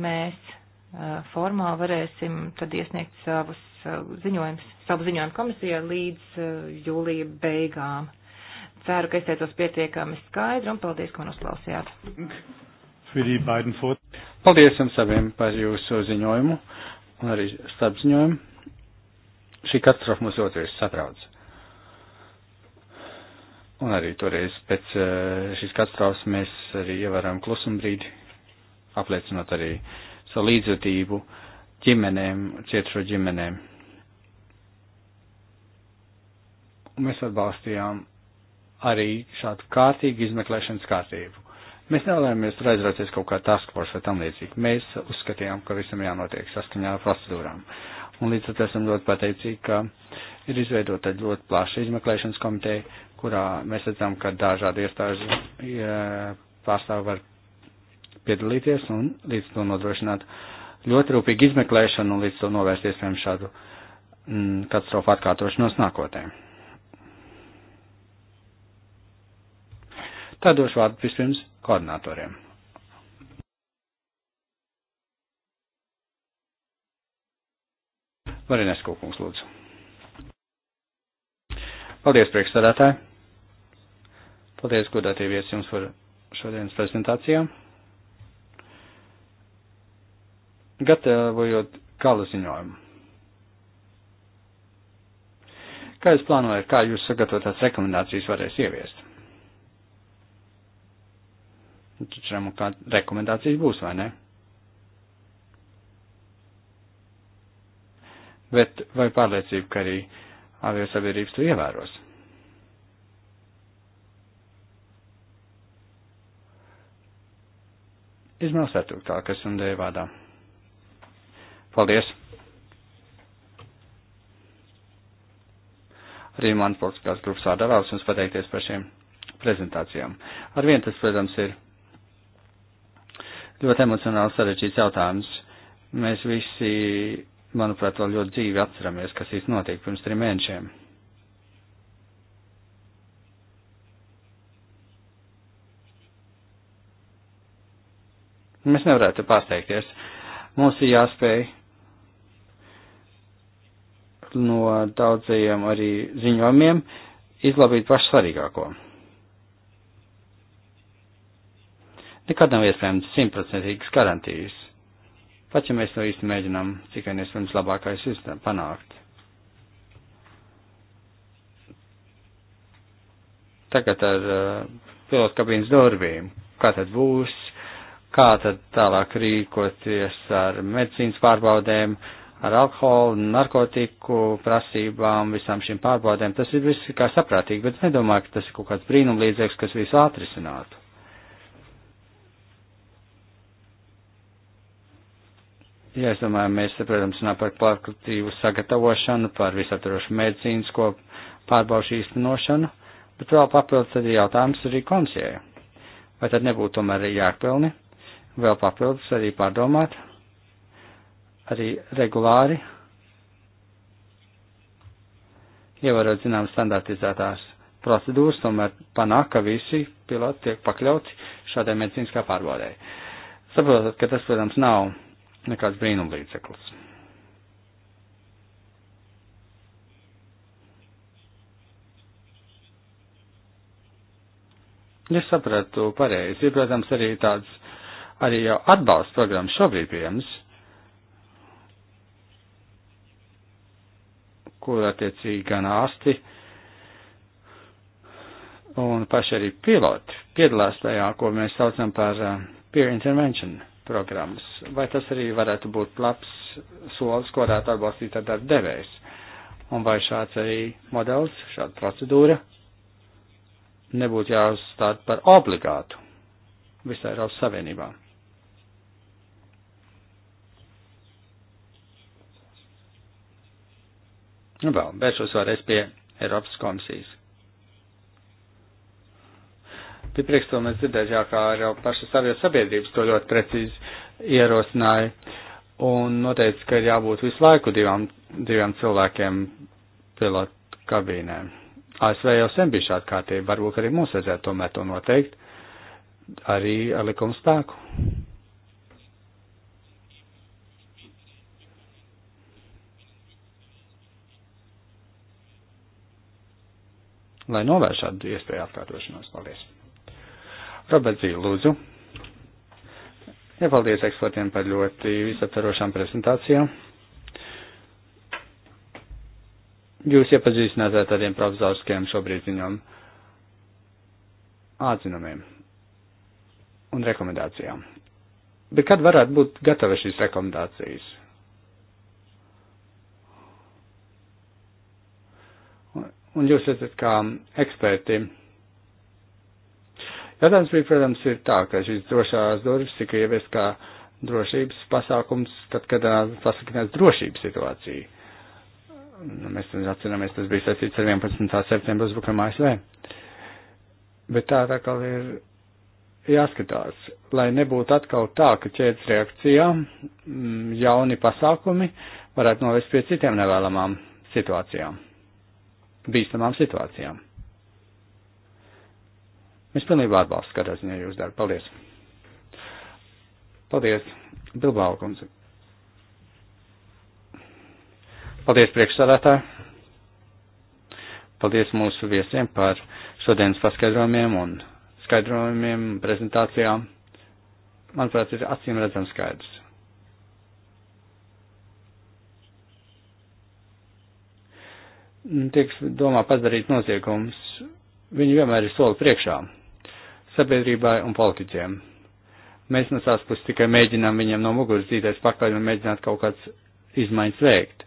mēs uh, formāli varēsim tad iesniegt savus uh, ziņojumus, savu ziņojumu komisijai līdz uh, jūlija beigām. Ceru, ka izteicos pietiekami skaidri un paldies, ka man uzklausījāt. Paldies jums abiem par jūsu ziņojumu un arī starpziņojumu. Šī katastrofa mūs ļoti satrauc. Un arī toreiz pēc eh, šīs katastrofas mēs arī ievērojam klusumbrīdi, apliecinot arī savu līdzjūtību ģimenēm, cietušo ģimenēm. Un mēs atbalstījām arī šādu kārtīgu izmeklēšanas kārtību. Mēs nevēlamies tur aizrauties kaut kā task force vai tam līdzīgi. Mēs uzskatījām, ka visam jānotiek saskaņā ar procedūrām. Un līdz ar to esam ļoti pateicīgi, ka ir izveidota ļoti plaša izmeklēšanas komiteja, kurā mēs redzam, ka dažādi iestāžu pārstāvi var piedalīties un līdz to nodrošināt ļoti rūpīgi izmeklēšanu un līdz to novērst iespējams šādu mm, katastrofu atkārtošanos nākotnē. Tā došu vārdu vispirms koordinatoriem. Varinēs Kūkungs, lūdzu. Paldies, priekšstādātāji. Paldies, godātie viesi jums par šodienas prezentācijām. Gatavojot kala ziņojumu. Kā jūs plānojat, kā jūs sagatavotās rekomendācijas varēs ieviest? Nu, taču redzam, kā rekomendācijas būs, vai ne? Bet vai pārliecība, ka arī aviosabiedrības to ievēros? Izmēl ceturtā, kas un dēvādā. Paldies! Arī man politiskās grupas vārdā vēlas jums pateikties par šiem prezentācijām. Ar vien tas, protams, ir ļoti emocionāli sarežģīts jautājums. Mēs visi, manuprāt, vēl ļoti dzīvi atceramies, kas īsti notika pirms trim mēnešiem. Mēs nevarētu pārsteigties. Mums ir jāspēj no daudzajiem arī ziņojumiem izlabīt pašu svarīgāko. Nekad nav iespējams simtprocentīgas garantijas. Pat ja mēs to īsti mēģinām, cik vien iespējams labākais izdevums panākt. Tagad ar uh, pilotu kabīnes durvīm. Kā tad būs? Kā tad tālāk rīkoties ar medicīnas pārbaudēm, ar alkoholu, narkotiku prasībām, visām šīm pārbaudēm? Tas ir viss kā saprātīgi, bet nedomāju, ka tas ir kaut kāds brīnumlīdzeks, kas visu atrisinātu. Ja es domāju, mēs, protams, runājam par plakatīvu sagatavošanu, par visaturošu medicīnisko pārbaušu īstenošanu, bet vēl papildus tad ir jautājums arī komisijai. Vai tad nebūtu tomēr jāpilni? Vēl papildus arī pārdomāt, arī regulāri, ievarot, zinām, standartizētās procedūras, tomēr panāk, ka visi piloti tiek pakļauti šādai medicīniskā pārbaudē. Saprotat, ka tas, protams, nav nekāds brīnumlīdzeklis. Ja sapratu pareizi, ir, protams, arī tāds arī jau atbalsta programmas šobrīd pieejams, kur attiecīgi gan ārsti un paši arī piloti piedalās tajā, ko mēs saucam par uh, peer intervention programmas. Vai tas arī varētu būt labs solis, ko varētu atbalstīt ar darba devējs? Un vai šāds arī modelis, šāda procedūra nebūtu jāuzstāda par obligātu visai Eiropas Savienībā? Nu vēl, vēršos vēlreiz pie Eiropas komisijas. Tie priekšstāvumi mēs dzirdējām, kā jau pašas avio sabiedrības to ļoti precīzi ierosināja. Un noteikti, ka ir jābūt visu laiku divām, divām cilvēkiem pilotu kabīnēm. ASV jau sen bija šāda kārtība, varbūt arī mums vajadzētu tomēr to noteikt, arī ar likumu spēku. Lai novērš šādu iespēju atkārtošanos. Paldies! Robert Zīle, lūdzu. Iepaldies ja ekspertiem par ļoti visaptarošām prezentācijām. Jūs iepazīstināt ar tādiem provizoriskajiem šobrīd ziņām atzinumiem un rekomendācijām. Bet kad varētu būt gatava šīs rekomendācijas? Un, un jūs esat kā eksperti Jautājums bija, protams, ir tā, ka šīs drošās durvis tika ieviest kā drošības pasākums, tad, kad pasakņās drošības situācija. Nu, mēs atceramies, tas bija saistīts ar 11. septembra uzbrukumu ASV. Bet tā tā kā ir jāskatās, lai nebūtu atkal tā, ka ķēdes reakcijā mm, jauni pasākumi varētu novest pie citiem nevēlamām situācijām, bīstamām situācijām. Mēs pilnībā atbalstu katrā ziņā jūs darbu. Paldies! Paldies, Bilbao kundze! Paldies priekšsādātāji! Paldies mūsu viesiem par šodienas paskaidrojumiem un skaidrojumiem un prezentācijām. Manuprāt, ir acīm redzams skaidrs. Tiek domā padarīt noziegums, viņi vienmēr ir soli priekšā sabiedrībai un politiķiem. Mēs no savas puses tikai mēģinām viņiem no muguras dzīties pakaļ un mēģināt kaut kāds izmaiņas veikt.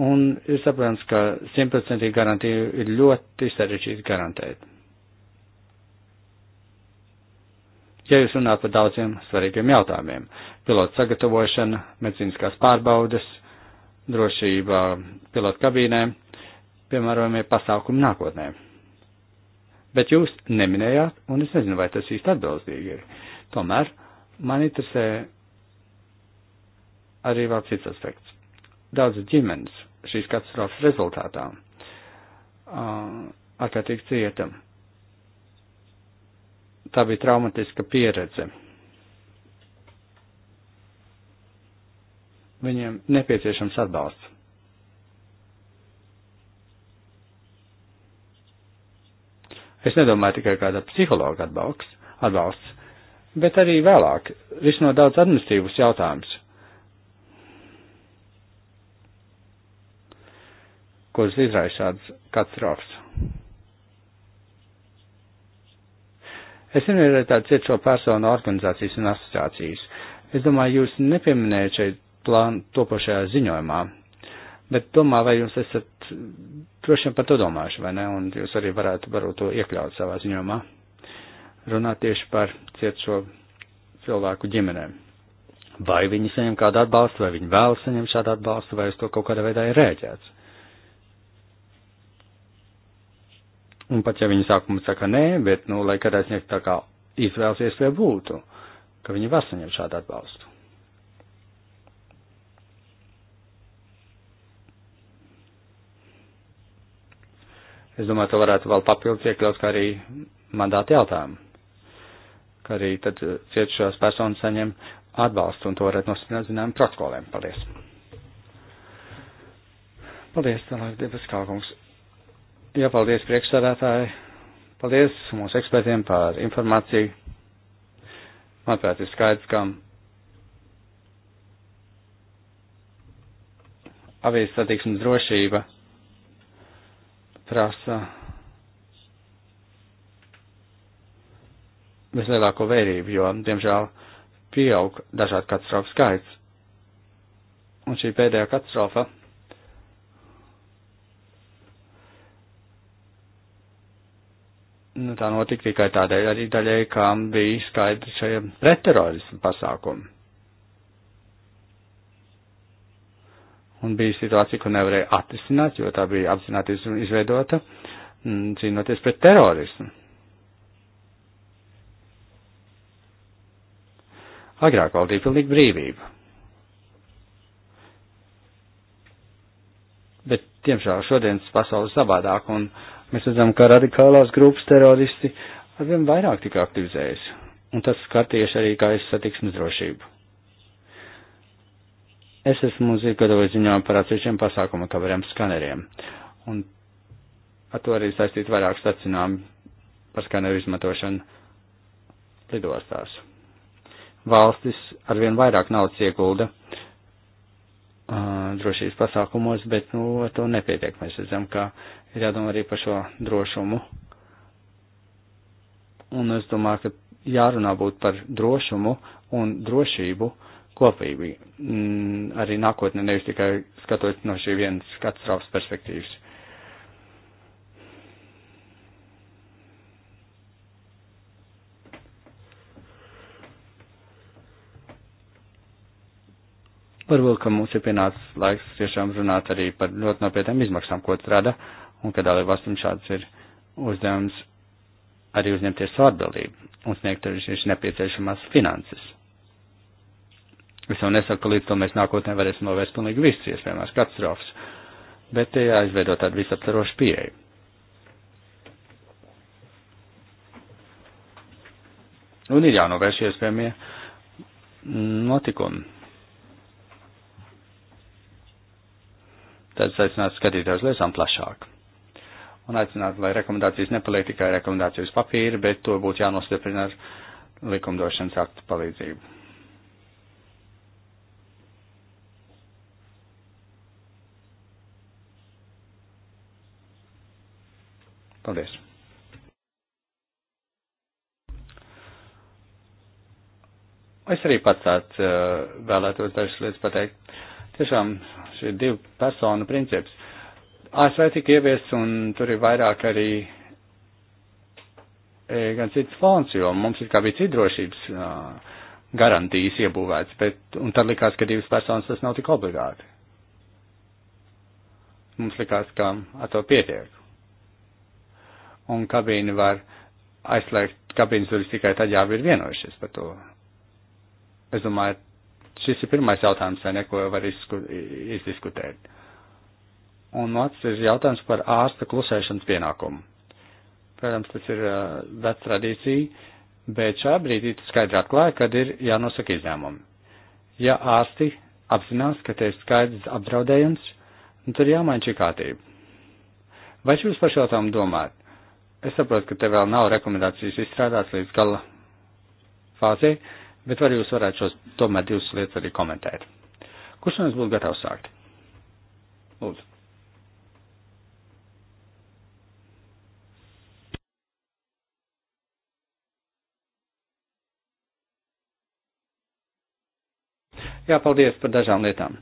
Un ir saprotams, ka simtprocentīgi garantija ir ļoti sarežģīti garantēt. Ja jūs runājat par daudziem svarīgiem jautājumiem - pilotu sagatavošana, medicīniskās pārbaudes, drošība pilotu kabīnē, piemērojamie pasākumi nākotnē. Bet jūs neminējāt, un es nezinu, vai tas īsti atbildīgi ir. Tomēr man interesē arī vēl cits aspekts. Daudzas ģimenes šīs katastrofas rezultātā uh, ārkārtīgi cieta. Tā bija traumatiska pieredze. Viņiem nepieciešams atbalsts. Es nedomāju tikai kāda psihologa atbalsts, atbalsts, bet arī vēlāk risinot daudz administrīvus jautājumus, kuras izraisa šādas katastrofas. Es nezinu, ir tāds cietušo personu organizācijas un asociācijas. Es domāju, jūs nepieminējat šeit plānu topošajā ziņojumā, bet domāju, vai jūs esat droši vien par to domāšu, vai ne? Un jūs arī varētu varbūt to iekļaut savā ziņomā. Runāt tieši par cietušo cilvēku ģimenēm. Vai viņi saņem kādu atbalstu, vai viņi vēl saņem šādu atbalstu, vai uz to kaut kādā veidā ir rēģēts. Un pat ja viņi sākumā saka nē, bet, nu, lai kādā sniegt tā kā izvēles iespēja būtu, ka viņi var saņemt šādu atbalstu. Es domāju, to varētu vēl papildus iekļaut, kā arī mandāti jautājumu, ka arī tad eh, cietušās personas saņem atbalstu un to varētu nostiprināt zinām protokoliem. Paldies! Paldies, tālāk, Dievas Kalkungs. Jā, paldies priekšsādātāji. Paldies mūsu ekspertiem par informāciju. Manuprāt, ir skaidrs, ka avīzes satiksmes drošība prasa vislielāko vērību, jo, diemžēl, pieaug dažādu katastrofu skaits. Un šī pēdējā katastrofa nu, tā notika tikai tādēļ arī daļai, kā bija skaidri šie pretterorismu pasākumi. Un bija situācija, ko nevarēja atrisināt, jo tā bija apzināti izveidota, mm, cīnoties pret terorismu. Agrāk valdīja pilnīga brīvība. Bet, diemžēl, šodienas pasaule ir savādāk, un mēs redzam, ka radikālās grupas teroristi arvien vairāk tika aktivizējas. Un tas skar tieši arī gaisa satiksmes drošību. Es esmu gatavojis ziņojumu par atsevišķiem pasākumu kameriem skaneriem. Un ar to arī saistīt vairāk stacinām par skaneru izmantošanu lidostās. Valstis arvien vairāk naudas iegulda uh, drošības pasākumos, bet, nu, ar to nepietiek. Mēs redzam, ka ir jādomā arī par šo drošumu. Un es domāju, ka jārunā būtu par drošumu un drošību. Uh, kopīgi mm, arī nākotnē, nevis tikai skatot no šī vienas katastrofas perspektīvas. Varbūt, ka mums ir pienācis laiks tiešām runāt arī par ļoti nopietnām izmaksām, ko strādā, un ka dalībvalstīm šāds ir uzdevums arī uzņemties atbildību un sniegt arī šīs nepieciešamās finanses. Es jau nesaku, ka līdz tam mēs nākotnē varēsim novērst pilnīgi visas iespējamās katastrofas, bet te jāizveido tādu visaptverošu pieeju. Un ir jānovērš iespējamie notikumi. Tad aicināt skatīties lietām plašāk. Un aicināt, lai rekomendācijas nepaliek tikai rekomendācijas papīri, bet to būtu jānostiprina ar likumdošanas aktu palīdzību. Paldies! Es arī pats tāds eh, vēlētos dažas lietas pateikt. Tiešām šī divu personu princips. ASV tika ieviests un tur ir vairāk arī eh, gan cits fonds, jo mums ir kā bija cits drošības eh, garantijas iebūvēts, bet, un tad likās, ka divas personas tas nav tik obligāti. Mums likās, ka ar to pietiek un kabīni var aizslēgt kabīnes durvis tikai tad, ja ir vienojušies par to. Es domāju, šis ir pirmais jautājums, vai neko var izsku, izdiskutēt. Un otrs ir jautājums par ārsta klusēšanas pienākumu. Protams, tas ir uh, vecs tradīcija, bet šā brīdī tas skaidri atklāja, kad ir jānosaka izņēmumi. Ja ārsti apzinās, ka te ir skaidrs apdraudējums, nu tad jāmaina šī kārtība. Vai jūs par šo jautājumu domājat? Es saprotu, ka te vēl nav rekomendācijas izstrādāts līdz gala fāzē, bet var jūs varētu šos tomēr divas lietas arī komentēt. Kurš no jums būtu gatavs sākt? Lūdzu. Jā, paldies par dažām lietām.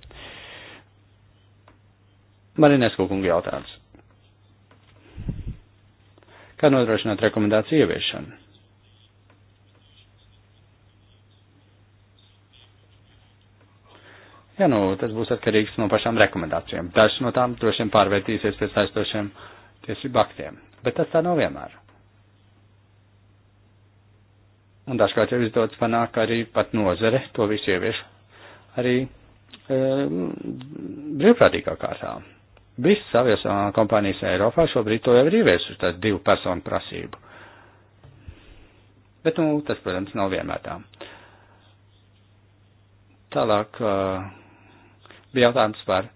Marinēs kungu jautājums kā nodrošināt rekomendāciju ieviešanu. Jā, nu, tas būs atkarīgs no pašām rekomendācijām. Dažas no tām droši vien pārvērtīsies pēc aizstošiem tiesību aktiem, bet tas tā nav vienmēr. Un dažkārt jau izdodas panākt arī pat nozare to visu ievieš arī e, brīvprātīgā kārtā. Viss aviošanā kompānijas Eiropā šobrīd to jau ir ieviesuši, tādu divu personu prasību. Bet, nu, tas, protams, nav vienmēr tā. Tālāk uh, bija jautājums par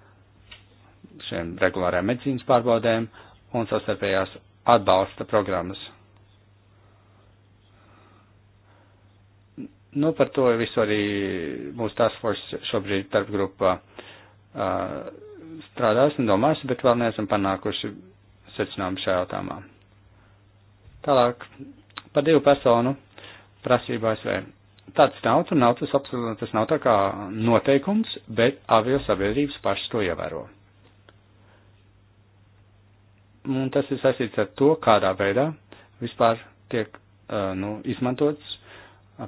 šiem regulāriem medicīnas pārbaudēm un sastarpējās atbalsta programmas. Nu, par to visu arī mūsu taskforce šobrīd starpgrupa uh, strādāsim, domāsim, bet vēl neesam panākuši secinājumu šajā jautājumā. Tālāk par divu personu prasību ASV. Tāds nav, tur nav tas absolūti, tas nav tā kā noteikums, bet avio sabiedrības pašas to ievēro. Un tas ir saistīts ar to, kādā veidā vispār tiek, nu, izmantots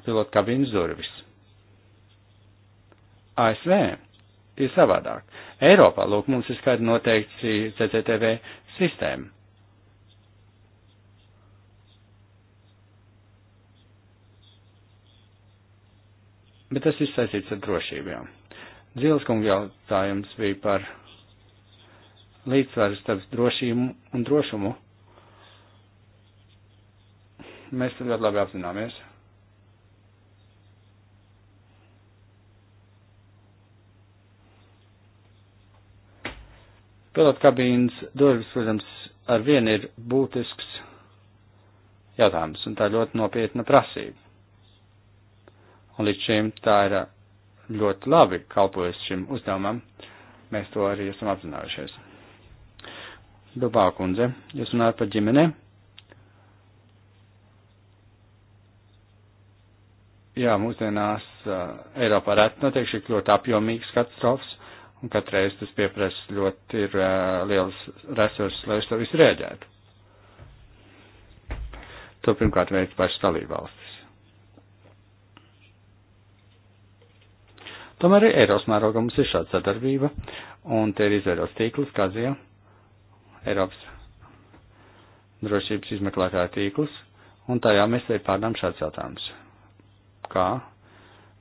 pilotu kabīnas durvis. ASV ir savādāk. Eiropā. Lūk, mums ir skaidri noteikti CCTV sistēma. Bet tas viss saistīts ar drošību jau. Dzīves kunga jautājums bija par līdzsvaru starp drošību un drošumu. Mēs to ļoti labi apzināmies. Pilotkabīnas durvis, protams, ar vienu ir būtisks jautājums, un tā ļoti nopietna prasība. Un līdz šim tā ir eh, ļoti labi kalpojas šim uzdevumam, mēs to arī esam apzinājušies. Dubā kundze, jūs runājat par ģimene? Jā, mūsdienās uh, Eiropā reti notiek šī ļoti apjomīgas katastrofas, un katreiz tas pieprasa ļoti ir, uh, liels resursus, lai uz to visu rēģētu. To pirmkārt veids pašas dalībvalstis. Tomēr arī Eiropas mērogā mums ir šāda sadarbība, un te ir izveidots tīkls, kā zina, Eiropas drošības izmeklētāja tīkls, un tajā mēs arī pārdām šāds jautājums. Kā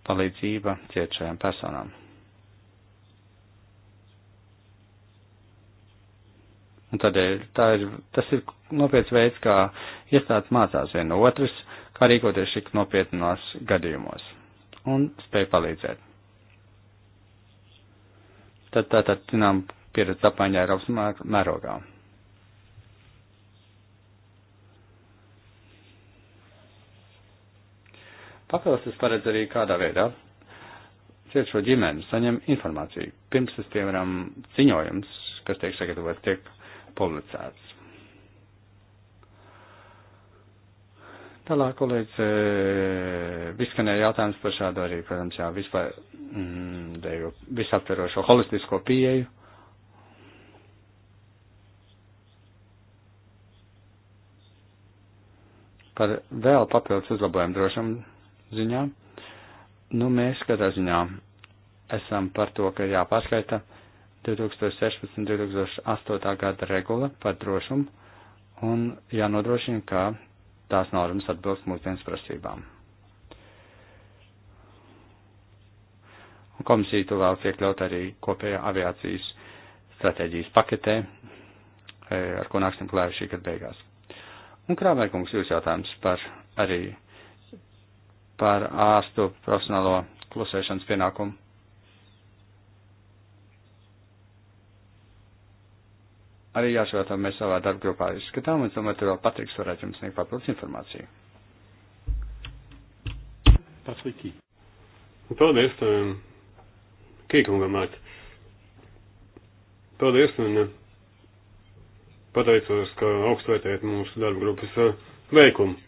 palīdzība cietušajām personām? Un tādēļ tā ir, tas ir nopietns veids, kā iestādes mācās viena otras, kā rīkoties šik nopietnos gadījumos un spēj palīdzēt. Tad tā tad, zinām, pieredze apmaiņā Eiropas mērogā. Papildus tas paredz arī kādā veidā cietušo ģimeni saņem informāciju. Pirms tas, piemēram, ziņojums, kas tiek sagatavots, tiek publicēts. Tālāk, kolēģis, eh, izskanēja jautājums par šādu arī, protams, jā, vispār, mm, visaptverošo holistisko pieeju. Par vēl papildus uzlabojumu drošam ziņā. Nu, mēs, kādā ziņā, esam par to, ka jāpārskaita. Uh, 2016-2008 gada regula par drošumu un jānodrošina, ka tās normas atbilst mūsdienas prasībām. Komisija to vēlas iekļaut arī kopējā aviācijas stratēģijas paketē, eh, ar ko nāksim klāju šī gada beigās. Un krāvērkungs jūs jautājums par arī par ārstu profesionālo klusēšanas pienākumu. arī jāšķirot, vai mēs savā darba grupā izskatām, un tomēr tur vēl Patriks varētu jums sniegt papildus informāciju. Patriki. Paldies, um, Kīkungam, māt. Paldies, un uh, pateicos, ka augstvērtējat mūsu darba grupas uh, veikumu.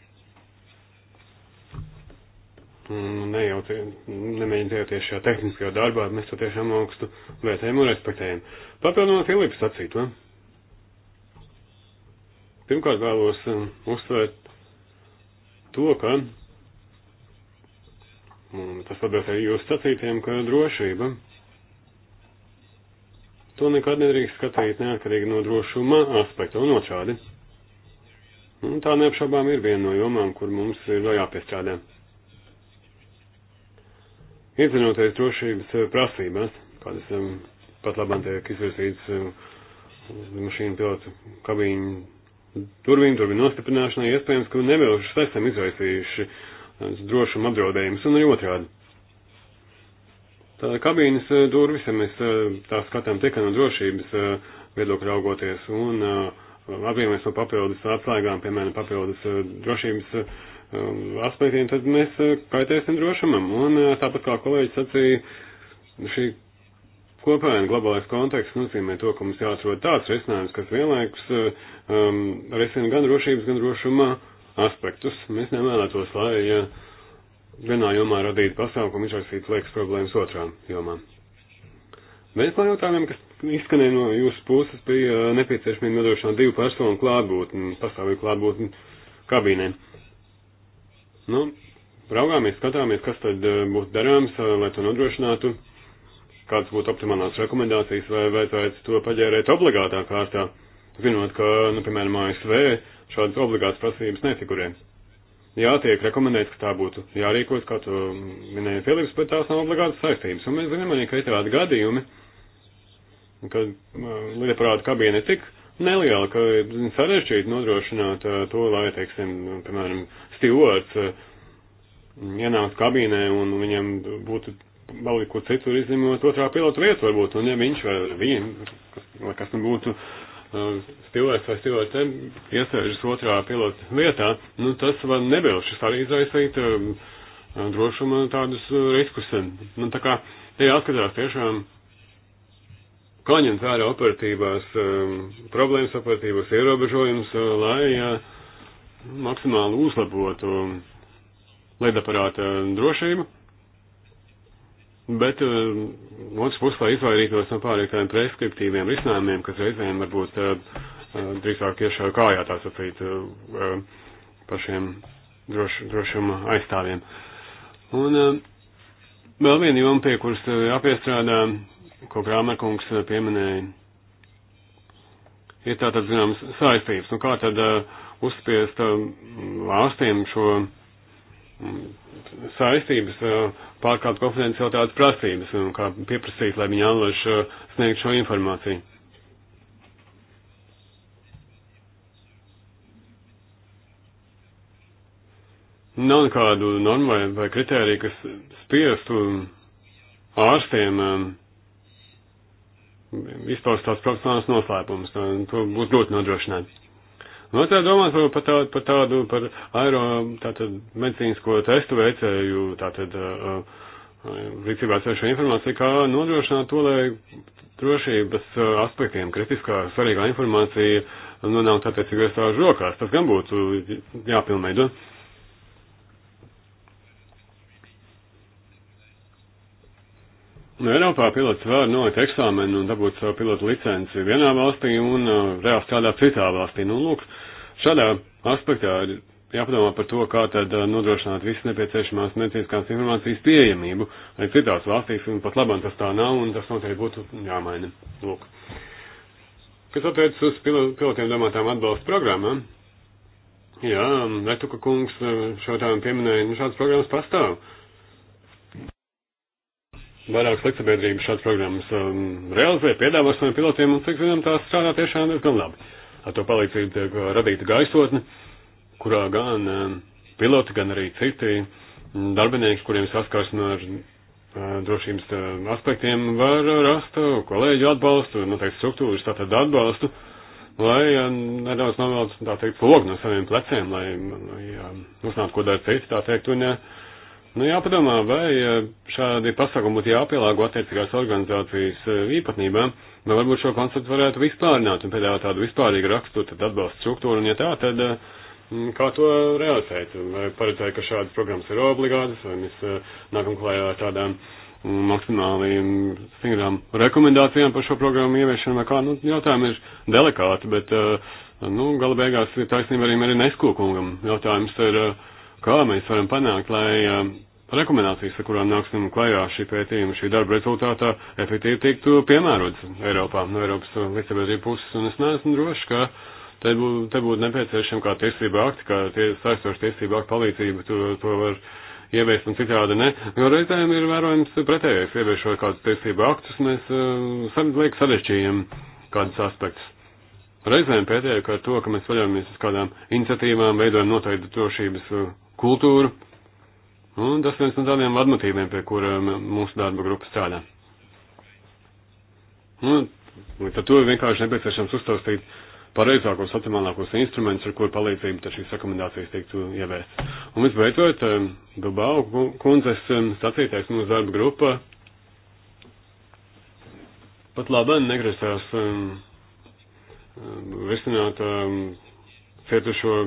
Nejauciet, nemēģināties šajā tehniskajā darbā, mēs to tiešām augstu vērtējam un respektējam. Papildinot Filips sacīto. Ja? Pirmkārt vēlos um, uzsvērt to, ka tas atbilst arī jūsu sacītiem, ka drošība to nekad nedrīkst skatīt neatkarīgi no drošuma aspekta un otrādi. Un tā neapšaubām ir viena no jomām, kur mums ir vēl jāpiestrādā. Iedzinoties drošības uh, prasībās, kādas um, pat labāk tiek izvirzītas uh, mašīnu pilotu kabīņu turvīm, turvīm nostiprināšanai, iespējams, ka nevēluši esam izraisījuši eh, drošuma apdraudējumus un arī otrādi. Tā kabīnes eh, durvis, ja mēs eh, tā skatām tikai no drošības viedokļa raugoties un apvienojamies no papildus atslēgām, piemēram, papildus drošības aspektiem, tad mēs kaitēsim drošumam. Un tāpat kā kolēģis sacīja, šī Kopējais globālais konteksts nozīmē to, ka mums jāatrod tāds risinājums, kas vienlaikus eh, um, risina gan drošības, gan drošuma aspektus. Mēs nevēlētos, lai ja vienā jomā radītu pasākumu, izraisītu liekas problēmas otrām jomām. Viens no jautājumiem, kas izskanēja no jūsu puses, bija eh, nepieciešamība nodrošināt divu personu klātbūtni, pastāvīgu klātbūtni kabīnē. Nu, raugāmies, skatāmies, kas tad eh, būtu darāms, lai to nodrošinātu kādas būtu optimālās rekomendācijas, vai vajadzētu to paģērēt obligātā kārtā, zinot, ka, nu, piemēram, ASV šādas obligātas prasības nefigurē. Jā, tiek rekomendēts, ka tā būtu jārīkojas, kā to minēja Filips, bet tās nav obligātas saistības. Un mēs zinām arī, ka ir tādi gadījumi, kad uh, lietaprāta kabīne ir tik neliela, ka sarežģīti nodrošināt uh, to, lai, teiksim, nu, piemēram, stewards uh, ienāktu kabīnē un viņam būtu vēl ko citur izņemot otrā pilota vietu varbūt, un ja viņš vai viņa, kas, vai kas nu būtu uh, stilēts vai stilēts, iesēžas otrā pilota vietā, nu tas var nebilšas arī izraisīt um, uh, drošuma tādus uh, riskus. Nu tā kā te jāskatās tiešām, kā ņemt vērā operatīvās um, problēmas, operatīvas ierobežojums, uh, lai uh, maksimāli uzlabotu um, lidaparāta drošību. Bet uh, eh, otrs puses, lai izvairītos no pārliekām preskriptīviem risinājumiem, kas reizēm varbūt uh, eh, eh, drīzāk iešauja kājā tā sacīt uh, pašiem droš, drošuma aizstāvjiem. Un uh, vēl viena joma, pie kuras uh, jāpiestrādā, ko Krāmerkungs uh, pieminēja, ir tātad, zināms, saistības. Nu kā tad uh, uzspiest uh, valstīm šo. Uh, saistības pārkāpt konfidencialitātes prasības un kā pieprasīt, lai viņi jānolaiž sniegt šo informāciju. Nav nekādu normu vai, vai kritēriju, kas spiestu ārstiem um, izpaust tās profesionālas noslēpumus. To būtu ļoti nodrošināti. Nu, tā domāt par, par tādu, par tādu, par aero, tātad, medicīnisko testu veicēju, tātad, uh, uh, rīcībā sēšu informāciju, kā nodrošināt to, lai drošības uh, aspektiem kritiskā svarīgā informācija nu, nav tātad iestāžu rokās. Tas gan būtu jāpilnveido. Nu, Eiropā pilots var nolikt eksāmenu un dabūt savu pilotu licenci vienā valstī un uh, reāli strādāt citā valstī. Nu, lūk, uh, Šādā aspektā ir jāpadomā par to, kā tad uh, nodrošināt visas nepieciešamās medicīniskās informācijas pieejamību arī citās valstīs, un pat labāk tas tā nav, un tas noteikti būtu jāmaina. Lūk. Kas attiecas uz pilotiem domātām atbalsta programmām? Jā, Retuka um, kungs uh, šo tām pieminēja, nu šādas programmas pastāv. Vairākas liksabiedrības šādas programmas um, realizē, piedāvā saviem pilotiem, un cik zinām, tās strādā tiešām diezgan labi ar to palīdzību tiek uh, radīta gaisotne, kurā gan uh, piloti, gan arī citi darbinieki, kuriem saskarsme ar uh, drošības aspektiem, var rast kolēģu atbalstu, noteikti struktūras, tātad atbalstu, lai nedaudz novelc, tā teikt, slogu no saviem pleciem, lai, lai uznātu, ko dara citi, tā teikt, un, nu, jāpadomā, vai šādi pasākumi būtu jāpielāgo attiecīgās organizācijas īpatnībām. Uh, Vai varbūt šo konceptu varētu vispārināt un piedāvāt tādu vispārīgu raksturu, tad atbalsta struktūru, un ja tā, tad mm, kā to realizēt? Vai paredzēt, ka šādas programmas ir obligātas, vai mēs eh, nākam klājā ar tādām mm, maksimāli stingrām rekomendācijām par šo programmu ieviešanu, vai kā, nu, jautājumi ir delikāti, bet, eh, nu, gala beigās ir taisnība arī Meri Neskokungam. Jautājums ir, eh, kā mēs varam panākt, lai rekomendācijas, ar kurām nāksim klajā šī pētījuma, šī darba rezultātā, efektīvi tiktu piemērotas Eiropā, no Eiropas līdzsabiedrību puses, un es neesmu drošs, ka te, bū, te būtu nepieciešama kā tiesība akti, kā tie, saistoša tiesība akta palīdzība, to, to var ieviest un citādi ne, jo reizēm ir vērojams pretējais, ieviešot kādus tiesību aktus, mēs uh, liek sarežģījam kādus aspektus. Reizēm pētēju, ka ar to, ka mēs vaļamies uz kādām iniciatīvām, veidojam noteikti drošības eh, kultūru, Un tas viens no tādiem vadmatīviem, pie kura mūsu darba grupa strādā. Un, nu, līdz ar to ir vienkārši nepieciešams uztaustīt pareizākos, optimālākos instrumentus, ar kuru palīdzību tad šīs rekomendācijas tiktu ievēstas. Un visbeidzot, Dubau kundzes sacītais mūsu darba grupa pat labi negrasās um, risināt um, cietušo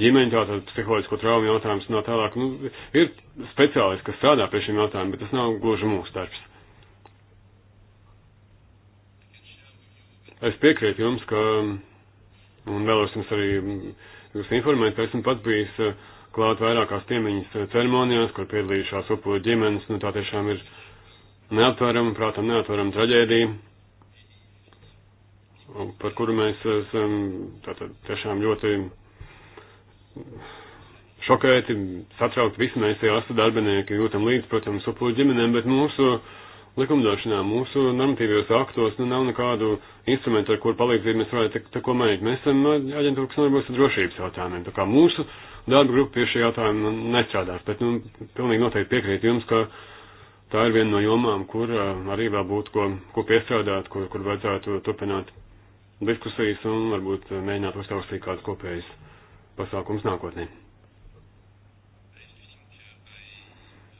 ģimeņu tātad psiholoģisko traumu jautājums no tālāk. Nu, ir speciālisti, kas strādā pie šiem jautājumiem, bet tas nav gluži mūsu darbs. Es piekrītu jums, ka, un vēlos jums arī jūs informēt, ka esmu pats bijis eh, klāt vairākās piemiņas eh, ceremonijās, kur piedalījušās upuru ģimenes, nu tā tiešām ir neatvarama, prātam neatvarama traģēdija, par kuru mēs esam tātad tiešām ļoti šokēti, satraukti visi mēs tie astu darbinieki, jūtam līdz, protams, upuru ģimenēm, bet mūsu likumdošanā, mūsu normatīvajos aktos nu, nav nekādu instrumentu, ar kur palīdzību mēs varētu te, te ko mainīt. Mēs esam nu, aģentūra, kas nodarbojas ar drošības jautājumiem. Tā kā mūsu darba grupa pie šī jautājuma nu, nestrādās, bet nu, pilnīgi noteikti piekrīt jums, ka tā ir viena no jomām, kur arī vēl būtu ko, ko piestrādāt, kur, kur vajadzētu turpināt diskusijas un varbūt mēģināt uztaustīt kādu kopējas pasākums nākotnē.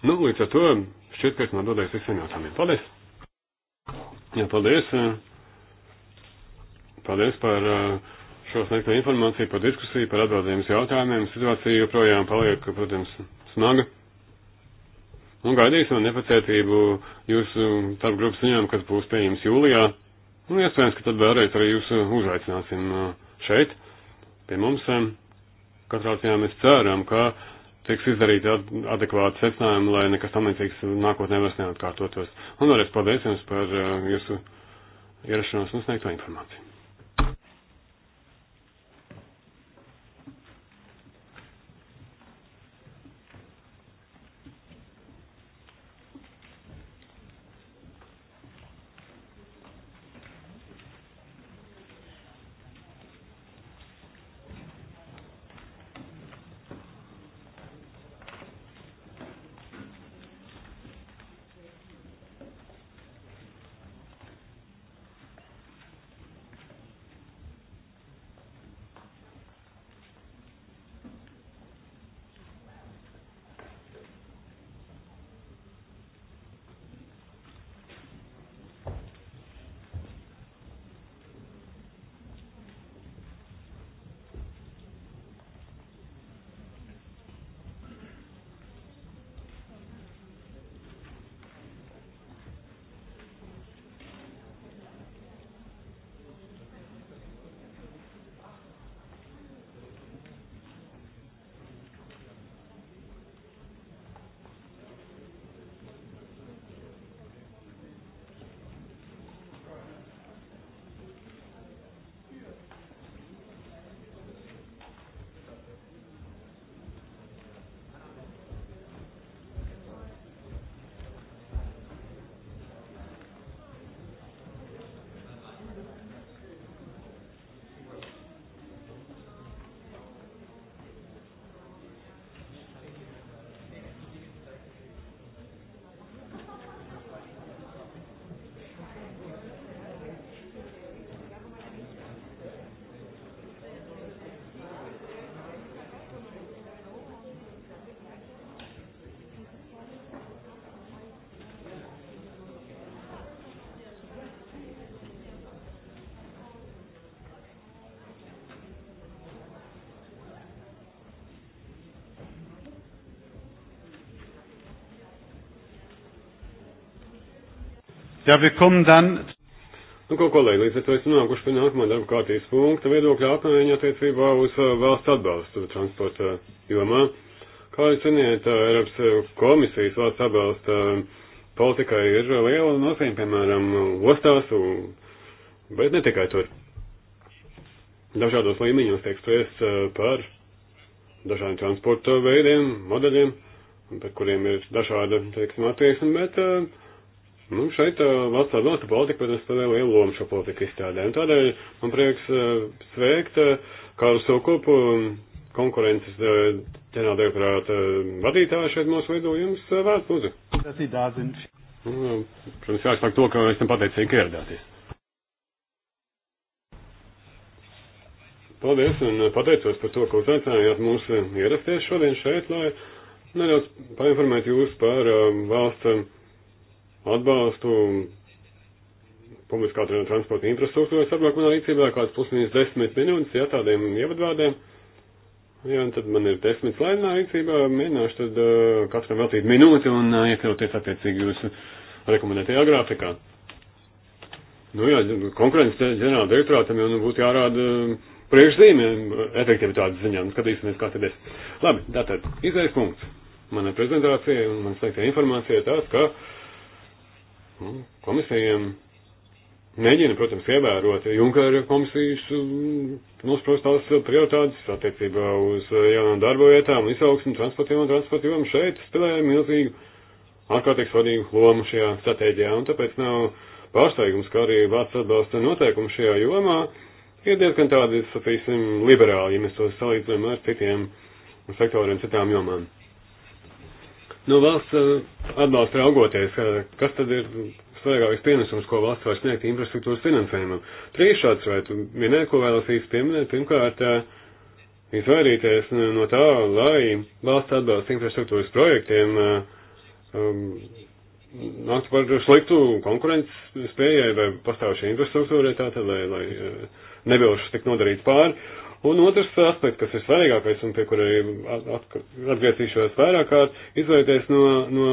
Nu, līdz ar to šķiet, ka esmu atbildējis visiem jautājumiem. Paldies! Jā, paldies! Eh, paldies par eh, šo sniegto informāciju, par diskusiju, par atbildējumus jautājumiem. Situācija joprojām paliek, protams, smaga. Un gaidīsim ar nepacietību jūsu starp grupas ziņām, kas būs pieejams jūlijā. Un iespējams, ka tad vēlreiz arī jūs eh, uzveicināsim šeit, pie mums katrā ziņā mēs ceram, ka tiks izdarīti adekvāti secinājumi, lai nekas tam līdzīgs nākotnē vairs neatkārtotos. Un vēlreiz paldies jums par uh, jūsu ierašanos un sniegto informāciju. Ja, wir kommen dann. Nu, ko, kolēģi, līdz ar to esmu nākuši pie nākamā darba kārtības punkta viedokļa apmaiņa attiecībā uz uh, valsts atbalstu transporta uh, jomā. Kā jūs zināt, uh, Eiropas komisijas valsts atbalsta politikai ir liela nozīme, piemēram, ostās, bet ne tikai tur. Dažādos līmeņos tiek spriests par dažādiem transporta veidiem, modeļiem, par kuriem ir dažāda, teiksim, attieksme, bet uh, Nu, šeit valsts atbalsta politika, protams, spēlē lielu lomu šo politiku izstrādē. Un tādēļ man prieks sveikt Kāru Sokopu, konkurences ģenerāla direktorāta vadītāju šeit mūsu vidū. Jums vērts lūdzu. Tas ir dāzins. Nu, protams, jāizsāk to, ka es tam pateicīgi, ka ieradāties. Paldies un pateicos par to, ka uzaicinājāt mūs ierasties šodien šeit, lai nedaudz painformētu jūs par valsts atbalstu publiskā transporta infrastruktūras apmāk manā rīcībā kāds pusminus desmit minūtes, ja tādiem ievadvārdiem. Jā, un tad man ir desmit slaidnā rīcībā, mēģināšu tad uh, katram veltīt minūti un uh, iekļauties attiecīgi jūsu rekomendētajā grafikā. Nu jā, konkurences ģenerāla direktorātam jau nu, būtu jārāda priekšzīme efektivitātes ziņā, un nu, skatīsimies, kā tad es. Labi, tātad, izējas punkts manai prezentācijai un man sniegtajai informācijai tāds, ka uh, Nu, komisijiem mēģina, protams, ievērot Junkara komisijas um, nosprostās prioritātes attiecībā uz uh, jaunām darba vietām, izaugsmu, transportiem un transportiem. Šeit spēlē milzīgu ārkārtīgi svarīgu lomu šajā stratēģijā, un tāpēc nav pārsteigums, ka arī valsts atbalsta noteikumi šajā jomā ir diezgan tādi, sacīsim, liberāli, ja mēs to salīdzinām ar citiem sektoriem, citām jomām. No nu, valsts eh, atbalsta raugoties, eh, kas tad ir svarīgākais pienesums, ko valsts var sniegt infrastruktūras finansējumam? Trīs šāds varētu minēt, ko vēlas īsti pieminēt. Pirmkārt, eh, izvairīties no tā, lai valsts atbalsts infrastruktūras projektiem um, nāktu par sliktu konkurences spējai vai pastāvošai infrastruktūrai, tātad, lai, lai nebūtu tik nodarīts pāri. Un otrs aspekts, kas ir svarīgākais un pie kura atgriezīšos vairāk kārt, izvairīties no, no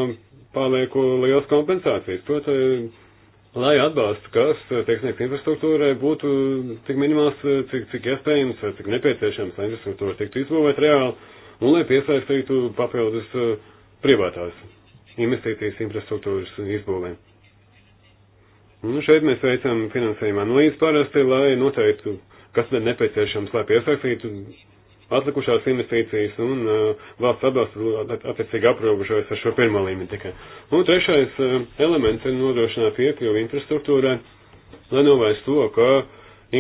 pārlieku lielas kompensācijas. Proti, lai atbalsts, kas tiek sniegts infrastruktūrai, būtu tik minimāls, cik, cik iespējams, cik nepieciešams, lai infrastruktūra tiktu izbūvēt reāli un lai piesaistītu papildus eh, privātās investīcijas infrastruktūras izbūvēm. Un šeit mēs veicam finansējumā no līdz parasti, lai noteiktu kas ir nepieciešams, lai piesaistītu atlikušās investīcijas un uh, valsts atbalsts attiecīgi aprobežojas ar šo pirmo līmeni tikai. Un trešais uh, elements ir nodrošināt piekļuvi infrastruktūrai, lai novērst to, ka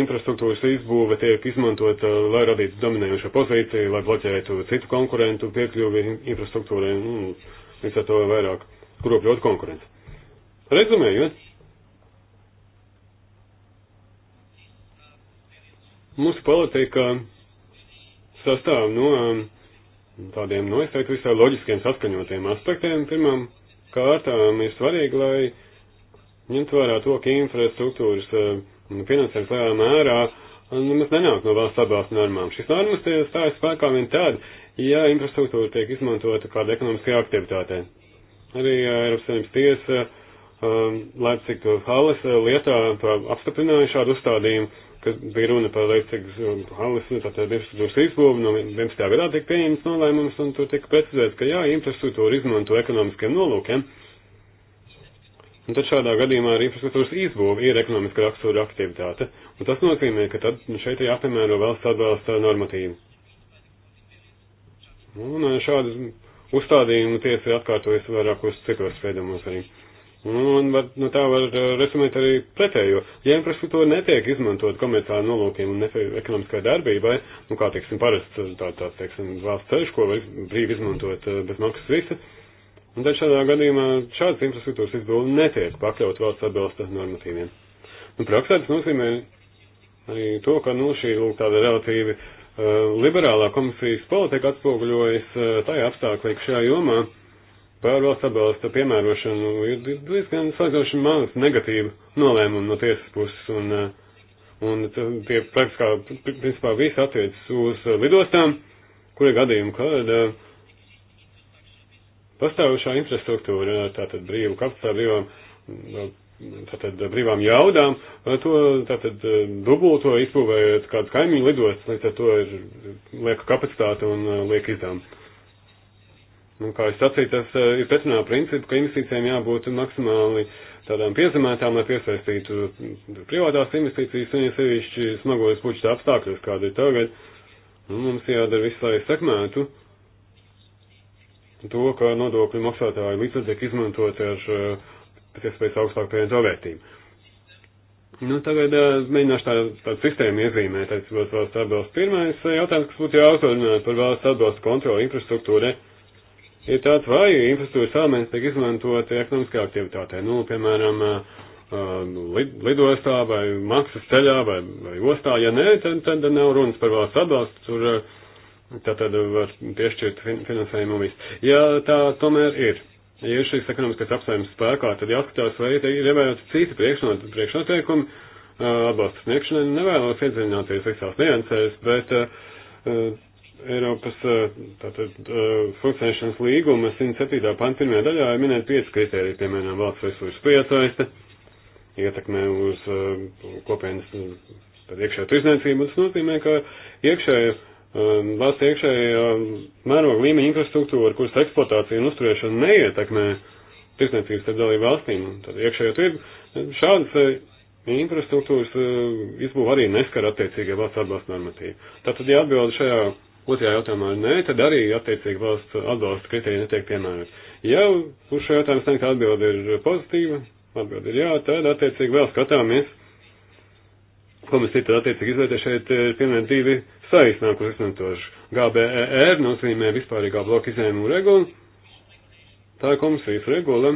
infrastruktūras izbūve tiek izmantota, uh, lai radītu dominējošo pozīciju, lai bloķētu citu konkurentu piekļuvi infrastruktūrai un nu, līdz ar to vairāk kropļot konkurenci. Rezumējot, Mūsu politika sastāv no um, tādiem, nu, es teiktu, visai loģiskiem saskaņotiem aspektiem. Pirmām kārtām ir svarīgi, lai ņemt vērā to, ka infrastruktūras um, finansējums lielā mērā um, nemaz nenāk no valsts atbalsta normām. Šis normas stājas spēkā vien tad, ja infrastruktūra tiek izmantota kāda ekonomiskajā aktivitātē. Arī uh, Eiropas Saviemības tiesa Leipzig Halles uh, lietā apstiprināja šādu uzstādījumu, kad bija runa par Leipzigas halas, tātad infrastruktūras izbūvi, no 11. gadā tika pieņemts nolēmums, un tur tika precizēts, ka jā, infrastruktūra izmanto ekonomiskiem nolūkiem. Un tad šādā gadījumā arī infrastruktūras izbūve ir ekonomiska rakstura aktivitāte, un tas nozīmē, ka tad šeit ir jāpiemēro valsts atbalsta normatīvi. Un e, šādas uzstādījumu tiesa ir atkārtojusi vairākos citos veidumos arī. Un var, no nu, tā var eh, resumēt arī pretējo. Ja infrastruktūra netiek izmantot komerciālajiem nolūkiem un ekonomiskai darbībai, nu kā, teiksim, parasts eh, tāds, tā, teiksim, valsts ceļš, ko var brīvi izmantot eh, bez maksas visi, un tad šādā gadījumā šādas infrastruktūras izbūve netiek pakļaut valsts atbilsta normatīviem. Nu, praksē tas nozīmē arī to, ka, nu, šī, lūk, tāda relatīvi uh, liberālā komisijas politika atspoguļojas uh, tajā apstākļā, ka šajā jomā uh, par valsts atbalsta piemērošanu ir diezgan salīdzinoši maz negatīva nolēmuma no tiesas puses, un, eh, un tie praktiskā, principā visi attiecas uz lidostām, kuri gadījumi, kad eh, pastāvušā infrastruktūra, tātad brīvu kapitālu, brīvām, tātad brīvām jaudām, eh, to tātad dubulto izbūvējot kādu kaimiņu lidostas, līdz ar to ir lieka kapacitāte un lieka izdevumi. Nu, kā es sacīju, tas eh, ir pretrunā principu, ka investīcijām jābūt maksimāli tādām piezemētām, lai piesaistītu privātās investīcijas, un ja sevišķi smagos puķa apstākļos, kāda ir tagad, nu, mums jādara viss, lai sekmētu to, ka nodokļu maksātāju līdzekļi tiek izmantot ar eh, pēc iespējas augstāk pievienoto vērtību. Nu, tagad eh, mēģināšu tā, tādu sistēmu iezīmēt, tāpēc valsts atbalsts. Pirmais jautājums, kas būtu jāuzrunāt par valsts atbalstu kontroli infrastruktūrai ir tāds, vai infrastruktūras elements tiek izmantot ekonomiskā aktivitātē. Nu, piemēram, nu, lidostā vai maksas ceļā vai, vai ostā. Ja nē, tad, tad nav runas par valsts atbalstu. Tur tātad var piešķirt finansējumu un viss. Ja tā tomēr ir. Ja ir šis ekonomiskais apsvērums spēkā, tad jāskatās, vai ir ievērot citi priekšnoteikumi atbalsta sniegšanai. Nevēlos iedziļināties visās niansēs, bet uh, Eiropas eh, tātad, eh, funkcionēšanas līguma 107. pants 1. daļā ir minēta pieci kriteriji, piemēram, valsts resursu piesaiste, ietekmē uz eh, kopienas iekšējo tirdzniecību. Tas nozīmē, ka iekšēja, valsts iekšējā mēroga līmeņa infrastruktūra, kuras eksploatācija un uzturēšana neietekmē tirdzniecības starp dalību valstīm, tad iekšējo tirgu, šādas infrastruktūras izbūva arī neskar attiecīgie valsts atbalsta normatīvi. Tātad, ja atbildi šajā otrajā jautājumā ir nē, tad arī attiecīgi valsts atbalsta kriterija netiek piemērot. Ja uz šo jautājumu sniegta atbilde ir pozitīva, atbilde ir jā, tad attiecīgi vēl skatāmies, komisija tad attiecīgi izvērtē šeit piemēram divi saīsinājumi, kurus izmantošu. GBER nozīmē vispārīgā bloka izņēmumu regulu. Tā ir komisijas regula,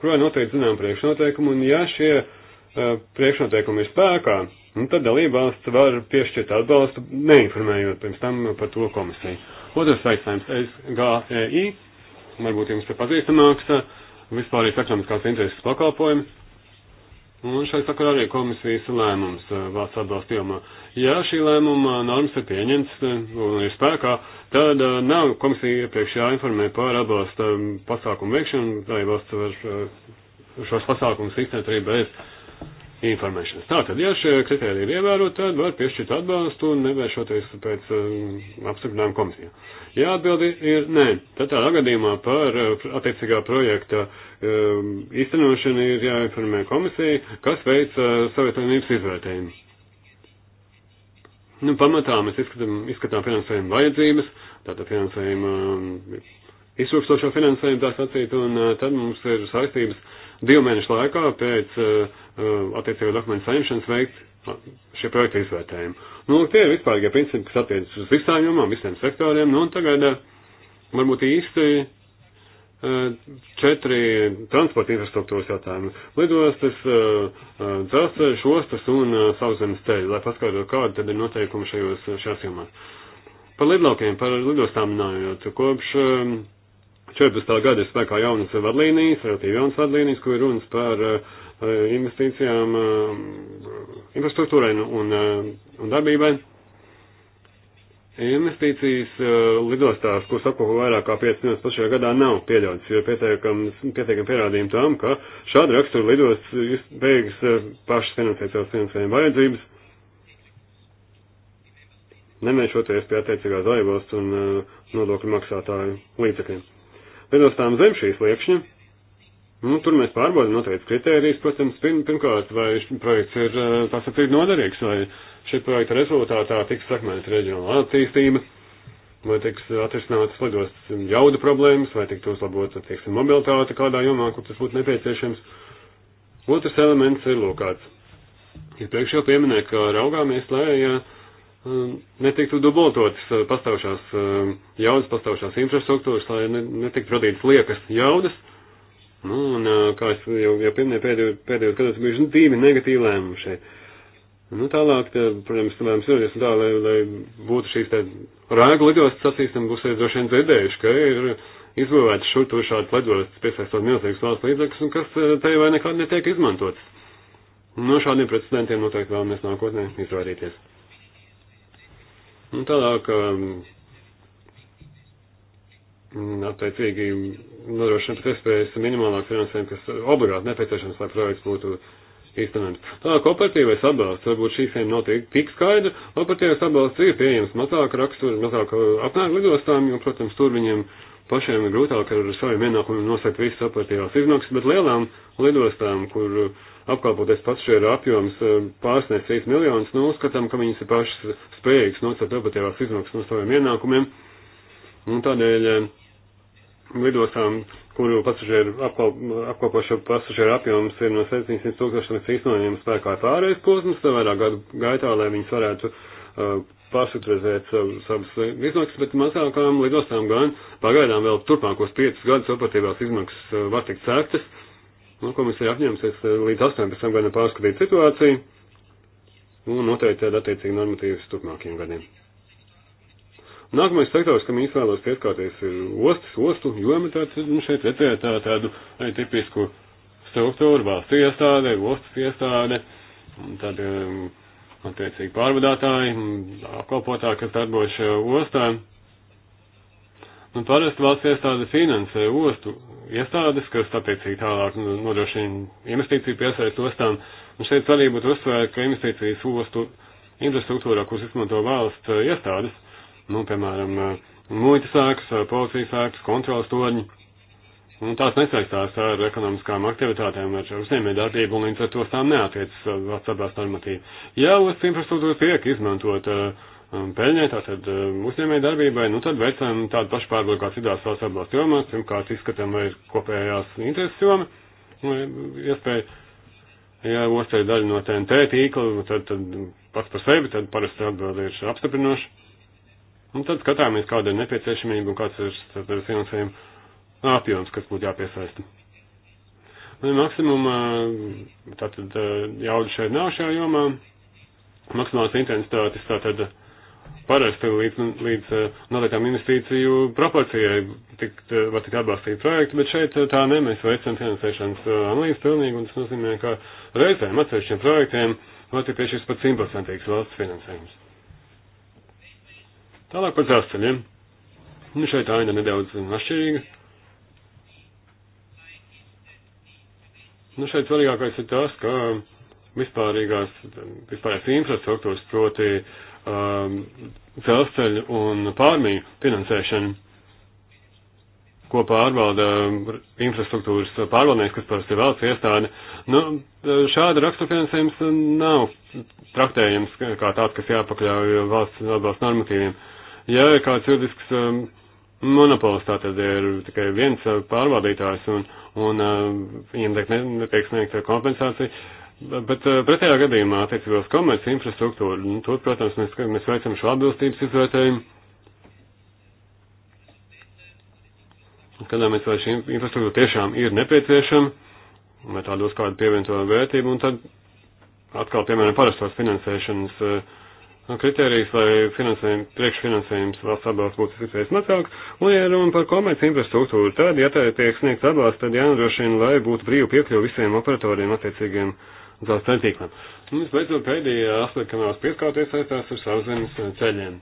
kurā noteikti zinām priekšnoteikumu, un ja šie uh, priekšnoteikumi ir spēkā, Un nu, tad dalībvalsts var piešķirt atbalstu, neinformējot pirms tam par to komisiju. Otrs aicinājums SGEI, varbūt jums ir pazīstamāks, vispārīgs ekonomiskās intereses pakalpojums. Un šai sakarā arī komisijas lēmums eh, valsts atbalsta jomā. Ja šī lēmuma normas ir pieņemts eh, un ir spēkā, tad eh, nav komisija iepriekš jāinformē par atbalsta mm, pasākumu veikšanu, lai valsts var šos pasākumus izcelt arī bez informēšanas. Tātad, ja šie kriteriji ir ievēroti, tad var piešķirt atbalstu un nevēršoties pēc um, apstiprinājuma komisijā. Ja atbildi ir nē, tad tādā gadījumā par uh, attiecīgā projekta um, īstenošanu ir jāinformē komisija, kas veic uh, savietojumības izvērtējumu. Nu, pamatā mēs izskatām, izskatām finansējuma vajadzības, tātad finansējuma, um, izrūkstošo finansējumu tā sacīt, un uh, tad mums ir saistības divu mēnešu laikā pēc uh, attiecīgo dokumentu saņemšanas veikt šie projekta izvērtējumi. Nu, tie ir vispārīgie principi, kas attiecas uz visām jomām, visiem sektoriem, nu, un tagad eh, varbūt īsti četri transporta infrastruktūras jautājumi. Lidostas, dzelzceļš, ostas un sauszemes ceļi, lai paskaidrotu, kāda tad ir noteikuma šajos, šajās jomās. Par lidlaukiem, par lidostām runājot, kopš 14. gada ir spēkā jaunas vadlīnijas, relatīvi jaunas vadlīnijas, kur ir runas par eh, investīcijām eh, infrastruktūrai nu, un, eh, un darbībai. Investīcijas lidostās, kuras apkopo vairāk kā 5 minūtes pašajā gadā, nav pieļautas, jo pietiekami pierādījumi tam, ka šāda rakstura lidosts beigas pašas finansēt savas finansējuma vajadzības, nemēršoties pie attiecīgās laivos un nodokļu maksātāju līdzekļiem lidostām zem šīs liekšņa. Nu, tur mēs pārbaudām noteikti kritērijas, protams, pirm, pirmkārt, vai šis projekts ir tas ir noderīgs, vai šī projekta rezultātā tiks sakmēta reģionāla attīstība, vai tiks atrisinātas lidostas jauda problēmas, vai tiks uzlabota, teiksim, mobilitāte kādā jomā, kur tas būtu nepieciešams. Otrs elements ir lokāts. Iepriekš jau pieminēju, ka raugāmies, lai uh, Um, netiktu dubultotas uh, pastāvšās um, jaudas, pastāvšās infrastruktūras, lai netiktu radītas liekas jaudas. Nu, un, uh, kā es jau, jau pieminēju, pēdējo, pēdējos gados bijuši divi nu, negatīvi lēmumi šeit. Nu, tālāk, tā, protams, mēs zinājāsim tā, lai, lai būtu šīs tā rēgu lidostas, sacīsim, būs arī droši vien dzirdējuši, ka ir izbūvēts šur tur šāds lidostas, piesaistot milzīgas valsts līdzekļus, un kas uh, te vai nekad netiek izmantots. No nu, šādiem precedentiem noteikti vēlamies nākotnē izvairīties. Un nu, tālāk, mm, attiecīgi, nodrošina pēc iespējas minimālāk finansējumu, kas obligāti nepieciešams, lai projekts būtu īstenojams. Tālāk, operatīvais atbalsts, varbūt šīs jau nav tik, tik skaidra, operatīvais atbalsts ir pieejams mazāk raksturu, mazāk apmēru lidostām, jo, protams, tur viņiem. Uh, pašiem ir grūtāk ar saviem ienākumiem nosakt visas operatīvās izmaksas, bet lielām lidostām, kur apkalpoties pasažieru apjoms eh, pārsniedz 3 miljonus, nu, uzskatām, ka viņas ir pašas spējīgas nosakt operatīvās izmaksas no saviem ienākumiem. Un tādēļ eh, lidostām, kuru pasažieru apkalp, apkalpošo pasažieru apjoms ir no 700 tūkstošiem līdz īstenojumiem spēkā pārējais posms, vairāk gadu gaitā, lai viņas varētu uh, pārstrukturizēt savu, savus izmaksas, bet mazākām lidostām gan pagaidām vēl turpmākos 5 gadus operatīvās izmaksas eh, var tikt sēktas. Nu, komisija apņēmusies eh, līdz 18 gadiem pārskatīt situāciju un noteikti tāda attiecīga normatīvas turpmākajiem gadiem. Nākamais sektors, kam izvēlos pieskārties, ir ostas, ostu, joma tāds, nu, šeit redzēt tā, tādu arī eh, tipisku struktūru, valsts iestāde, ostas iestāde, tāda um, ehm, attiecīgi pārvadātāji, apkalpotāji, kas darbojas šajā ostā. Un nu, parasti valsts iestāde finansē ostu iestādes, kas attiecīgi tālāk nu, nodrošina investīciju piesaist ostām. Un šeit arī būtu uzsvērta, ka investīcijas ostu infrastruktūrā, kuras izmanto valsts iestādes, nu, piemēram, muitas sēkas, policijas sēkas, kontrolas torņi, Un tās nesaistās ar ekonomiskām aktivitātēm, ar uzņēmē darbību, un līdz ar to tām neatiecas uh, valsts atbalsta normatīva. Ja valsts infrastruktūra tiek izmantot uh, um, peļņai, tātad uh, uzņēmē darbībai, nu tad veicam tādu pašu pārbaudu kā citās valsts atbalsta jomās, pirmkārt izskatām, vai ir kopējās intereses joma, iespēja, ja ostai daļa no TNT tīkla, tad, tad pats par sevi, tad parasti atbildi ir apstiprinoši. Un tad skatāmies, kāda ir nepieciešamība un kāds ir finansējums apjoms, kas būtu jāpiesaista. Nu, Maksimumā, uh, tātad uh, jauda šeit nav šajā jomā, maksimāls intensitātes, tātad parasti līdz, līdz uh, noteiktām investīciju proporcijai tikt, var tikt atbalstīt projektu, bet šeit tā ne, mēs veicam finansēšanas analīzes pilnīgi, un tas nozīmē, ka reizēm atsevišķiem projektiem var tikt piešķirts pat 100% valsts finansējums. Tālāk par dzelzceļiem. Nu, šeit aina nedaudz atšķirīga. Nu, šeit svarīgākais ir tas, ka vispārīgās, vispārējās infrastruktūras, proti um, dzelzceļu un pārmiju finansēšanu, ko pārvalda infrastruktūras pārvaldnieks, kas parasti ir valsts iestāde, nu, šāda raksturfinansējums nav traktējams kā tāds, kas jāpakļauj valsts atbalsta normatīviem. Ja ir kāds juridisks um, monopols tātad ir tikai viens uh, pārvaldītājs un, un uh, viņam tiek netiek sniegta kompensācija. Bet uh, pretējā gadījumā attiecībā uz komerci infrastruktūru, nu, tur, protams, mēs, mēs veicam šo atbilstības izvērtējumu. Kādā mēs vai šī infrastruktūra tiešām ir nepieciešama, vai tā dos kādu pievienoto vērtību, un tad atkal, piemēram, parastās finansēšanas uh, kritērijas, lai finansējums, priekšfinansējums valsts atbalsts būtu visais mazāks, un, ja runa par komerci infrastruktūru, tad, ja tā tiek sniegts atbalsts, tad jānodrošina, lai būtu brīvi piekļuvi visiem operatoriem attiecīgiem dzelzceļa tīklam. Un, visbeidzot, pēdējā aspekta, kam vēlas pieskārties, saistās ar sauszemes ceļiem.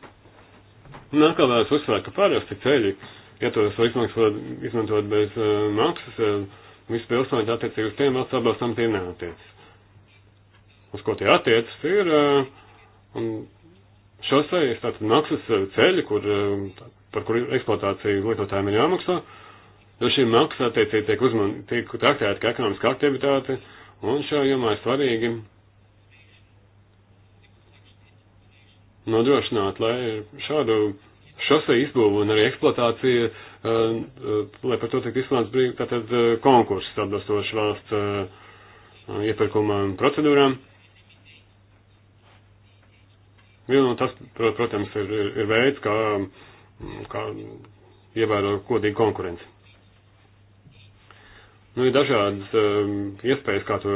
Un atkal vēlas uzsvērt, ka parasti ceļi, ja tos var izmantot, izmantot bez uh, maksas, uh, visi pilsoņi attiecīgi uz tiem valsts atbalstam tie neatiec. Uz ko tie attiecas, ir uh, Un šosejas tātad maksas eh, ceļi, kur, tā, eh, par kuru eksploatāciju lietotājiem ir jāmaksā, jo šī maksa attiecīgi tiek, uzman, tiek traktēta kā ekonomiska aktivitāte, un šajā jomā ir svarīgi nodrošināt, lai šādu šoseju izbūvu un arī eksploatācija, uh, uh, lai par to tiek izslēgts brīvi, tātad uh, konkurss atbilstoši valsts iepirkuma procedūrām. Viena no tas, protams, ir, ir veids, kā, kā ievēro kodīgu konkurenci. Nu, ir dažādas um, iespējas, kā to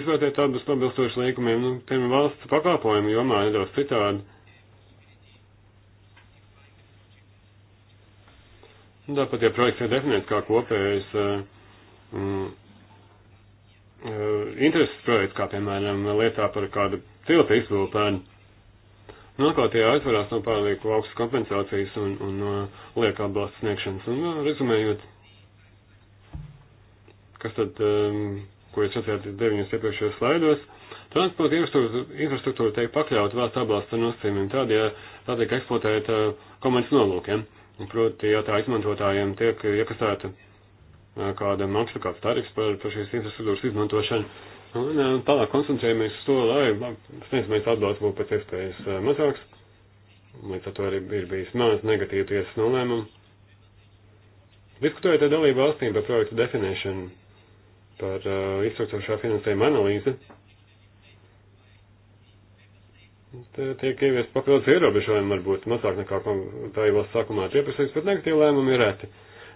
izvērtēt tādus atbilstošus līkumiem, nu, piemēram, valsts pakāpojumu jomā nedaudz citādi. Nu, tāpat, ja projekts ir definēts kā kopējs uh, mm, uh, intereses projekts, kā piemēram lietā par kādu tilta izbūvēju, Nākotnē aizvarās no pārlieku augstas kompensācijas un, un no lieka atbalsta sniegšanas. Un, nu, rezumējot, kas tad, um, ko jūs redzējāt deviņos iepriekšējos slaidos, transporta infrastruktūra tiek pakļauta valsts atbalsta nosacījumiem tādēļ, tā tiek eksploatēta uh, komandas nolūkiem. Proti, ja tā izmantotājiem tiek iekasēta uh, kāda maksa, kāds tarifs par, par šīs infrastruktūras izmantošanu, Un nu, nu, tālāk koncentrējamies uz to, lai sniedzamais atbalsts būtu pēc iespējas mazāks. Līdz ar to arī ir bijis maz negatīvu tiesas nolēmumu. Diskutējot ar dalību valstīm par projektu definēšanu, par uh, iztrukcošā finansējuma analīzi, Te tiek ieviest papildus ierobežojumi, varbūt mazāk nekā tā jau valsts sākumā pieprasīts, bet negatīvi lēmumi ir reti.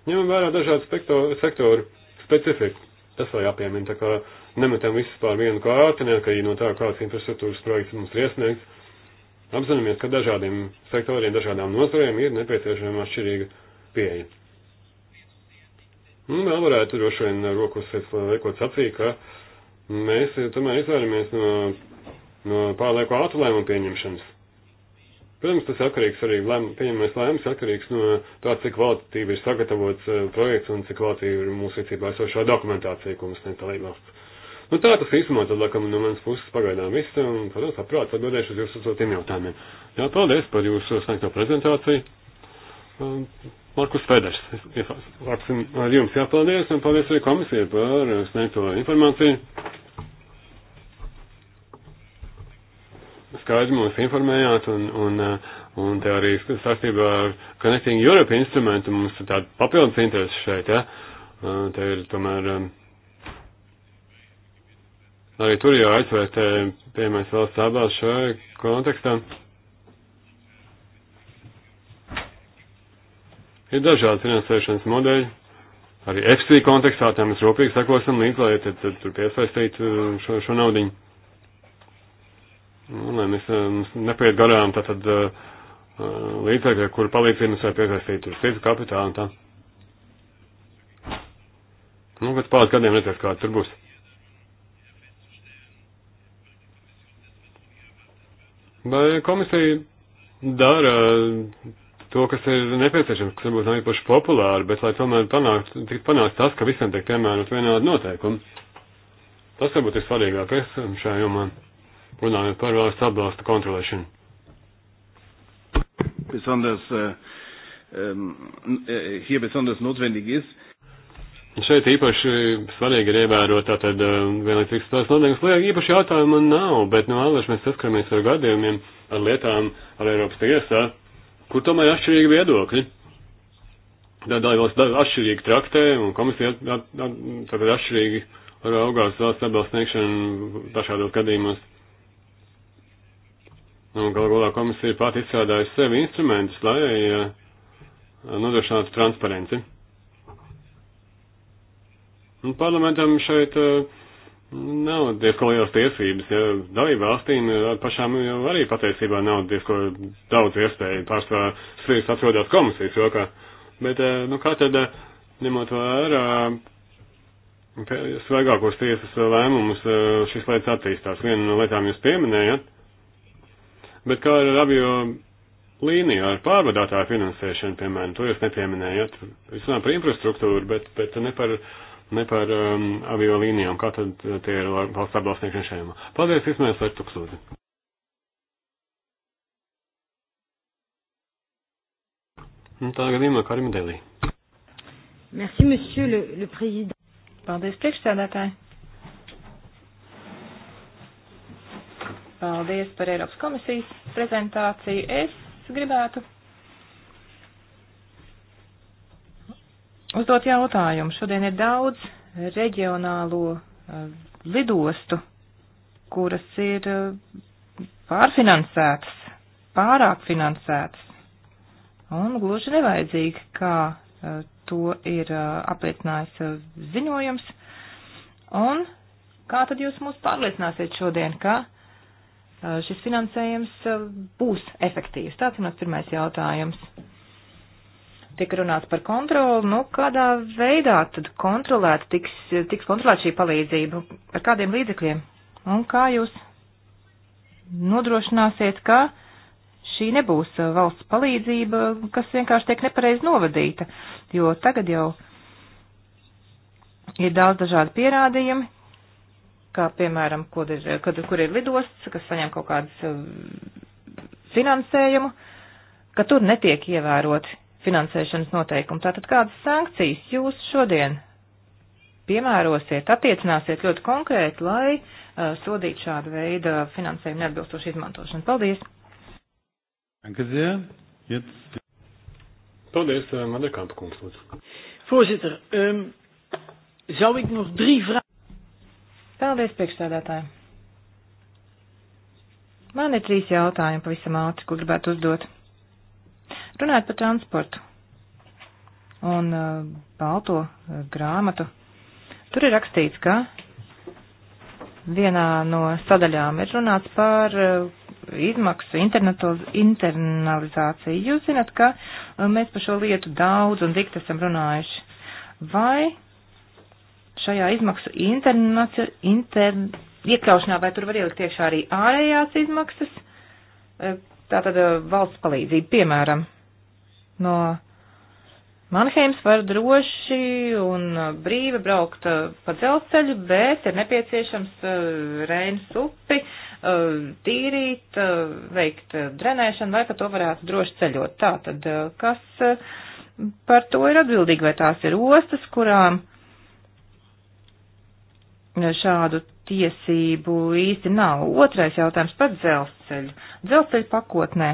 Ņemam vērā dažādu sektoru specifiku. Tas vēl jāpiemina, tā kā nemetam visus pār vienu kārtu, neatkarīgi no tā, kāds infrastruktūras projekts mums ir iesniegts. Apzināmies, ka dažādiem sektoriem, dažādām nozarēm ir nepieciešama atšķirīga pieeja. Un vēl varētu droši vien rokas liekot sacīt, ka mēs tomēr izvēlamies no, no pārlieku ātru lēmumu pieņemšanas. Protams, tas atkarīgs arī, lēm, pieņemamais lēmums atkarīgs no tā, cik kvalitatīvi ir sagatavots eh, projekts un cik kvalitatīvi ir mūsu rīcībā esošā dokumentācija, ko mums nedalībās. Nu, tā tas īstenībā tad, laikam, no manas puses pagaidām viss, un, protams, labprāt atbildēšu uz jūsu uzdotiem jautājumiem. Jā, paldies par jūsu sniegto prezentāciju. Um, Markus Feders, sāksim ar jums jāpaldies, un paldies arī komisijai par sniegto informāciju. Skaidri mums informējāt, un, un, un te arī saistībā ar Connecting Europe instrumentu mums ir tāda papildus interesi šeit, jā. Ja? Uh, te ir tomēr. Um, Arī tur jāizvērtē, piemēram, valsts atbalsts šajā kontekstā. Ir dažādi finansēšanas modeļi. Arī FC kontekstā tam mēs rūpīgi sakosim līdz, lai tad, tad tur piesaistītu uh, šo, šo naudiņu. Un, nu, lai mēs, uh, mēs nepaiet garām tātad uh, līdzekļi, kur palīdzību mēs var piesaistīt tur citu kapitālu un tā. Nu, pēc pāris gadiem redzēs, kā tur būs. Vai komisija dara to, kas ir nepieciešams, kas varbūt nav īpaši populāri, bet lai tomēr panākt, tikt panākt tas, ka visiem tiek piemērot vienādi noteikumi. Tas varbūt ir svarīgākais šajā jomā, runājot par valsts atbalsta kontrolēšanu. Besonders, äh, hier besonders notwendig ist, Šeit īpaši svarīgi ir ievērot tātad eh, vienlīdzīgas tās nodeļas. Liek īpaši jautājumu man nav, bet nu vēlaši mēs saskaramies ar gadījumiem, ar lietām, ar Eiropas tiesā, kur tomēr atšķirīgi viedokļi. Dalībvalsts atšķirīgi traktē un komisija tātad atšķirīgi raugās valsts atbalstu sniegšanu dažādos gadījumos. Nu, galu galā komisija pati izstrādājusi sevi instrumentus, lai eh, nodrošinātu transparenci. Un nu, parlamentam šeit eh, nav diezko liels tiesības, ja dalību valstīm eh, pašām jau arī patiesībā nav diezko daudz iespēju pārsvarā svīrs atrodas komisijas rokā. Bet, eh, nu, kā tad, ņemot vērā svaigākos tiesas lēmumus, šis lietas attīstās. Viena no lietām jūs pieminējat, bet kā ar avio līniju ar pārvadātāju finansēšanu, piemēram, to jūs nepieminējat. Jūs runājat par infrastruktūru, bet, bet ne par ne par um, avio līnijām, kā tad uh, tie ir valsts atbalstniekšana šajā. Paldies, izmēs ar tuksūdzi. Tā gadījumā Karim Delī. Merci, monsieur le, le président. Paldies, priekšsēdētāji. Paldies par Eiropas komisijas prezentāciju. Es gribētu uzdot jautājumu. Šodien ir daudz reģionālo eh, lidostu, kuras ir eh, pārfinansētas, pārāk finansētas un gluži nevajadzīgi, kā eh, to ir apliecinājis ziņojums. Un kā tad jūs mūs pārliecināsiet šodien, ka šis finansējums būs efektīvs? Tāds ir mans pirmais jautājums tiek runāts par kontroli, nu kādā veidā tad kontrolēt, tiks, tiks kontrolēt šī palīdzība, ar kādiem līdzekļiem un kā jūs nodrošināsiet, ka šī nebūs uh, valsts palīdzība, kas vienkārši tiek nepareiz novadīta, jo tagad jau ir daudz dažādi pierādījumi, kā piemēram, kod ir, uh, kad, kur ir lidosts, kas saņem kaut kādas uh, finansējumu, ka tur netiek ievēroti finansēšanas noteikumu. Tātad kādas sankcijas jūs šodien piemērosiet, attiecināsiet ļoti konkrēti, lai uh, sodītu šādu veidu finansējumu neatbilstošu izmantošanu? Paldies! Paldies, uh, Madekanta kungs, lūdzu. Voorzitter, um, zou ik nog drie vragen. Paldies, priekšstādātāji. Man ir trīs jautājumi pavisam ātri, ko gribētu uzdot. Runājot par transportu un uh, balto uh, grāmatu, tur ir rakstīts, ka vienā no sadaļām ir runāts par uh, izmaksu internalizāciju. Jūs zinat, ka uh, mēs par šo lietu daudz un dikti esam runājuši. Vai šajā izmaksu intern, iekļaušanā, vai tur var ielikt iekšā arī ārējās izmaksas, uh, tātad uh, valsts palīdzība, piemēram, no Manheims var droši un brīvi braukt uh, pa dzelzceļu, bet ir nepieciešams uh, Reinas upi uh, tīrīt, veikt drenēšanu, vai pa to varētu droši ceļot. Tā tad, kas par to ir atbildīgi, vai tās ir ostas, kurām šādu tiesību īsti nav. Otrais jautājums par dzelzceļu. Dzelzceļu pakotnē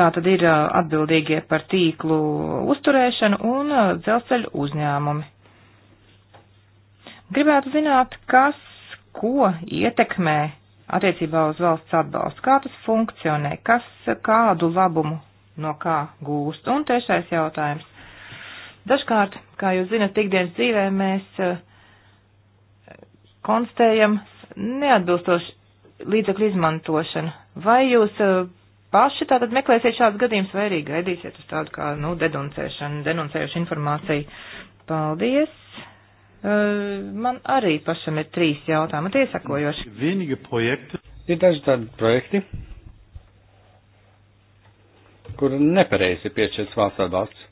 Tā tad ir atbildīgie par tīklu uzturēšanu un dzelzceļu uzņēmumi. Gribētu zināt, kas ko ietekmē attiecībā uz valsts atbalstu, kā tas funkcionē, kas kādu labumu no kā gūst. Un trešais jautājums. Dažkārt, kā jūs zinat, ikdienas dzīvē mēs konstatējam neatbilstošu līdzekļu izmantošanu. Vai jūs paši tātad meklēsiet šādus gadījumus vai arī gaidīsiet uz tādu kā, nu, denuncēšanu, denuncējušu informāciju. Paldies! Uh, man arī pašam ir trīs jautājumi, tie sakojoši. Vienīgi projekti. Ir daži tādi projekti, kur nepareizi piešķirts valsts atbalsts.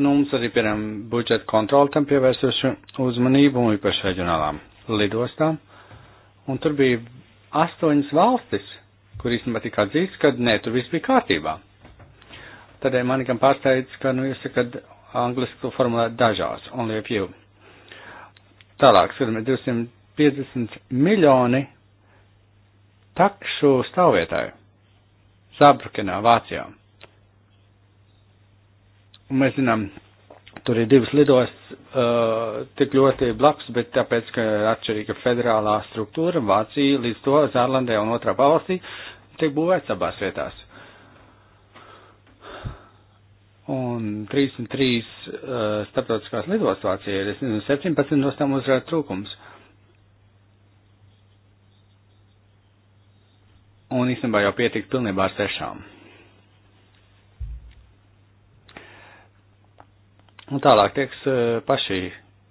Nu, mums arī, piemēram, budžeta kontroli tam pievērsuši uzmanību un īpaši reģionālām lidostām. Un tur bija astoņas valstis, kur īstenībā tika atzīts, ka nē, tur viss bija kārtībā. Tādēļ mani gan pārsteidz, ka, nu, jūs sakat anglisku formulēt dažās, only a few. Tālāk, skatāmies, 250 miljoni takšu stāvvietāju Zābrukenā, Vācijā. Un mēs zinām, tur ir divas lidostas uh, tik ļoti blakus, bet tāpēc, ka ir atšķirīga federālā struktūra, Vācija līdz to Zārlandē un otrā valstī tiek būvēts abās vietās. Un 33 uh, starptautiskās lidostas Vācijā ir, es nezinu, 17 no tām uzrāda trūkums. Un īstenībā jau pietika pilnībā ar sešām. Un tālāk tieks eh, paši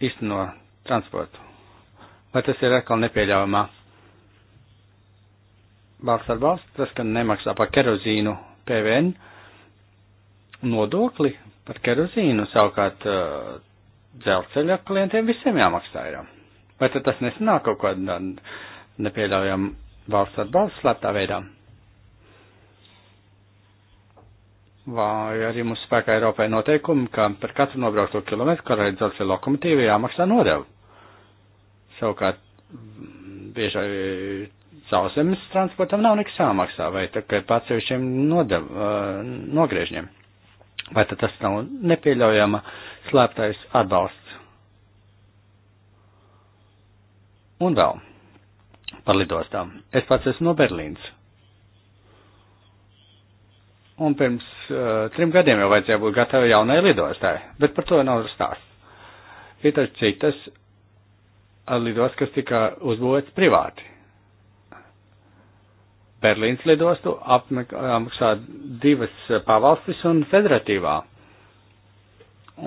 īsteno transportu. Vai tas ir atkal nepieļaujamā? Valsts ar valsts, tas, ka nemaksā par kerozīnu PVN nodokli, par kerozīnu savukārt eh, dzelceļa klientiem visiem jāmaksā ir. Vai tad tas nesanāk kaut kādā nepieļaujamā valsts ar valsts slēptā veidā? vai arī mums spēkā Eiropai noteikumi, ka par katru nobraukto kilometru, kā redz dzelzceļa lokomotīva, jāmaksā nodevu. Savukārt, mm, bieži sauszemes transportam nav nekas jāmaksā, vai tikai pats sevišķiem nodev, eh, nogriežņiem. Vai tad tas nav nepieļaujama slēptais atbalsts? Un vēl par lidostām. Es pats esmu no Berlīnas Un pirms uh, trim gadiem jau vajadzēja būt gatavi jaunai lidostai, bet par to nav stāsts. Ir taču citas eh, lidostas, kas tika uzbūvētas privāti. Berlīnas lidostu apmaksā divas pavalstis un federatīvā.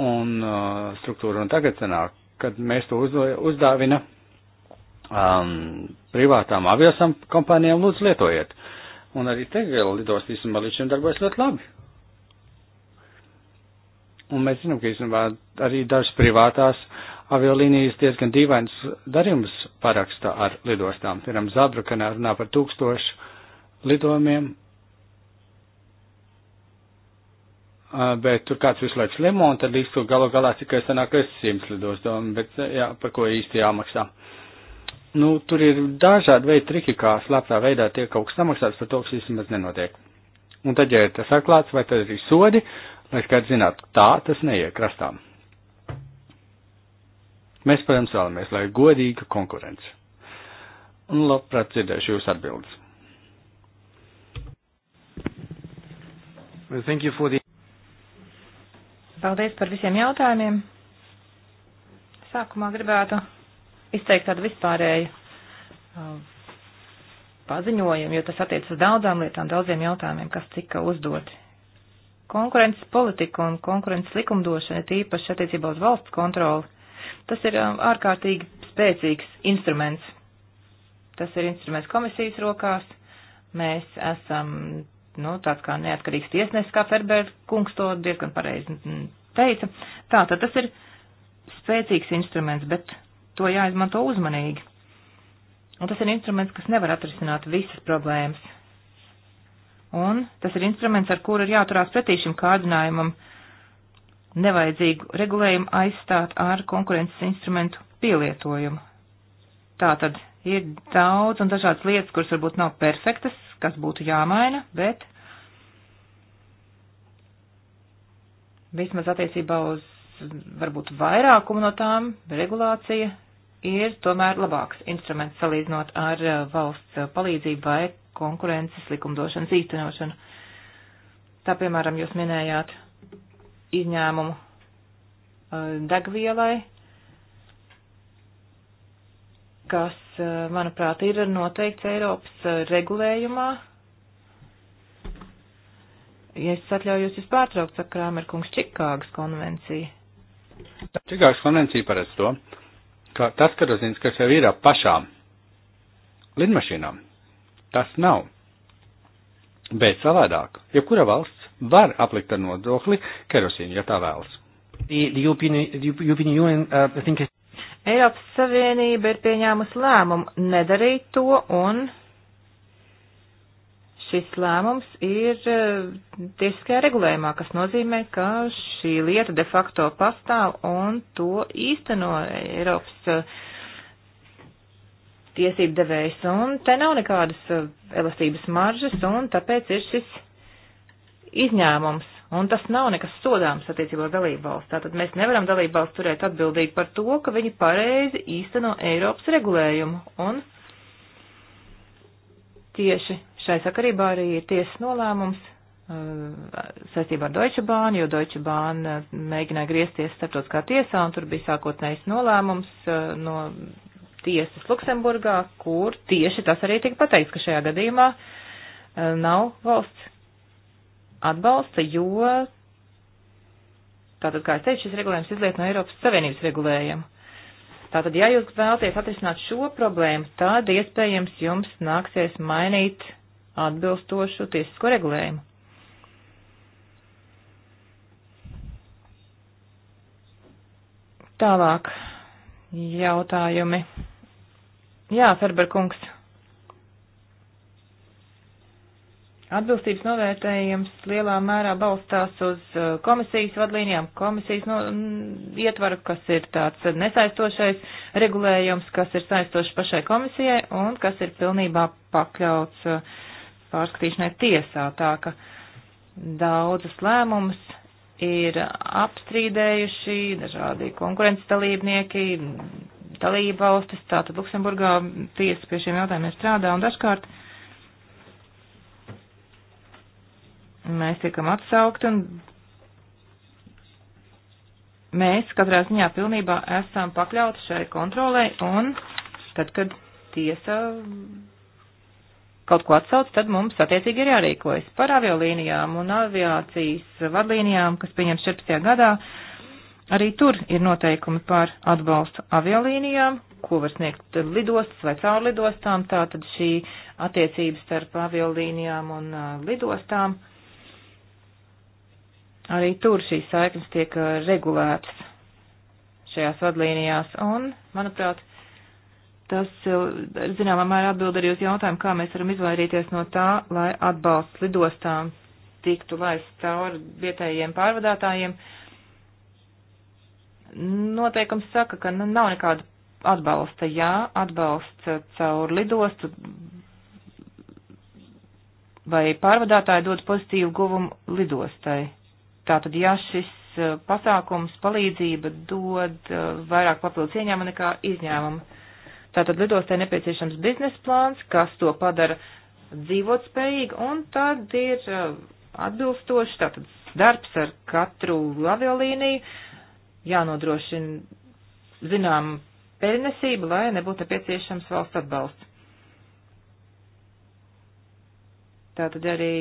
Un uh, struktūra un tagad sanāk, kad mēs to uzdāvina um, privātām aviosam kompānijām, lūdzu lietojiet. Un arī Tegela lidost īstenībā līdz šim darbojas ļoti labi. Un mēs zinām, ka īstenībā arī dažas privātās aviolīnijas diezgan dīvains darījums paraksta ar lidostām. Piemēram, Zabrukanā runā par tūkstošu lidojumiem, bet tur kāds visu laiku slimo, un tad līdz galu galā tikai sanāk, ka es simts lidos, domāju, bet jā, par ko īsti jāmaksā. Uh, nu, tur ir dažādi veidi triki, kā slēptā veidā tiek kaut kas samaksāts par to, kas vismaz nenotiek. Un tad, ja ir tas atklāts, vai tad ir sodi, lai skaidrs zinātu, tā tas neiek krastām. Mēs, protams, vēlamies, lai ir godīga konkurence. Un labprāt dzirdēšu jūs atbildes. Paldies par visiem jautājumiem. Sākumā gribētu izteikt tādu vispārēju um, paziņojumu, jo tas attiec uz daudzām lietām, daudziem jautājumiem, kas tika uzdoti. Konkurences politika un konkurences likumdošana, tīpaši attiecībā uz valsts kontroli, tas ir um, ārkārtīgi spēcīgs instruments. Tas ir instruments komisijas rokās. Mēs esam, nu, tāds kā neatkarīgs tiesnesis, kā Ferber kungs to diezgan pareizi mm, teica. Tā, tad tas ir spēcīgs instruments, bet to jāizmanto uzmanīgi. Un tas ir instruments, kas nevar atrisināt visas problēmas. Un tas ir instruments, ar kuru ir jāturās pretī šim kārdinājumam nevajadzīgu regulējumu aizstāt ar konkurences instrumentu pielietojumu. Tātad ir daudz un dažādas lietas, kuras varbūt nav perfektas, kas būtu jāmaina, bet vismaz attiecībā uz varbūt vairākumu no tām regulācija ir tomēr labāks instruments salīdzinot ar eh, valsts palīdzību vai konkurences likumdošanas īstenošanu. Tā, piemēram, jūs minējāt izņēmumu eh, degvielai, kas, eh, manuprāt, ir noteikts Eiropas regulējumā. Ja es atļaujos jūs pārtraukt, saka Krāmerkungs Čikāgas konvencija. Čikāgas konvencija paredz to, ka tas kerozins, kas jau ir ap pašām lidmašīnām, tas nav. Bet savādāk, jebkura ja valsts var aplikt ar nodokli kerosīnu, ja tā vēlas. The, the European, the European UN, uh, I think... Eiropas Savienība ir pieņēmusi lēmumu nedarīt to un šis lēmums ir e, tiesiskajā regulējumā, kas nozīmē, ka šī lieta de facto pastāv un to īsteno Eiropas e, tiesību devējs. Un te nav nekādas e, elastības maržas, un tāpēc ir šis izņēmums. Un tas nav nekas sodāms attiecībā uz dalību valsts. Tātad mēs nevaram dalību valsts turēt atbildīgi par to, ka viņi pareizi īsteno Eiropas regulējumu. Un tieši Šai sakarībā arī ir tiesas nolēmums uh, saistībā ar Deutsche Bahn, jo Deutsche Bahn uh, mēģināja griezties starptautiskā tiesā, un tur bija sākotnējs nolēmums uh, no tiesas Luksemburgā, kur tieši tas arī tika pateikts, ka šajā gadījumā nav valsts atbalsta, jo, tātad, kā es teicu, šis regulējums izliet no Eiropas Savienības regulējuma. Tātad, ja jūs vēlaties atrisināt šo problēmu, tad iespējams jums nāksies mainīt atbilstošu tiesisko regulējumu. Tālāk jautājumi. Jā, Ferberkungs. Atbilstības novērtējums lielā mērā balstās uz uh, komisijas vadlīnijām, komisijas no, ietvaru, kas ir tāds nesaistošais regulējums, kas ir saistošs pašai komisijai un kas ir pilnībā pakļauts uh, pārskatīšanai tiesā, tā ka daudzas lēmumus ir apstrīdējuši dažādi konkurences dalībnieki, dalība valstis, tātad Luksemburgā tiesa pie šiem jautājumiem strādā un dažkārt mēs tiekam atsaukti un mēs katrā ziņā pilnībā esam pakļauti šai kontrolē un tad, kad tiesa kaut ko atsauc, tad mums attiecīgi ir jārīkojas par aviolīnijām un aviācijas vadlīnijām, kas pieņem 14. gadā. Arī tur ir noteikumi par atbalstu aviolīnijām, ko var sniegt lidostas vai caur lidostām, tātad šī attiecības starp aviolīnijām un uh, lidostām. Arī tur šīs saiknes tiek regulētas šajās vadlīnijās un, manuprāt, Tas, eh, zināmā mērā, atbild arī uz jautājumu, kā mēs varam izvairīties no tā, lai atbalsts lidostām tiktu laists cauri vietējiem pārvadātājiem. Noteikums saka, ka nu, nav nekāda atbalsta. Jā, atbalsts caur lidostu vai pārvadātāji dod pozitīvu guvumu lidostai. Tātad, ja šis eh, pasākums, palīdzība dod eh, vairāk papildus ieņēmumu nekā izņēmumu. Tātad lidostai nepieciešams biznesa plāns, kas to padara dzīvotspējīgu, un tad ir uh, atbilstoši tātad darbs ar katru aviolīniju, jānodrošina zinām pērnesība, lai nebūtu nepieciešams valsts atbalsts. Tātad arī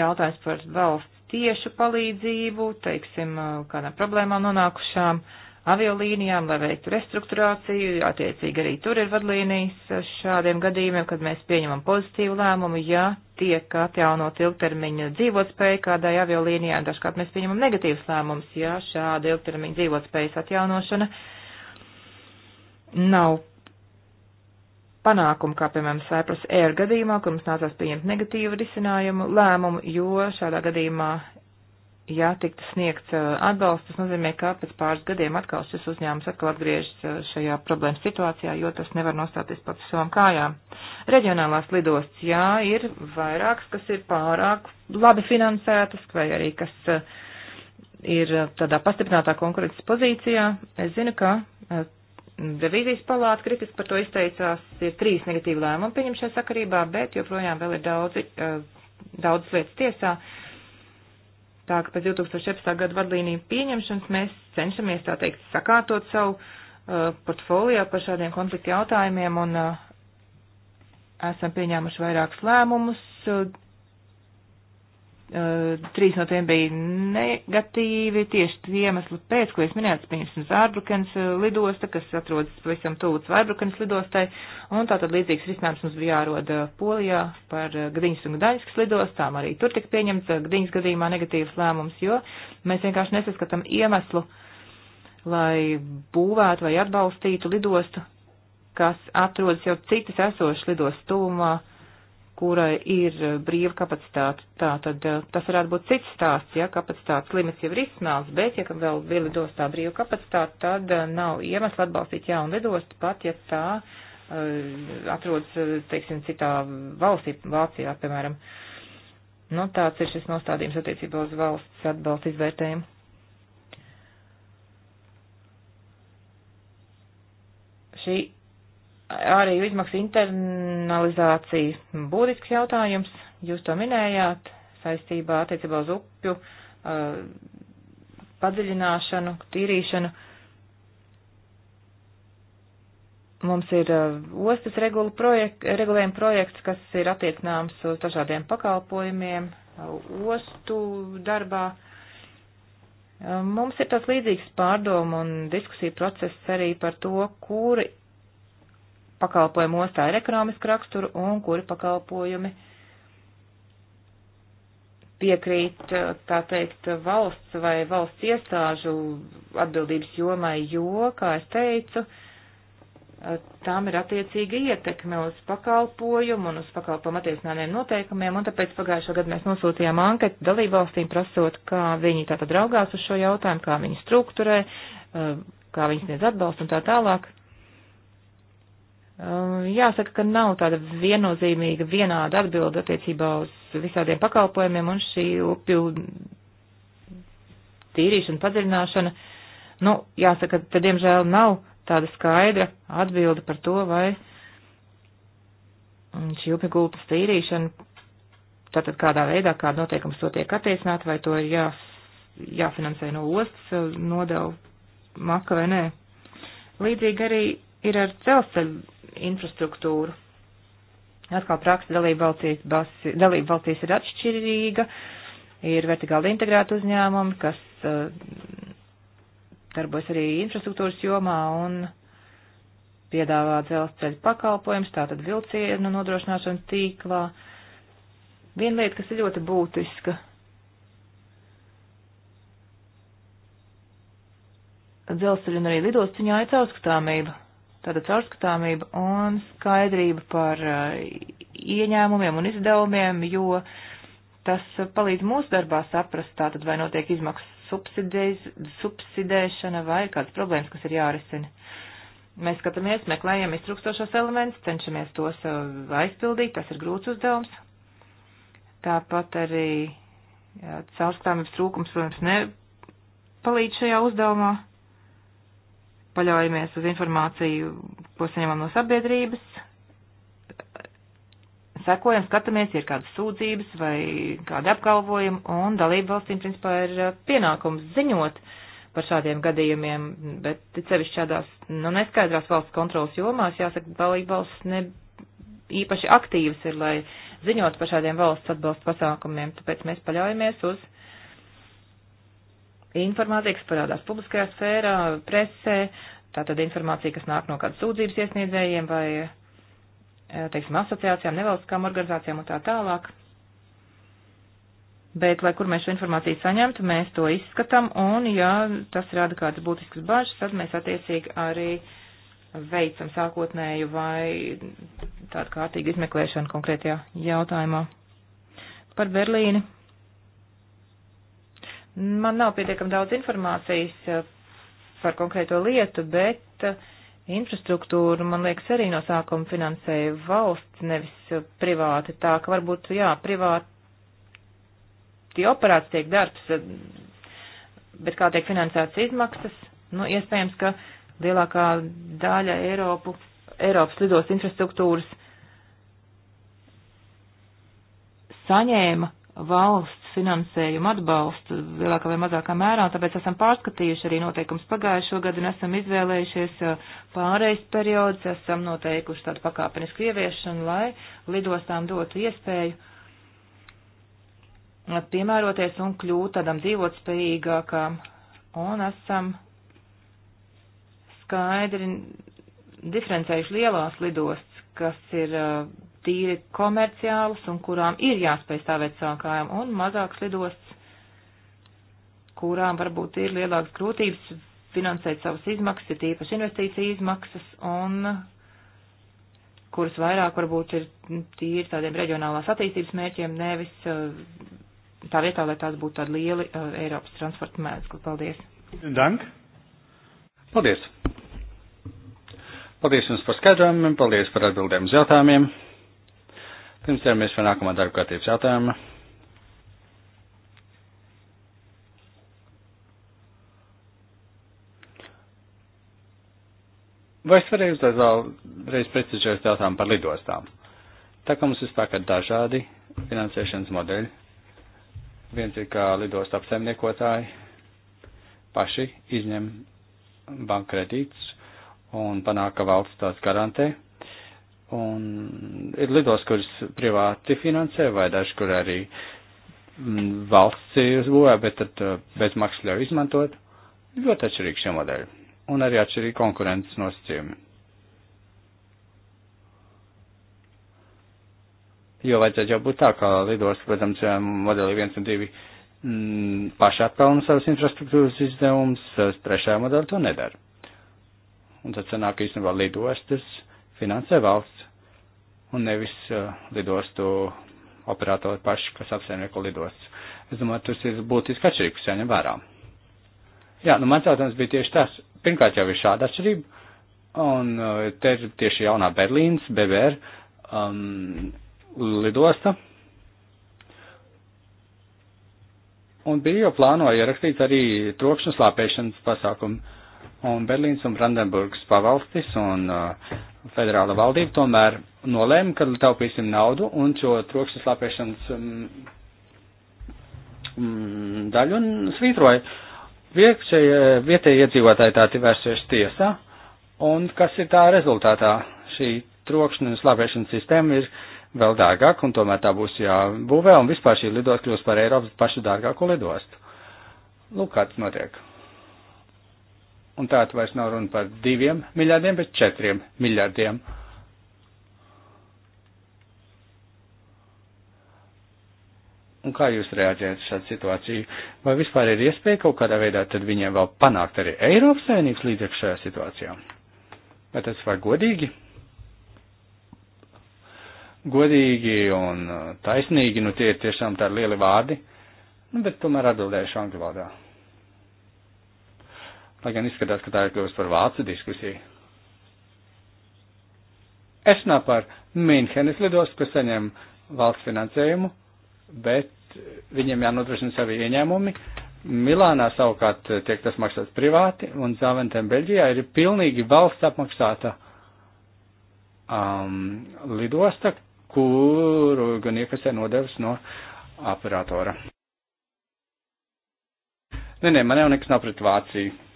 jautājums par valsts tiešu palīdzību, teiksim, uh, kādām problēmām nonākušām. Uh, aviolīnijām, lai veiktu restruktūrāciju, attiecīgi arī tur ir vadlīnijas šādiem gadījumiem, kad mēs pieņemam pozitīvu lēmumu, ja tiek atjaunot ilgtermiņa dzīvotspēja kādai aviolīnijai, un dažkārt mēs pieņemam negatīvus lēmumus, ja šāda ilgtermiņa dzīvotspējas atjaunošana nav panākumu, kā piemēram Cyprus Air gadījumā, kur mums nācās pieņemt negatīvu risinājumu lēmumu, jo šādā gadījumā ja tiktu sniegts uh, atbalsts, tas nozīmē, ka pēc pāris gadiem atkal šis uzņēmums atkal atgriežas uh, šajā problēmas situācijā, jo tas nevar nostāties pats savām kājām. Reģionālās lidostas, jā, ir vairākas, kas ir pārāk labi finansētas, vai arī kas uh, ir tādā pastiprinātā konkurences pozīcijā. Es zinu, ka revīzijas palāta kritiski par to izteicās, ir trīs negatīvi lēmumi pieņemšajā sakarībā, bet joprojām vēl ir daudzi, daudz lietas tiesā Tā ka pēc 2017. gada vadlīniju pieņemšanas mēs cenšamies, tā teikt, sakārtot savu uh, portfolio par šādiem konfliktu jautājumiem un uh, esam pieņēmuši vairākus lēmumus. Uh, Eh, trīs no tiem bija negatīvi tieši iemeslu pēc, ko es minēju, piemēram, Zārbrukens eh, lidosta, kas atrodas pavisam tuvu Zārbrukens lidostai, un tātad līdzīgs risinājums mums bija jārod eh, Polijā par Gdiņas un Gdaņskas lidostām, arī tur tika pieņemts Gdiņas gadījumā negatīvs lēmums, jo mēs vienkārši nesaskatām iemeslu, lai būvētu vai atbalstītu lidostu, kas atrodas jau citas esošas lidostas tuvumā kurai ir eh, brīva kapacitāte. Tā tad eh, tas varētu būt cits stāsts, ja kapacitātes limits jau ir izsmelts, bet, ja vēl bija lidostā brīva kapacitāte, tad eh, nav iemesla atbalstīt jaunu lidostu, pat ja tā atrodas, teiksim, citā valstī, Vācijā, piemēram. Nu, tāds ir šis nostādījums attiecībā uz valsts atbalsta izvērtējumu. Šī arī izmaksu internalizācija būtisks jautājums. Jūs to minējāt saistībā attiecībā uz upju uh, padziļināšanu, tīrīšanu. Mums ir uh, ostas projekt, regulējuma projekts, kas ir attiecināms uz dažādiem pakalpojumiem, uh, ostu darbā. Uh, mums ir tas līdzīgs pārdomu un diskusiju process arī par to, kuri pakalpojumu ostā ir ekonomiska rakstura un kuri pakalpojumi piekrīt, eh, tā teikt, valsts vai valsts iestāžu atbildības jomai, jo, kā es teicu, eh, tām ir attiecīga ietekme uz pakalpojumu un uz pakalpojumu attiecinājumiem noteikumiem, un tāpēc pagājušā gada mēs nosūtījām anketu dalībvalstīm prasot, kā viņi tātad raugās uz šo jautājumu, kā viņi struktūrē, eh, kā viņi sniedz atbalstu un tā tālāk. Jāsaka, ka nav tāda viennozīmīga vienāda atbilda attiecībā uz visādiem pakalpojumiem un šī upju tīrīšana, padziļināšana. Nu, jāsaka, tad diemžēl nav tāda skaidra atbilda par to, vai šī upju gultas tīrīšana, tātad kādā veidā, kāda noteikums to tiek attiecināt, vai to ir jā, jāfinansē no ostas nodevu maka vai nē. Līdzīgi arī ir ar dzelzceļu infrastruktūru. Atkal praksa dalība valstīs, basi, dalība valstīs ir atšķirīga, ir vertikāli integrēta uzņēmumi, kas uh, darbojas arī infrastruktūras jomā un piedāvā dzelzceļa pakalpojums, tātad vilcienu nodrošināšanu tīklā. Viena lieta, kas ir ļoti būtiska, dzelzceļa un arī lidostu ziņā ir caurskatāmība. Tātad caurskatāmība un skaidrība par eh, ieņēmumiem un izdevumiem, jo tas palīdz mūsu darbā saprast, tātad vai notiek izmaksas subsidēšana vai ir kādas problēmas, kas ir jārisina. Mēs skatāmies, meklējam iztrukstošos elementus, cenšamies tos eh, aizpildīt, tas ir grūts uzdevums. Tāpat arī caurskatāmības trūkums, protams, nepalīdz šajā uzdevumā paļaujamies uz informāciju, ko saņemam no sabiedrības, sekojam, skatāmies, ir kādas sūdzības vai kādi apgalvojumi, un dalību valstīm, principā, ir eh, pienākums ziņot par šādiem gadījumiem, bet sevišķi šādās, nu, neskaidrās valsts kontrolas jomās, jāsaka, dalību valsts ne īpaši aktīvas ir, lai ziņot par šādiem valsts atbalsta pasākumiem, tāpēc mēs paļaujamies uz uh, informācija, kas parādās publiskajā sfērā, presē, tātad informācija, kas nāk no kādas sūdzības iesniedzējiem vai, eh, teiksim, asociācijām, nevalstiskām organizācijām un tā tālāk. Bet, lai kur mēs šo informāciju saņemtu, mēs to izskatām, un, ja tas rada kādas būtiskas bažas, tad mēs attiecīgi arī veicam sākotnēju vai tādu kārtīgu izmeklēšanu konkrētajā jautājumā. Par Berlīni Man nav pietiekam daudz informācijas eh, par konkrēto lietu, bet eh, infrastruktūru, man liekas, arī no sākuma finansēja valsts, nevis eh, privāti. Tā ka varbūt, jā, privāti operāts tiek darbs, bet kā tiek finansētas izmaksas, nu, iespējams, ka lielākā daļa Eiropu, Eiropas lidos infrastruktūras saņēma valsts finansējumu atbalstu lielākā vai mazākā mērā, tāpēc esam pārskatījuši arī noteikums pagājušo gadu un esam izvēlējušies uh, pārejas periodus, esam noteikuši tādu pakāpenisku ieviešanu, lai lidostām dotu iespēju uh, piemēroties un kļūt tādam dzīvotspējīgākām un esam skaidri diferencējuši lielās lidostas, kas ir uh, tīri komerciālas un kurām ir jāspēj stāvēt savām kājām, un mazāks lidosts, kurām varbūt ir lielākas grūtības finansēt savas izmaksas, ir tīpaši investīcija izmaksas, un kuras vairāk varbūt ir tīri tādiem reģionālās attīstības mērķiem, nevis uh, tā vietā, lai tās būtu tādi lieli uh, Eiropas transporta mēdzi. Paldies! Dank! Paldies! Paldies jums par skaidrojumiem, paldies par atbildēm uz jautājumiem. Pirms ķeramies pie nākamā darba kārtības jautājuma. Vai es varēju uzdot vēlreiz precizējot jautājumu par lidostām? Tā kā mums ir spēkā dažādi finansēšanas modeļi, viens ir kā lidostu apsaimniekotāji paši izņem bankkredītus un panāk, ka valsts tās garantē. Un ir lidos, kuras privāti finansē, vai daži, kur arī mm, valsts ir uzbūvē, bet tad uh, bez maksas ļauj izmantot. Ļoti atšķirīgi šie modeļi. Un arī atšķirīgi konkurences nosacījumi. Jo vajadzētu jau būt tā, ka lidos, protams, modeli 1 un 2 m, mm, paši atpelna savas infrastruktūras izdevumus, trešajā modelī to nedara. Un tad sanāk īstenībā lidostas finansē valsts un nevis uh, lidostu operatori paši, kas apsaimnieko lidostas. Es domāju, tas ir būtiski atšķirīgs, jāņem vērā. Jā, nu mans jautājums bija tieši tas. Pirmkārt jau ir šāda atšķirība, un uh, te ir tieši jaunā Berlīnas, BBR um, lidosta. Un bija jau plānoja ierakstīt arī trokšņa slāpēšanas pasākumu un Berlīns un Brandenburgas pavalstis un uh, federāla valdība tomēr nolēma, ka taupīsim naudu un šo trokšņa slāpēšanas um, mm, daļu un svītroja. Uh, Vietējie iedzīvotāji tā vērsies tiesā, un kas ir tā rezultātā? Šī trokšņa un slāpēšanas sistēma ir vēl dārgāk, un tomēr tā būs jābūvē, un vispār šī lidost kļūs par Eiropas pašu dārgāko lidostu. Lūk, kāds notiek. Un tā vairs nav runa par diviem miljardiem, bet četriem miljardiem. Un kā jūs reaģējat šādu situāciju? Vai vispār ir iespēja kaut kādā veidā tad viņiem vēl panākt arī Eiropas saimnības līdzekļu šajā situācijā? Vai tas var godīgi? Godīgi un uh, taisnīgi, nu tie ir tiešām tādi lieli vārdi, nu, bet tomēr atbildējuši angļu valodā. Lai gan izskatās, ka tā ir kļuvusi par vācu diskusiju. Es nav par Mīnhenes lidostu, kas saņem valsts finansējumu, bet viņiem jānodrošina savi ieņēmumi. Milānā savukārt tiek tas maksāts privāti, un Zāventēm Beļģijā ir pilnīgi valsts apmaksāta um, lidosta, kuru gan iekasē nodevs no operatora. Nē, nē, man jau nekas nav pret Vāciju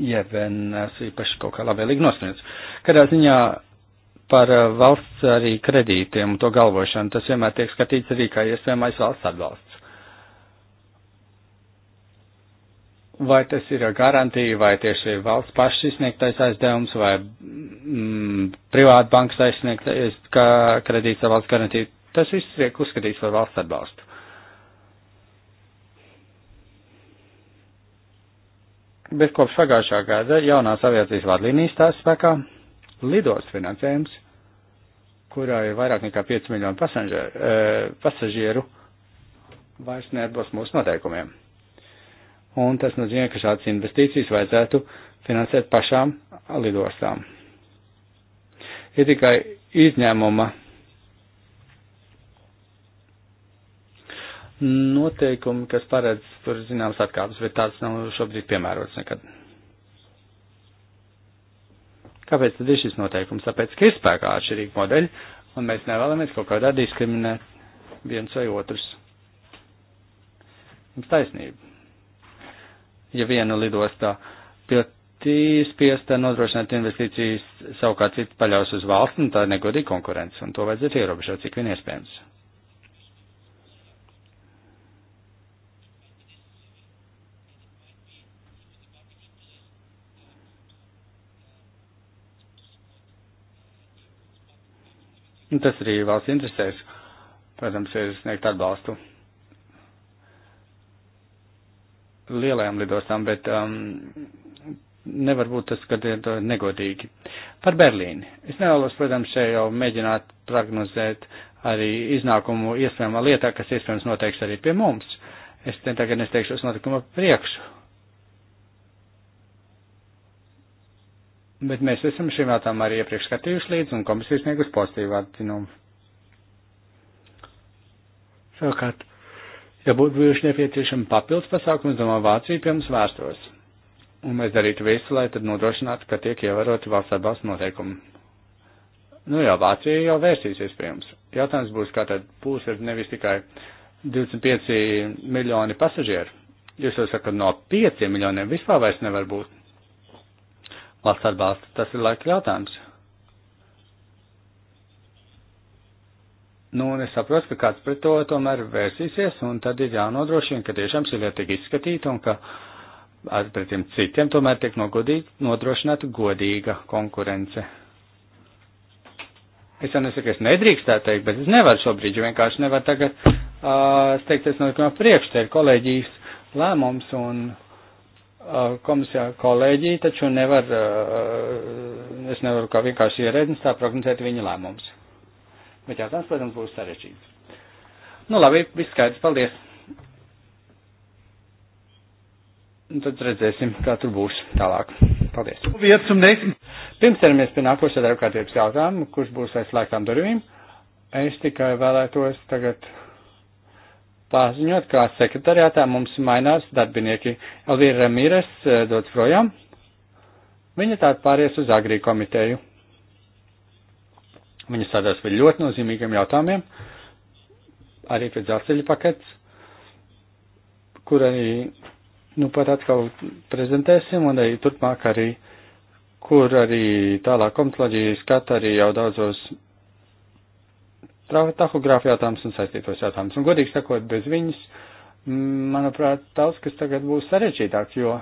ievenas īpaši kaut kā labvēlīgi nosniedz. Kādā ziņā par valsts arī kredītiem un to galvošanu tas vienmēr tiek skatīts arī kā iespējamais valsts atbalsts. Vai tas ir garantija, vai tieši valsts pašs izsniegtais aizdevums, vai mm, privāta bankas aizsniegtais kredīts ar valsts garantiju, tas viss tiek uzskatīts par valsts atbalstu. bet kopš pagājušā gada jaunās aviācijas vadlīnijas tās spēkā lidos finansējums, kurā ir vairāk nekā 5 miljonu e, pasažieru, vairs neatbilst mūsu noteikumiem. Un tas nozīmē, ka šādas investīcijas vajadzētu finansēt pašām lidostām. Ir tikai izņēmuma noteikumi, kas paredz tur zināmas atkāpes, bet tāds nav šobrīd piemērots nekad. Kāpēc tad ir šis noteikums? Tāpēc, ka ir spēkā atšķirīgi modeļi, un mēs nevēlamies kaut kādā diskriminēt viens vai otrs. Jums taisnība. Ja viena lidostā pilotī spiesta nodrošināt investīcijas, savukārt cita paļaus uz valsts, un nu, tā negodīga konkurence, un to vajadzētu ierobežot, cik vien iespējams. Un tas arī valsts interesēs, protams, ir sniegt atbalstu lielajām lidostām, bet um, nevar būt tas, ka ir negodīgi. Par Berlīni. Es nevēlos, protams, šeit jau mēģināt prognozēt arī iznākumu iespējamā lietā, kas iespējams noteiks arī pie mums. Es te tagad nesteikšu uz notikumu priekšu. Bet mēs esam šim jautājumam arī iepriekš skatījuši līdz un komisijas sniegus pozitīvu atzinumu. Savukārt, ja būtu bijuši nepieciešami papildus pasākumi, domāju, Vācija pie mums vērstos. Un mēs darītu visu, lai tad nodrošinātu, ka tiek ievēroti valsts atbalsta noteikumi. Nu jā, Vācija jau vērsīsies pie mums. Jautājums būs, kā tad būs ar nevis tikai 25 miljoni pasažieru. Jūs jau sakat, no 5 miljoniem vispār vairs nevar būt valsts atbalsta. Tas ir laika jautājums. Nu, un es saprotu, ka kāds pret to tomēr vērsīsies, un tad ir jānodrošina, ka tiešām šī lieta tiek izskatīta un ka ar pret tiem citiem tomēr tiek nogodīt, nodrošināta godīga konkurence. Es jau nesaku, ka es nedrīkst tā teikt, bet es nevaru šobrīd, jo vienkārši nevaru tagad uh, steigties no priekš, te ir kolēģijas lēmums un. Uh, Eh, komisijā kolēģi, taču nevar, eh, es nevaru kā vienkārši ierēdnis tā prognozēt viņa lēmumus. Bet jautājums, protams, būs sarežģīts. Nu labi, viss skaidrs, paldies. Un nu, tad redzēsim, kā tur būs tālāk. Paldies. Pirms ķeramies pie nākošā darba kārtības jautājuma, kurš būs aiz slēgtām durvīm, es tikai vēlētos tagad paziņot, kā sekretariātā mums mainās darbinieki. Elvīra Ramīres eh, dodas projām. Viņa tāda pāries uz agrī komiteju. Viņa strādās pie ļoti nozīmīgiem jautājumiem, arī pie dzelzceļa pakets, kur arī, nu, pat atkal prezentēsim, un arī turpmāk arī, kur arī tālāk komitoloģija skata arī jau daudzos tahogrāfa jautājums un saistītos jautājums. Un, godīgi sakot, bez viņas, manuprāt, daudz kas tagad būs sarežģītāks, jo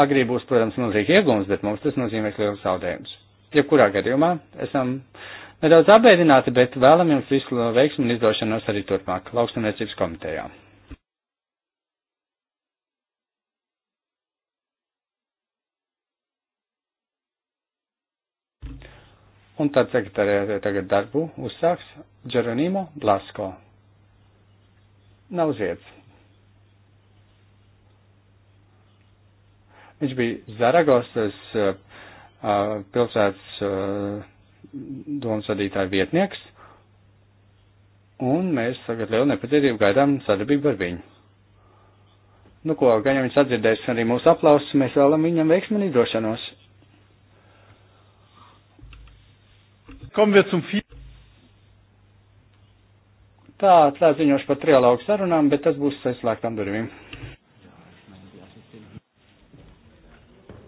agrī būs, protams, milzīgi iegums, bet mums tas nozīmēs liels zaudējums. Jebkurā gadījumā esam nedaudz apbēdināti, bet vēlam jums visu veiksmu un izdošanos arī turpmāk lauksamniecības komitejām. un tad sekretārē tagad darbu uzsāks Geronimo Blasko. Nav zieds. Viņš bija Zaragosas uh, pilsētas uh, domas vadītāja vietnieks, un mēs tagad lielu nepacietību gaidām sadarbību ar viņu. Nu ko, gan jau viņš atdzirdēs arī mūsu aplausus, mēs vēlam viņam veiksmi un izdrošanos. Kommen wir zum vierten. Tā atklāt ziņošu par trialogu sarunām, bet tas būs aizslēgtām durvīm.